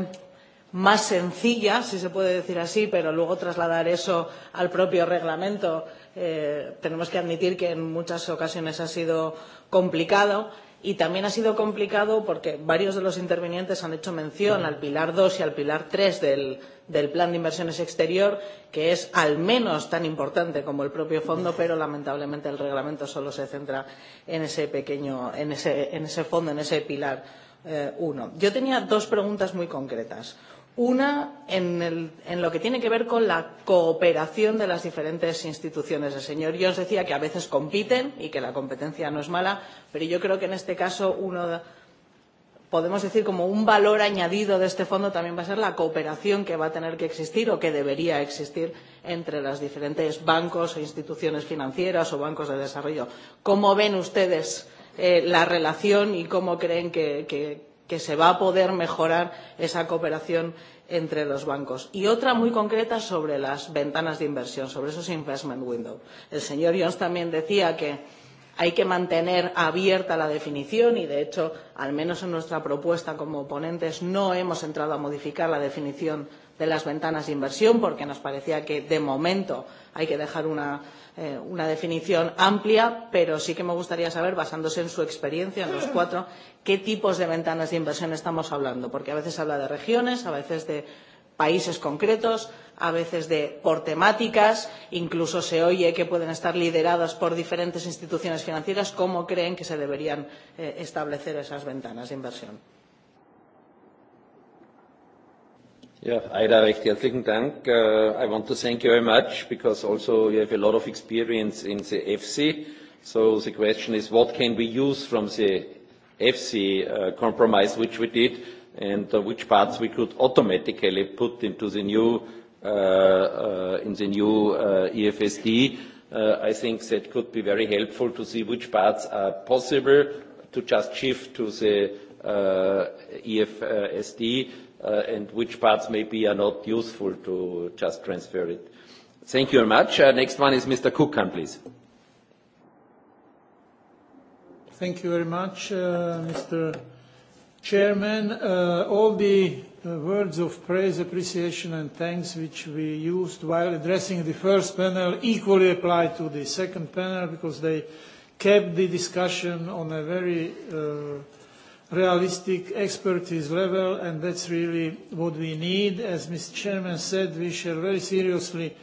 más sencilla, si se puede decir así, pero luego trasladar eso al propio reglamento eh, tenemos que admitir que en muchas ocasiones ha sido complicado y también ha sido complicado porque varios de los intervinientes han hecho mención al pilar 2 y al pilar 3 del, del plan de inversiones exterior, que es al menos tan importante como el propio fondo, pero lamentablemente el reglamento solo se centra en ese pequeño, en ese, en ese fondo, en ese pilar eh, uno. Yo tenía dos preguntas muy concretas. Una, en, el, en lo que tiene que ver con la cooperación de las diferentes instituciones. El señor Jones decía que a veces compiten y que la competencia no es mala, pero yo creo que en este caso uno, podemos decir como un valor añadido de este fondo también va a ser la cooperación que va a tener que existir o que debería existir entre los diferentes bancos e instituciones financieras o bancos de desarrollo. ¿Cómo ven ustedes eh, la relación y cómo creen que, que, que se va a poder mejorar esa cooperación entre los bancos. Y otra muy concreta sobre las ventanas de inversión, sobre esos investment windows. El señor Jones también decía que hay que mantener abierta la definición y, de hecho, al menos en nuestra propuesta como ponentes no hemos entrado a modificar la definición de las ventanas de inversión porque nos parecía que, de momento, hay que dejar una eh, una definición amplia, pero sí que me gustaría saber, basándose en su experiencia, en los cuatro, qué tipos de ventanas de inversión estamos hablando, porque a veces habla de regiones, a veces de países concretos, a veces de, por temáticas, incluso se oye que pueden estar lideradas por diferentes instituciones financieras. ¿Cómo creen que se deberían eh, establecer esas ventanas de inversión? Yeah, Aida, recht herzlichen Dank. Uh, I want to thank you very much because also you have a lot of experience in the FC. So the question is, what can we use from the FC uh, compromise which we did, and uh, which parts we could automatically put into the new uh, uh in the new uh, EFSD? Uh, I think that could be very helpful to see which parts are possible to just shift to the EFSD uh, and which parts maybe are not useful to just transfer it. Thank you very much. Uh, next one is Mr. Kukan, please. Thank you very much, uh, Mr. Chairman. Uh, all the uh, words of praise, appreciation, and thanks which we used while addressing the first panel equally apply to the second panel because they kept the discussion on a very uh, realistic expertise level, and that's really what we need. As Mr. Chairman said, we shall very seriously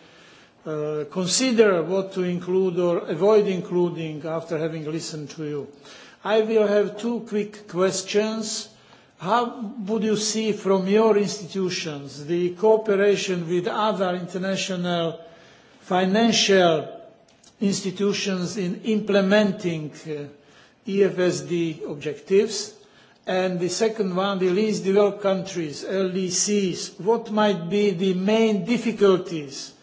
uh, consider what to include or avoid including after having listened to you. I will have two quick questions. How would you see from your institutions the cooperation with other international financial institutions in implementing uh, EFSD objectives? And the second one, the least developed countries, LDCs, what might be the main difficulties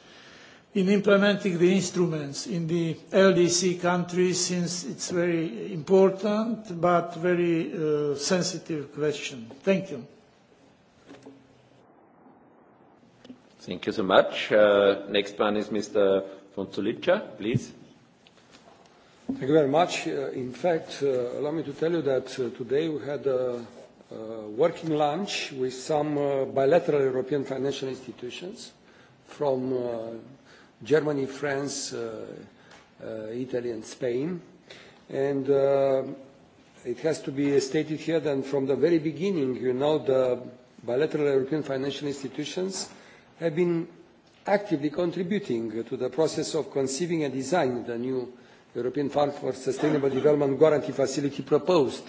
in implementing the instruments in the LDC countries since it's very important but very uh, sensitive question. Thank you. Thank you so much. Uh, next one is Mr. Fonsulica, please. Thank you very much. Uh, in fact, uh, allow me to tell you that uh, today we had a, a working lunch with some uh, bilateral European financial institutions from uh, Germany, France, uh, uh, Italy, and Spain. And uh, it has to be stated here that from the very beginning, you know, the bilateral European financial institutions have been actively contributing to the process of conceiving and designing the new uh, European Fund for Sustainable Development Guarantee Facility proposed.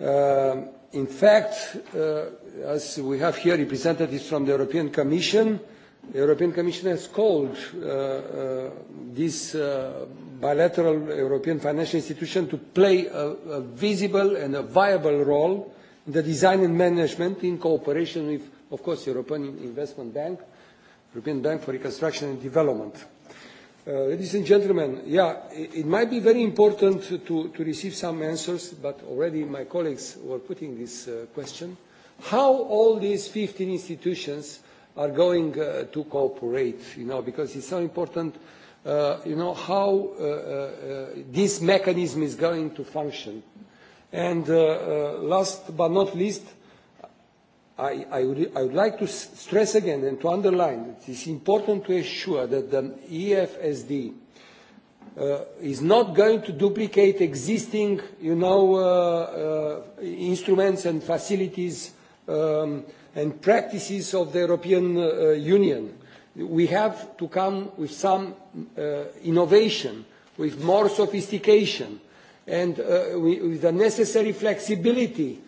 Uh, in fact, uh, as we have here representatives from the European Commission, the European Commission has called uh, uh, this uh, bilateral European financial institution to play a, a visible and a viable role in the design and management in cooperation with, of course, European Investment Bank, European Bank for Reconstruction and Development. Uh, ladies and gentlemen, yeah, it, it might be very important to, to receive some answers, but already my colleagues were putting this uh, question. How all these 15 institutions are going uh, to cooperate, you know, because it's so important, uh, you know, how uh, uh, uh this mechanism is going to function. And uh, uh, last but not least, uh, I, I, would, I would like to stress again and to underline that it's important to ensure that the EFSD uh, is not going to duplicate existing, you know, uh, uh, instruments and facilities um, and practices of the European uh, Union. We have to come with some uh, innovation, with more sophistication, and uh, we, with the necessary flexibility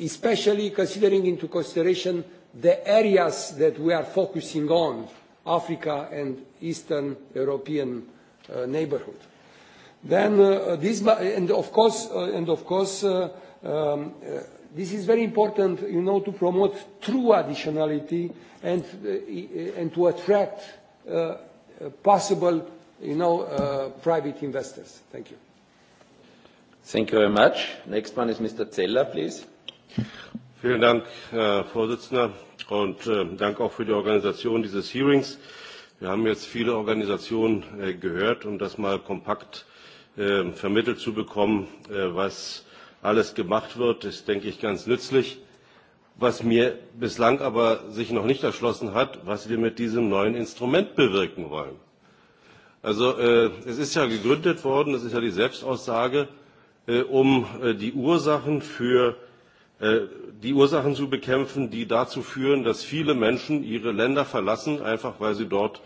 especially considering into consideration the areas that we are focusing on, Africa and Eastern European uh, neighborhood. Then uh, this, and of course, uh, and of course uh, um, uh, this is very important, you know, to promote true additionality and, uh, and to attract uh, possible, you know, uh, private investors. Thank you. Thank you very much. Next one is Mr. Zeller, please. Vielen Dank, Herr Vorsitzender, und äh, Dank auch für die Organisation dieses Hearings. Wir haben jetzt viele Organisationen äh, gehört, um das mal kompakt äh, vermittelt zu bekommen, äh, was alles gemacht wird, ist, denke ich, ganz nützlich. Was mir bislang aber sich noch nicht erschlossen hat, was wir mit diesem neuen Instrument bewirken wollen. Also äh, es ist ja gegründet worden, das ist ja die Selbstaussage, äh, um äh, die Ursachen für Äh, die Ursachen zu bekämpfen, die dazu führen, dass viele Menschen ihre Länder verlassen, einfach weil sie dort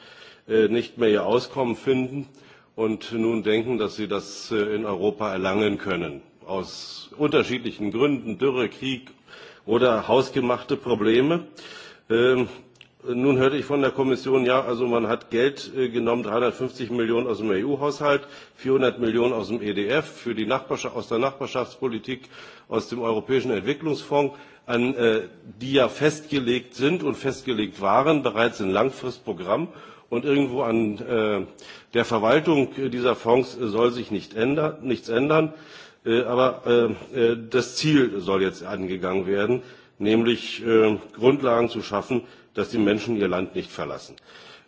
äh, nicht mehr ihr Auskommen finden und nun denken, dass sie das äh, in Europa erlangen können. Aus unterschiedlichen Gründen, Dürre, Krieg oder hausgemachte Probleme. Ähm, Nun hörte ich von der Kommission, ja, also man hat Geld äh, genommen, 350 Millionen aus dem EU-Haushalt, 400 Millionen aus dem EDF, für die Nachbarschaft, aus der Nachbarschaftspolitik, aus dem Europäischen Entwicklungsfonds, an, äh, die ja festgelegt sind und festgelegt waren, bereits in Langfristprogramm. Und irgendwo an äh, der Verwaltung dieser Fonds soll sich nicht ändern, nichts ändern. Äh, aber äh, äh, das Ziel soll jetzt angegangen werden, nämlich äh, Grundlagen zu schaffen, dass die Menschen ihr Land nicht verlassen.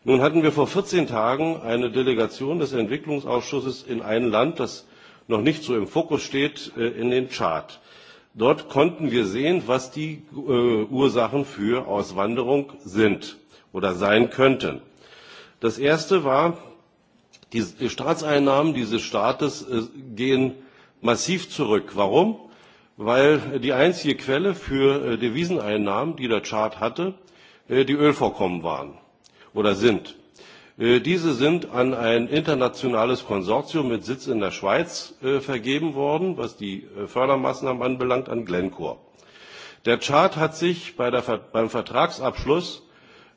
Nun hatten wir vor 14 Tagen eine Delegation des Entwicklungsausschusses in ein Land, das noch nicht so im Fokus steht, äh, in den Tschad. Dort konnten wir sehen, was die äh, Ursachen für Auswanderung sind oder sein könnten. Das erste war, die, die Staatseinnahmen dieses Staates äh, gehen massiv zurück. Warum? Weil die einzige Quelle für äh, Deviseneinnahmen, die der Chart hatte, Äh, die Ölvorkommen waren oder sind. Äh, diese sind an ein internationales Konsortium mit Sitz in der Schweiz äh, vergeben worden, was die Fördermaßnahmen anbelangt, an Glencore. Der Chart hat sich bei der, beim Vertragsabschluss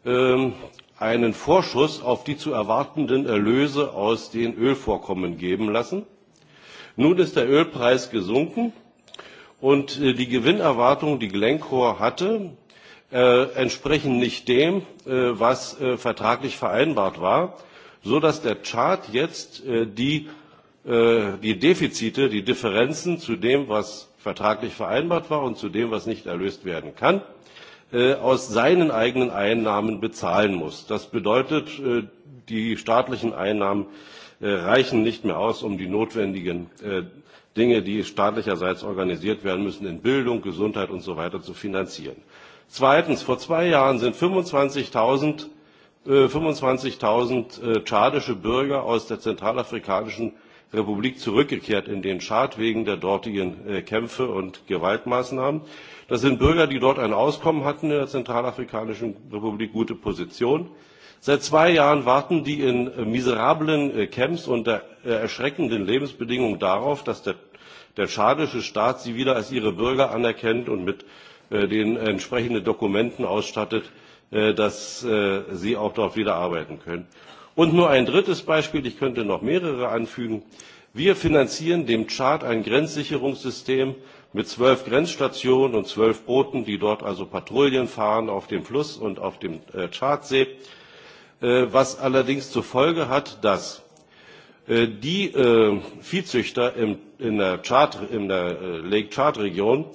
ähm, einen Vorschuss auf die zu erwartenden Erlöse aus den Ölvorkommen geben lassen. Nun ist der Ölpreis gesunken und die Gewinnerwartung, die Glencore hatte, Äh, entsprechen nicht dem, äh, was äh, vertraglich vereinbart war, sodass der Chart jetzt die, die Defizite, die Differenzen zu dem, was vertraglich vereinbart war und zu dem, was nicht erlöst werden kann, aus seinen eigenen Einnahmen bezahlen muss. Das bedeutet, die staatlichen Einnahmen reichen nicht mehr aus, um die notwendigen Dinge, die staatlicherseits organisiert werden müssen, in Bildung, Gesundheit und so weiter zu finanzieren. Zweitens, vor zwei Jahren sind 25.000 äh, 25 äh, tschadische Bürger aus der Zentralafrikanischen Republik zurückgekehrt in den Tschad wegen der dortigen äh, Kämpfe und Gewaltmaßnahmen. Das sind Bürger, die dort ein Auskommen hatten in der Zentralafrikanischen Republik, gute Position. Seit zwei Jahren warten die in äh, miserablen äh, Camps unter äh, erschreckenden Lebensbedingungen darauf, dass der, der tschadische Staat sie wieder als ihre Bürger anerkennt und mit Äh, den entsprechenden Dokumenten ausstattet, äh, dass äh, Sie auch dort wieder arbeiten können. Und nur ein drittes Beispiel, ich könnte noch mehrere anfügen. Wir finanzieren dem Chad ein Grenzsicherungssystem mit zwölf Grenzstationen und zwölf Booten, die dort also Patrouillen fahren auf dem Fluss und auf dem Chadsee, was allerdings zur Folge hat, dass die Viehzüchter in der, Chad, in der Lake Chad-Region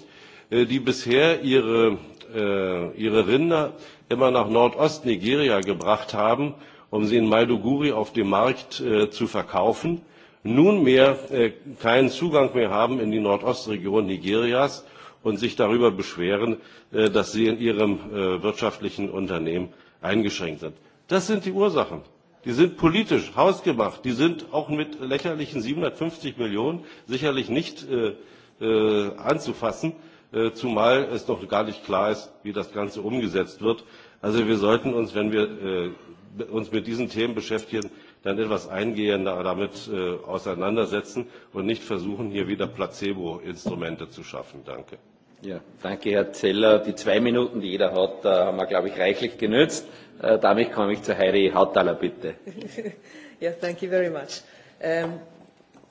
Äh, die bisher ihre, äh, ihre Rinder immer nach Nordostnigeria gebracht haben, um sie in Maiduguri auf dem Markt äh, zu verkaufen, nunmehr keinen Zugang mehr haben in die Nordostregion Nigerias und sich darüber beschweren, dass sie in ihrem wirtschaftlichen Unternehmen eingeschränkt sind. Das sind die Ursachen. Die sind politisch hausgemacht. Die sind auch mit lächerlichen 750 Millionen sicherlich nicht äh, äh, anzufassen. Äh, zumal es doch gar nicht klar ist, wie das Ganze umgesetzt wird. Also wir sollten uns, wenn wir äh, uns mit diesen Themen beschäftigen, dann etwas eingehender damit äh, auseinandersetzen und nicht versuchen, hier wieder Placebo-Instrumente zu schaffen. Danke. Ja, danke, Herr Zeller. Die zwei Minuten, die jeder hat, haben wir, glaube ich, reichlich genützt. Damit komme ich zu Heidi Hautala, bitte. yeah, thank you very much. Um,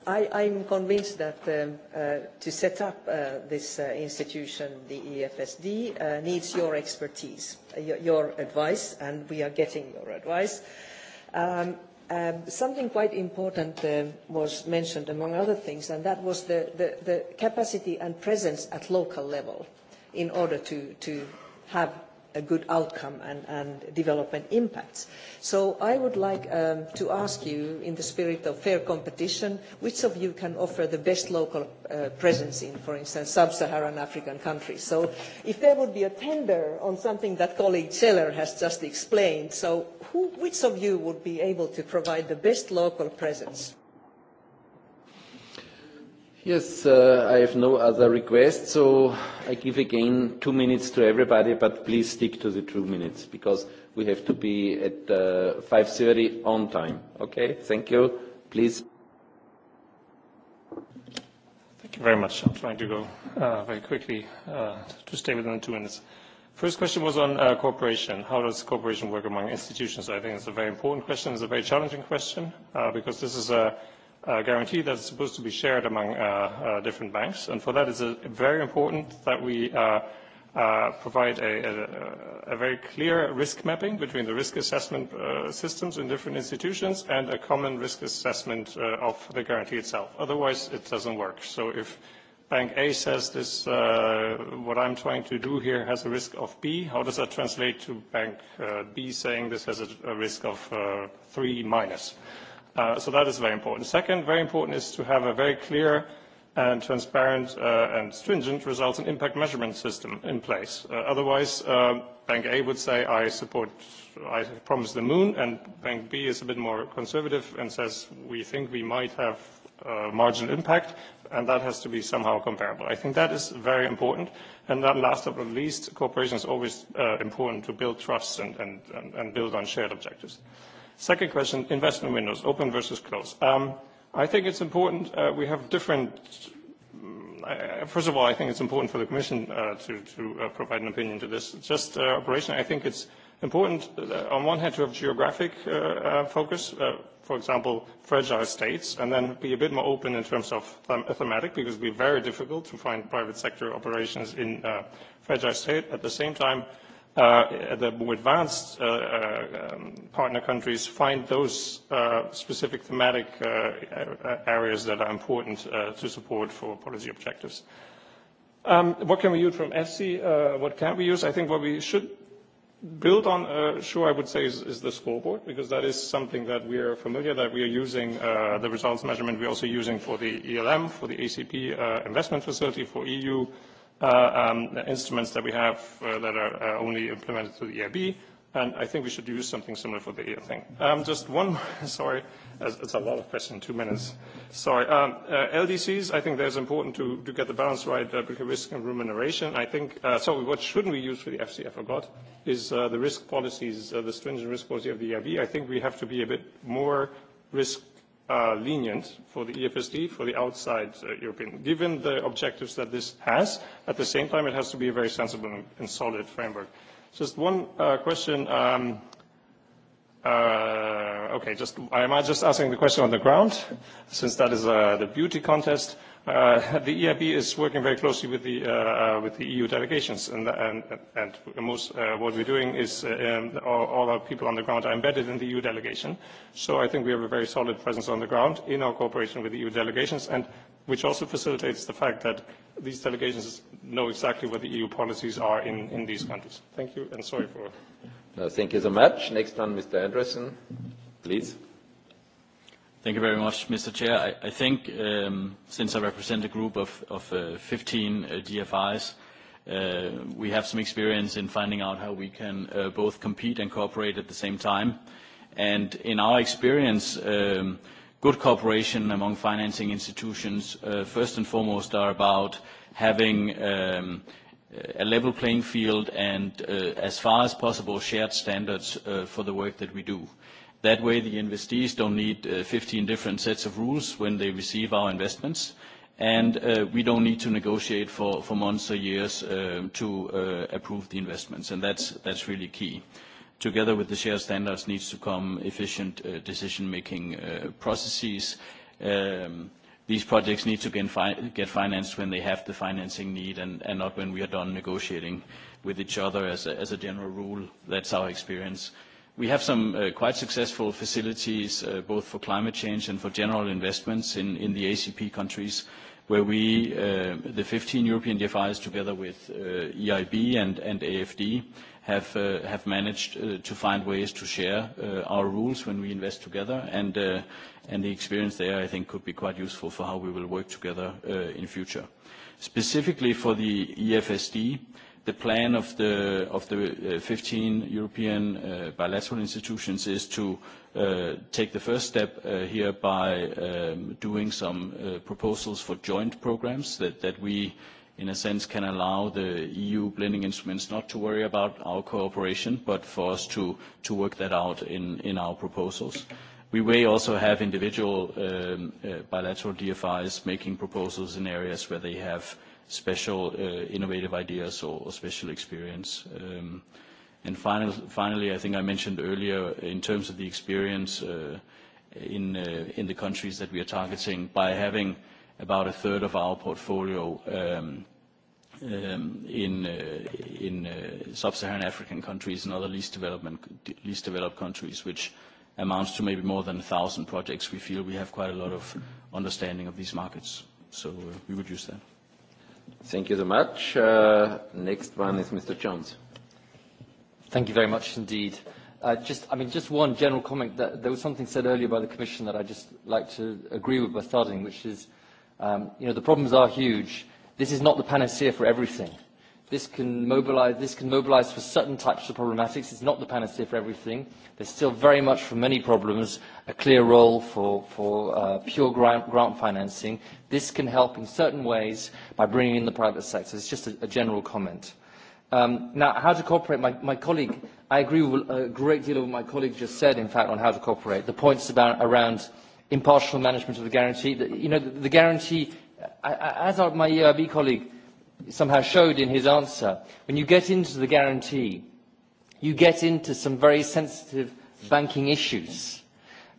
I, I'm convinced that um, uh, to set up uh, this uh, institution, the EFSD, uh, needs your expertise, uh, your, your advice, and we are getting your advice. Um, um, something quite important um, was mentioned, among other things, and that was the, the, the capacity and presence at local level in order to, to have a good outcome and, and development impacts. So I would like um, to ask you, in the spirit of fair competition, which of you can offer the best local uh, presence in, for instance, sub-Saharan African countries? So if there would be a tender on something that colleague Scheller has just explained, so who, which of you would be able to provide the best local presence? Yes, uh, I have no other requests, so I give again two minutes to everybody, but please stick to the two minutes because we have to be at uh, 5:30 on time. Okay? Thank you. Please. Thank you very much. I'm trying to go uh, very quickly uh, to stay within the two minutes. First question was on uh, cooperation. How does cooperation work among institutions? I think it's a very important question. It's a very challenging question uh, because this is a uh, guarantee that's supposed to be shared among uh, uh, different banks. And for that, it's uh, very important that we uh, uh, provide a, a, a very clear risk mapping between the risk assessment uh, systems in different institutions and a common risk assessment uh, of the guarantee itself. Otherwise, it doesn't work. So if bank A says this, uh, what I'm trying to do here has a risk of B, how does that translate to bank uh, B saying this has a, a risk of uh, 3 minus? Uh, Uh, so that is very important. Second, very important is to have a very clear and transparent uh, and stringent results and impact measurement system in place. Uh, otherwise, uh, Bank A would say, I support, I promise the moon, and Bank B is a bit more conservative and says, we think we might have uh, marginal impact, and that has to be somehow comparable. I think that is very important. And then last but not least, cooperation is always uh, important to build trust and, and, and build on shared objectives. Uh, Second question, investment windows, open versus closed. Um, I think it's important uh, we have different mm, first of all, I think it's important for the Commission uh, to, to uh, provide an opinion to this. Just uh, operation, I think it's important uh, on one hand to have geographic uh, uh, focus, uh, for example, fragile states, and then be a bit more open in terms of them thematic, because it would be very difficult to find private sector operations in uh, fragile state. At the same time, uh, uh, the more advanced uh, uh, um, partner countries find those uh, specific thematic uh, areas that are important uh, to support for policy objectives. Um, what can we use from EFSI? Uh, what can we use? I think what we should build on, uh, sure, I would say, is, is the scoreboard, because that is something that we are familiar, that we are using uh, the results measurement we're also using for the ELM, for the ACP uh, investment facility, for EU, uh, Uh, um, instruments that we have uh, that are uh, only implemented through the EIB, and I think we should use something similar for the EIB thing. Um, just one more. Sorry, it's a lot of questions, two minutes. Sorry. Um, LDCs, I think that's important to, to get the balance right between risk and remuneration. I think, sorry, what shouldn't we use for the FC? I forgot, is the risk policies, the stringent risk policy of the EIB. I think we have to be a bit more risk uh, lenient for the EFSD, for the outside uh, European, given the objectives that this has. At the same time, it has to be a very sensible and, and solid framework. Just one uh, question. Um, uh, okay, just, am I just asking the question on the ground, since that is uh, the beauty contest? Uh, Uh, the EIB is working very closely with the, uh, uh with the EU delegations, and, and, and most, uh, what we're doing is uh, um, all, all our people on the ground are embedded in the EU delegation. So I think we have a very solid presence on the ground in our cooperation with the EU delegations, and which also facilitates the fact that these delegations know exactly what the EU policies are in, in these countries. Thank you, and sorry for... No, thank you so much. Next one, Mr. Andresen, please. Thank you very much, Mr. Chair. I, I think um, since I represent a group of, of uh, 15 uh, GFIs, uh, we have some experience in finding out how we can uh, both compete and cooperate at the same time. And in our experience, um, good cooperation among financing institutions, uh, first and foremost, are about having um, a level playing field and, uh, as far as possible, shared standards uh, for the work that we do. Uh, That way, the investees don't need uh, 15 different sets of rules when they receive our investments, and uh, we don't need to negotiate for, for months or years uh, to uh, approve the investments, and that's, that's really key. Together with the shared standards needs to come efficient uh, decision-making uh, processes. Um, these projects need to get, fi get financed when they have the financing need and, and not when we are done negotiating with each other as a, as a general rule. That's our experience. Uh, We have some uh, quite successful facilities, uh, both for climate change and for general investments in, in the ACP countries, where we, uh, the 15 European DFIs, together with uh, EIB and, and AFD, have, uh, have managed uh, to find ways to share our rules when we invest together. And, and the experience there, I think, could be quite useful for how we will work together in future. Specifically for the EFSD, the plan of the, of the 15 uh, European uh, bilateral institutions is to uh, take the first step uh, here by um, doing some uh, proposals for joint programs that, that we, in a sense, can allow the EU blending instruments not to worry about our cooperation, but for us to, to work that out in, in our proposals. We may also have individual um, uh, bilateral DFIs making proposals in areas where they have uh, special uh, innovative ideas or, or special experience. Um, and final, finally, I think I mentioned earlier, in terms of the experience uh, in, uh, in the countries that we are targeting, by having about a third of our portfolio um, um, in, uh, in uh, sub-Saharan African countries and other least, least developed countries, which amounts to maybe more than 1,000 projects, we feel we have quite a lot of understanding of these markets. So uh, we would use that. Thank you so much. Uh, next one is Mr. Jones. Thank you very much indeed. Uh, just, I mean, just one general comment. That there was something said earlier by the Commission that I'd just like to agree with by starting, which is, um, you know, the problems are huge. This is not the panacea for everything. This can mobilize, this can mobilize for certain types of problematics. It's not the panacea for everything. There's still very much for many problems a clear role for, for uh, pure grant, grant financing. This can help in certain ways by bringing in the private sector. It's just a, a general comment. Um, now, how to cooperate, my, my colleague, I agree with a great deal of what my colleague just said, in fact, on how to cooperate. The points about, around impartial management of the guarantee, the, you know, the, the guarantee, I, I, as are my ERB colleague, somehow showed in his answer, when you get into the guarantee, you get into some very sensitive banking issues.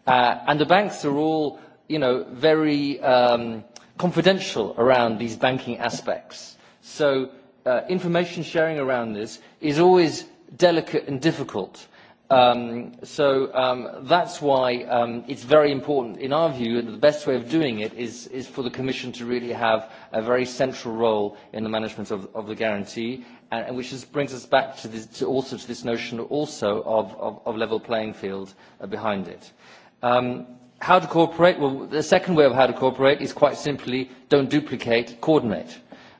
Uh, and the banks are all, you know, very um, confidential around these banking aspects. So uh, information sharing around this is always delicate and difficult. Um, so um, that's why um, it's very important, in our view, the best way of doing it is, is for the Commission to really have a very central role in the management of, of the guarantee, and, and which just brings us back to, this, to also to this notion also of, of, of level playing field uh, behind it. Um, how to cooperate? Well, the second way of how to cooperate is quite simply don't duplicate, coordinate.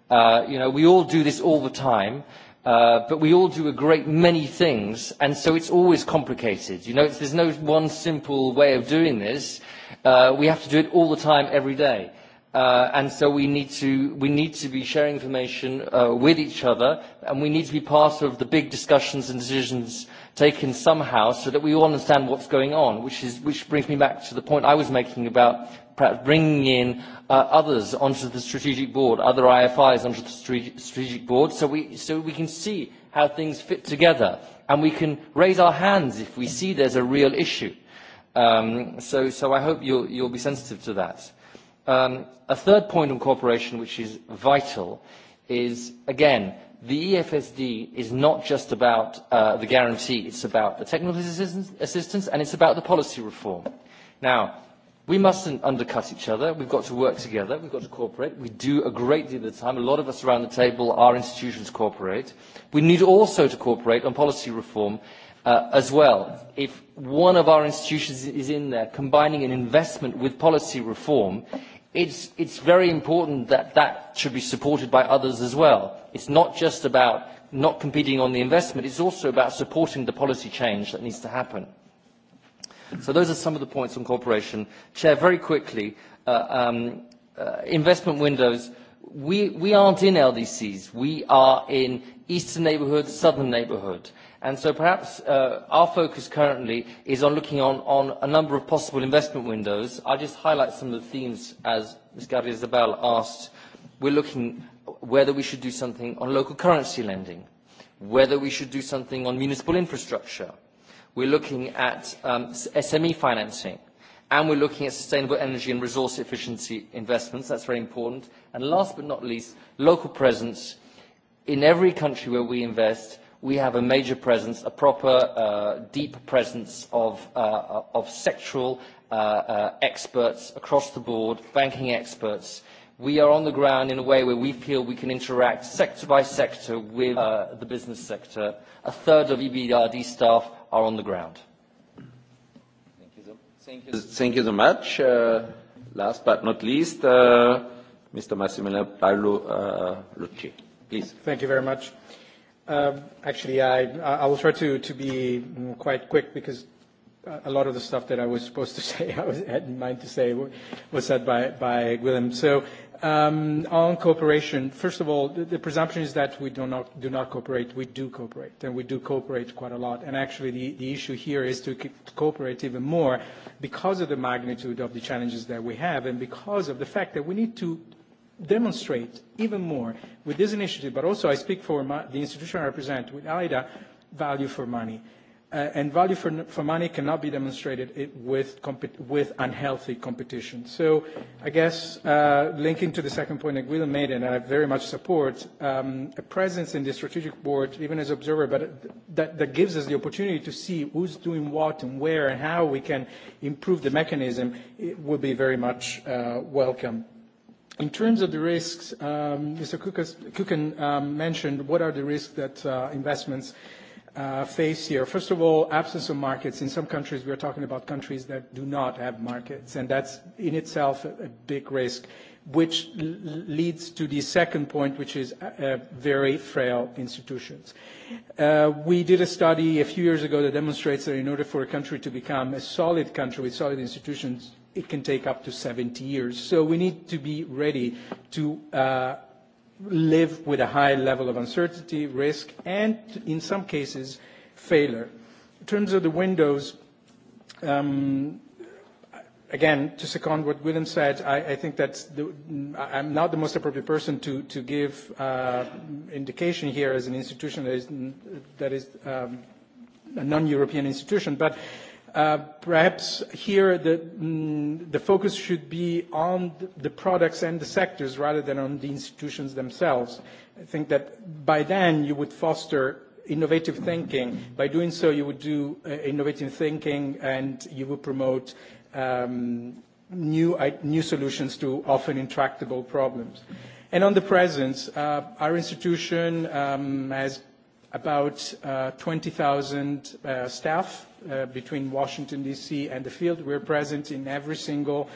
Uh, you know, we all do this all the time Uh, but we all do a great many things, and so it's always complicated. You know, it's, there's no one simple way of doing this. Uh, we have to do it all the time, every day. Uh, and so we need to we need to be sharing information uh, with each other, and we need to be part of the big discussions and decisions taken somehow, so that we all understand what's going on. Which is which brings me back to the point I was making about perhaps bringing in uh, others onto the strategic board, other IFIs onto the strategic board, so we, so we can see how things fit together. And we can raise our hands if we see there's a real issue. Um, so, so I hope you'll, you'll be sensitive to that. Um, a third point on cooperation, which is vital, is, again, the EFSD is not just about uh, the guarantee. It's about the technical assistance, assistance, and it's about the policy reform. Now, We mustn't undercut each other. We've got to work together. We've got to cooperate. We do a great deal of the time. A lot of us around the table, our institutions cooperate. We need also to cooperate on policy reform uh, as well. If one of our institutions is in there combining an investment with policy reform, it's, it's very important that that should be supported by others as well. It's not just about not competing on the investment, it's also about supporting the policy change that needs to happen. So those are some of the points on cooperation. Chair, very quickly, uh, um, uh, investment windows. We, we aren't in LDCs. We are in eastern neighbourhood, southern neighbourhood. And so perhaps uh, our focus currently is on looking on, on a number of possible investment windows. I'll just highlight some of the themes as Ms. Gardia Zabal asked. We're looking whether we should do something on local currency lending, whether we should do something on municipal infrastructure, We're looking at um, SME financing, and we're looking at sustainable energy and resource efficiency investments. That's very important. And last but not least, local presence. In every country where we invest, we have a major presence, a proper, uh, deep presence of, uh, of sectoral uh, uh, experts across the board, banking experts. We are on the ground in a way where we feel we can interact sector by sector with uh, the business sector. A third of EBRD staff are on the ground. Thank you, thank you, thank you so much. Uh, last but not least, uh, Mr. Massimiliano Paolo uh, Lucci. Please. Thank you very much. Um, actually, I, I will try to, to be quite quick because a lot of the stuff that I was supposed to say, I was, had in mind to say, was said by, by Willem. So Um, on cooperation, first of all, the, the presumption is that we do not, do not cooperate. We do cooperate, and we do cooperate quite a lot. And actually, the, the issue here is to cooperate even more because of the magnitude of the challenges that we have and because of the fact that we need to demonstrate even more with this initiative, but also I speak for my, the institution I represent, with AIDA, value for money. Uh, and value for, for money cannot be demonstrated with, with unhealthy competition. So I guess uh, linking to the second point that Guido made, and I very much support, um, a presence in the strategic board, even as observer, but that, that gives us the opportunity to see who's doing what and where and how we can improve the mechanism it will be very much uh, welcome. In terms of the risks, um, Mr. Kukas, Kukan um, mentioned what are the risks that uh, investments uh, uh, face here. First of all, absence of markets. In some countries, we're talking about countries that do not have markets, and that's in itself a, a big risk, which leads to the second point, which is uh, uh, very frail institutions. Uh, we did a study a few years ago that demonstrates that in order for a country to become a solid country with solid institutions, it can take up to 70 years. So we need to be ready to uh, live with a high level of uncertainty, risk, and in some cases, failure. In terms of the windows, um, again, to second what William said, I, I think that I'm not the most appropriate person to, to give uh, indication here as an institution that is, that is um, a non-European institution. But Uh, perhaps here the, mm, the focus should be on the products and the sectors rather than on the institutions themselves. I think that by then you would foster innovative thinking. By doing so, you would do uh, innovative thinking, and you would promote um, new, uh, new solutions to often intractable problems. And on the presence, uh, our institution um, has about 20,000 uh, uh, staff, uh, between Washington, D.C. and the field. We're present in every single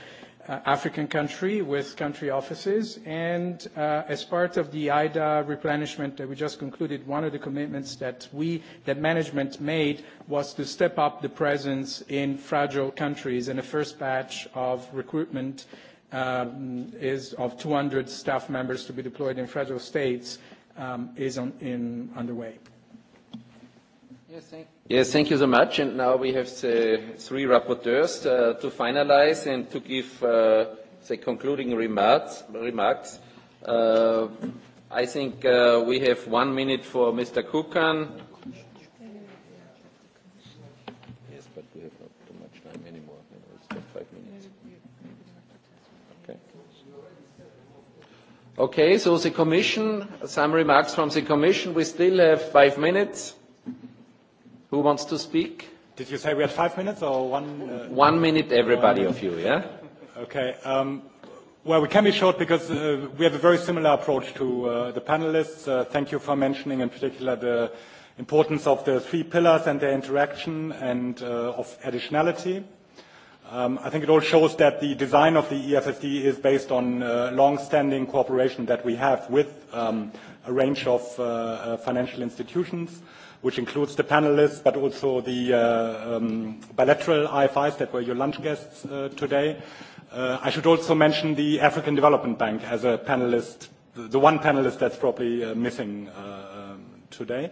uh, African country with country offices. And uh, as part of the IDA replenishment that we just concluded, one of the commitments that we, that management made was to step up the presence in fragile countries. And the first batch of recruitment um, is of 200 staff members to be deployed in fragile states um, is on, in, underway. Yes, thank you. Yes, thank you so much. And now we have the three rapporteurs uh, to finalize and to give uh, the concluding remarks. remarks. Uh, I think uh, we have one minute for Mr. Kukan. Yes, but we have not too much time anymore. You know, it's just five minutes. Okay. Okay, so the Commission, some remarks from the Commission. We still have five minutes. Who wants to speak? Did you say we had five minutes or one? Uh, one minute, everybody one minute. of you, yeah? Okay. Um, well, we can be short because uh, we have a very similar approach to uh, the panelists. Uh, thank you for mentioning in particular the importance of the three pillars and their interaction and uh, of additionality. Um, I think it all shows that the design of the EFSD is based on uh, long-standing cooperation that we have with um, a range of uh, uh, financial institutions. Uh, which includes the panelists, but also the uh, um, bilateral IFIs that were your lunch guests uh, today. Uh, I should also mention the African Development Bank as a panelist, the one panelist that's probably uh, missing uh, um, today.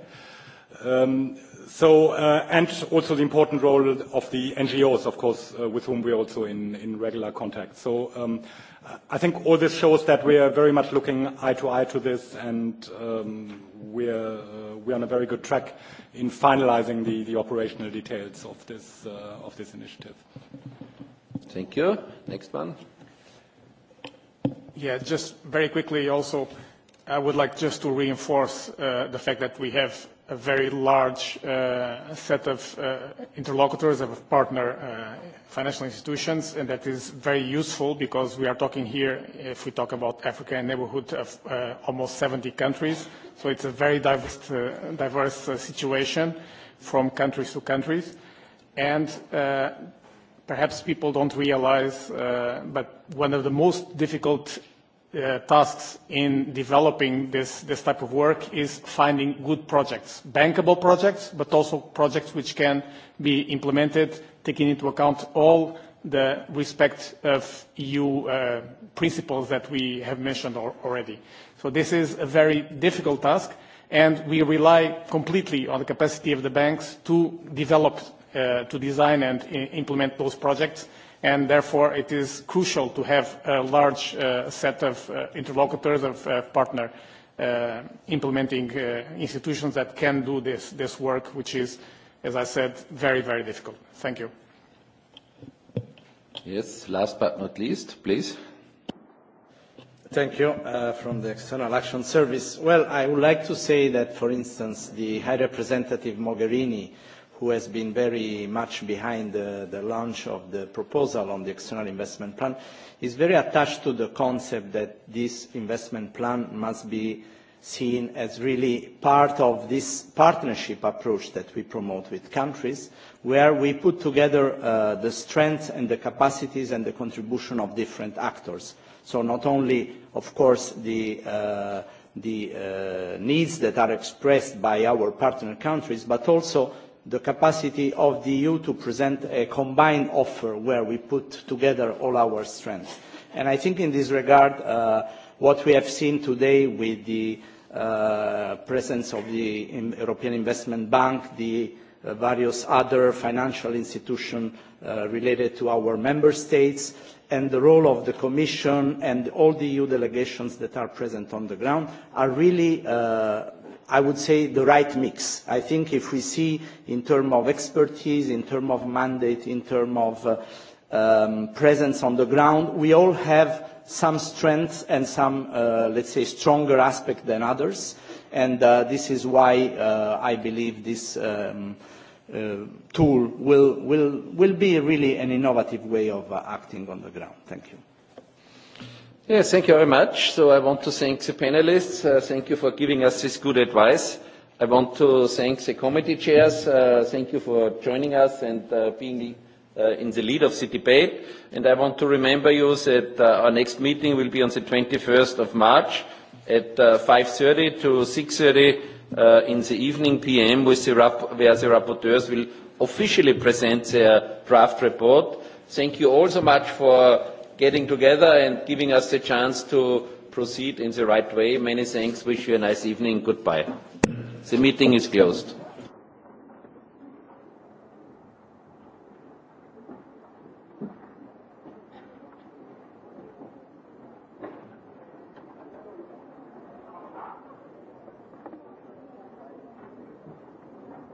Um, So, uh, and also the important role of the NGOs, of course, uh, with whom we're also in, in regular contact. So, um, I think all this shows that we are very much looking eye to eye to this, and um, we're, uh, we're on a very good track in finalizing the, the operational details of this, uh, of this initiative. Thank you. Next one. Yeah, just very quickly also, I would like just to reinforce uh, the fact that we have a very large uh, set of uh, interlocutors, of partner uh, financial institutions, and that is very useful because we are talking here, if we talk about Africa, a neighborhood of uh, almost 70 countries. So it's a very diverse, uh, diverse uh, situation from countries to countries. And uh, perhaps people don't realize, uh, but one of the most difficult uh, tasks in developing this, this type of work is finding good projects, bankable projects, but also projects which can be implemented, taking into account all the respect of EU uh, principles that we have mentioned or, already. So this is a very difficult task, and we rely completely on the capacity of the banks to develop, uh, to design and implement those projects and therefore it is crucial to have a large uh, set of uh, interlocutors of uh, partner uh, implementing uh, institutions that can do this, this work, which is, as I said, very, very difficult. Thank you. Yes, last but not least, please. Thank you. Uh, from the External Action Service. Well, I would like to say that, for instance, the High Representative Mogherini uh, who has been very much behind the, the launch of the proposal on the external investment plan, is very attached to the concept that this investment plan must be seen as really part of this partnership approach that we promote with countries, where we put together uh, the strengths and the capacities and the contribution of different actors. So not only, of course, the, uh, the uh, needs that are expressed by our partner countries, but also the capacity of the EU to present a combined offer where we put together all our strengths. And I think in this regard, uh, what we have seen today with the uh, presence of the European Investment Bank, the uh, various other financial institutions uh, related to our member states, and the role of the Commission and all the EU delegations that are present on the ground are really uh, I would say, the right mix. I think if we see in terms of expertise, in terms of mandate, in terms of uh, um, presence on the ground, we all have some strengths and some, uh, let's say, stronger aspect than others. And uh, this is why uh, I believe this um, uh, tool will, will, will be really an innovative way of uh, acting on the ground. Thank you. Yes, thank you very much. So I want to thank the panelists. Uh, thank you for giving us this good advice. I want to thank the committee chairs. Uh, thank you for joining us and uh, being uh, in the lead of the debate. And I want to remember you that uh, our next meeting will be on the 21st of March at uh, 5.30 to 6.30 uh, in the evening PM with the rap where the rapporteurs will officially present their draft report. Thank you all so much for getting together and giving us the chance to proceed in the right way. Many thanks. Wish you a nice evening. Goodbye. The meeting is closed.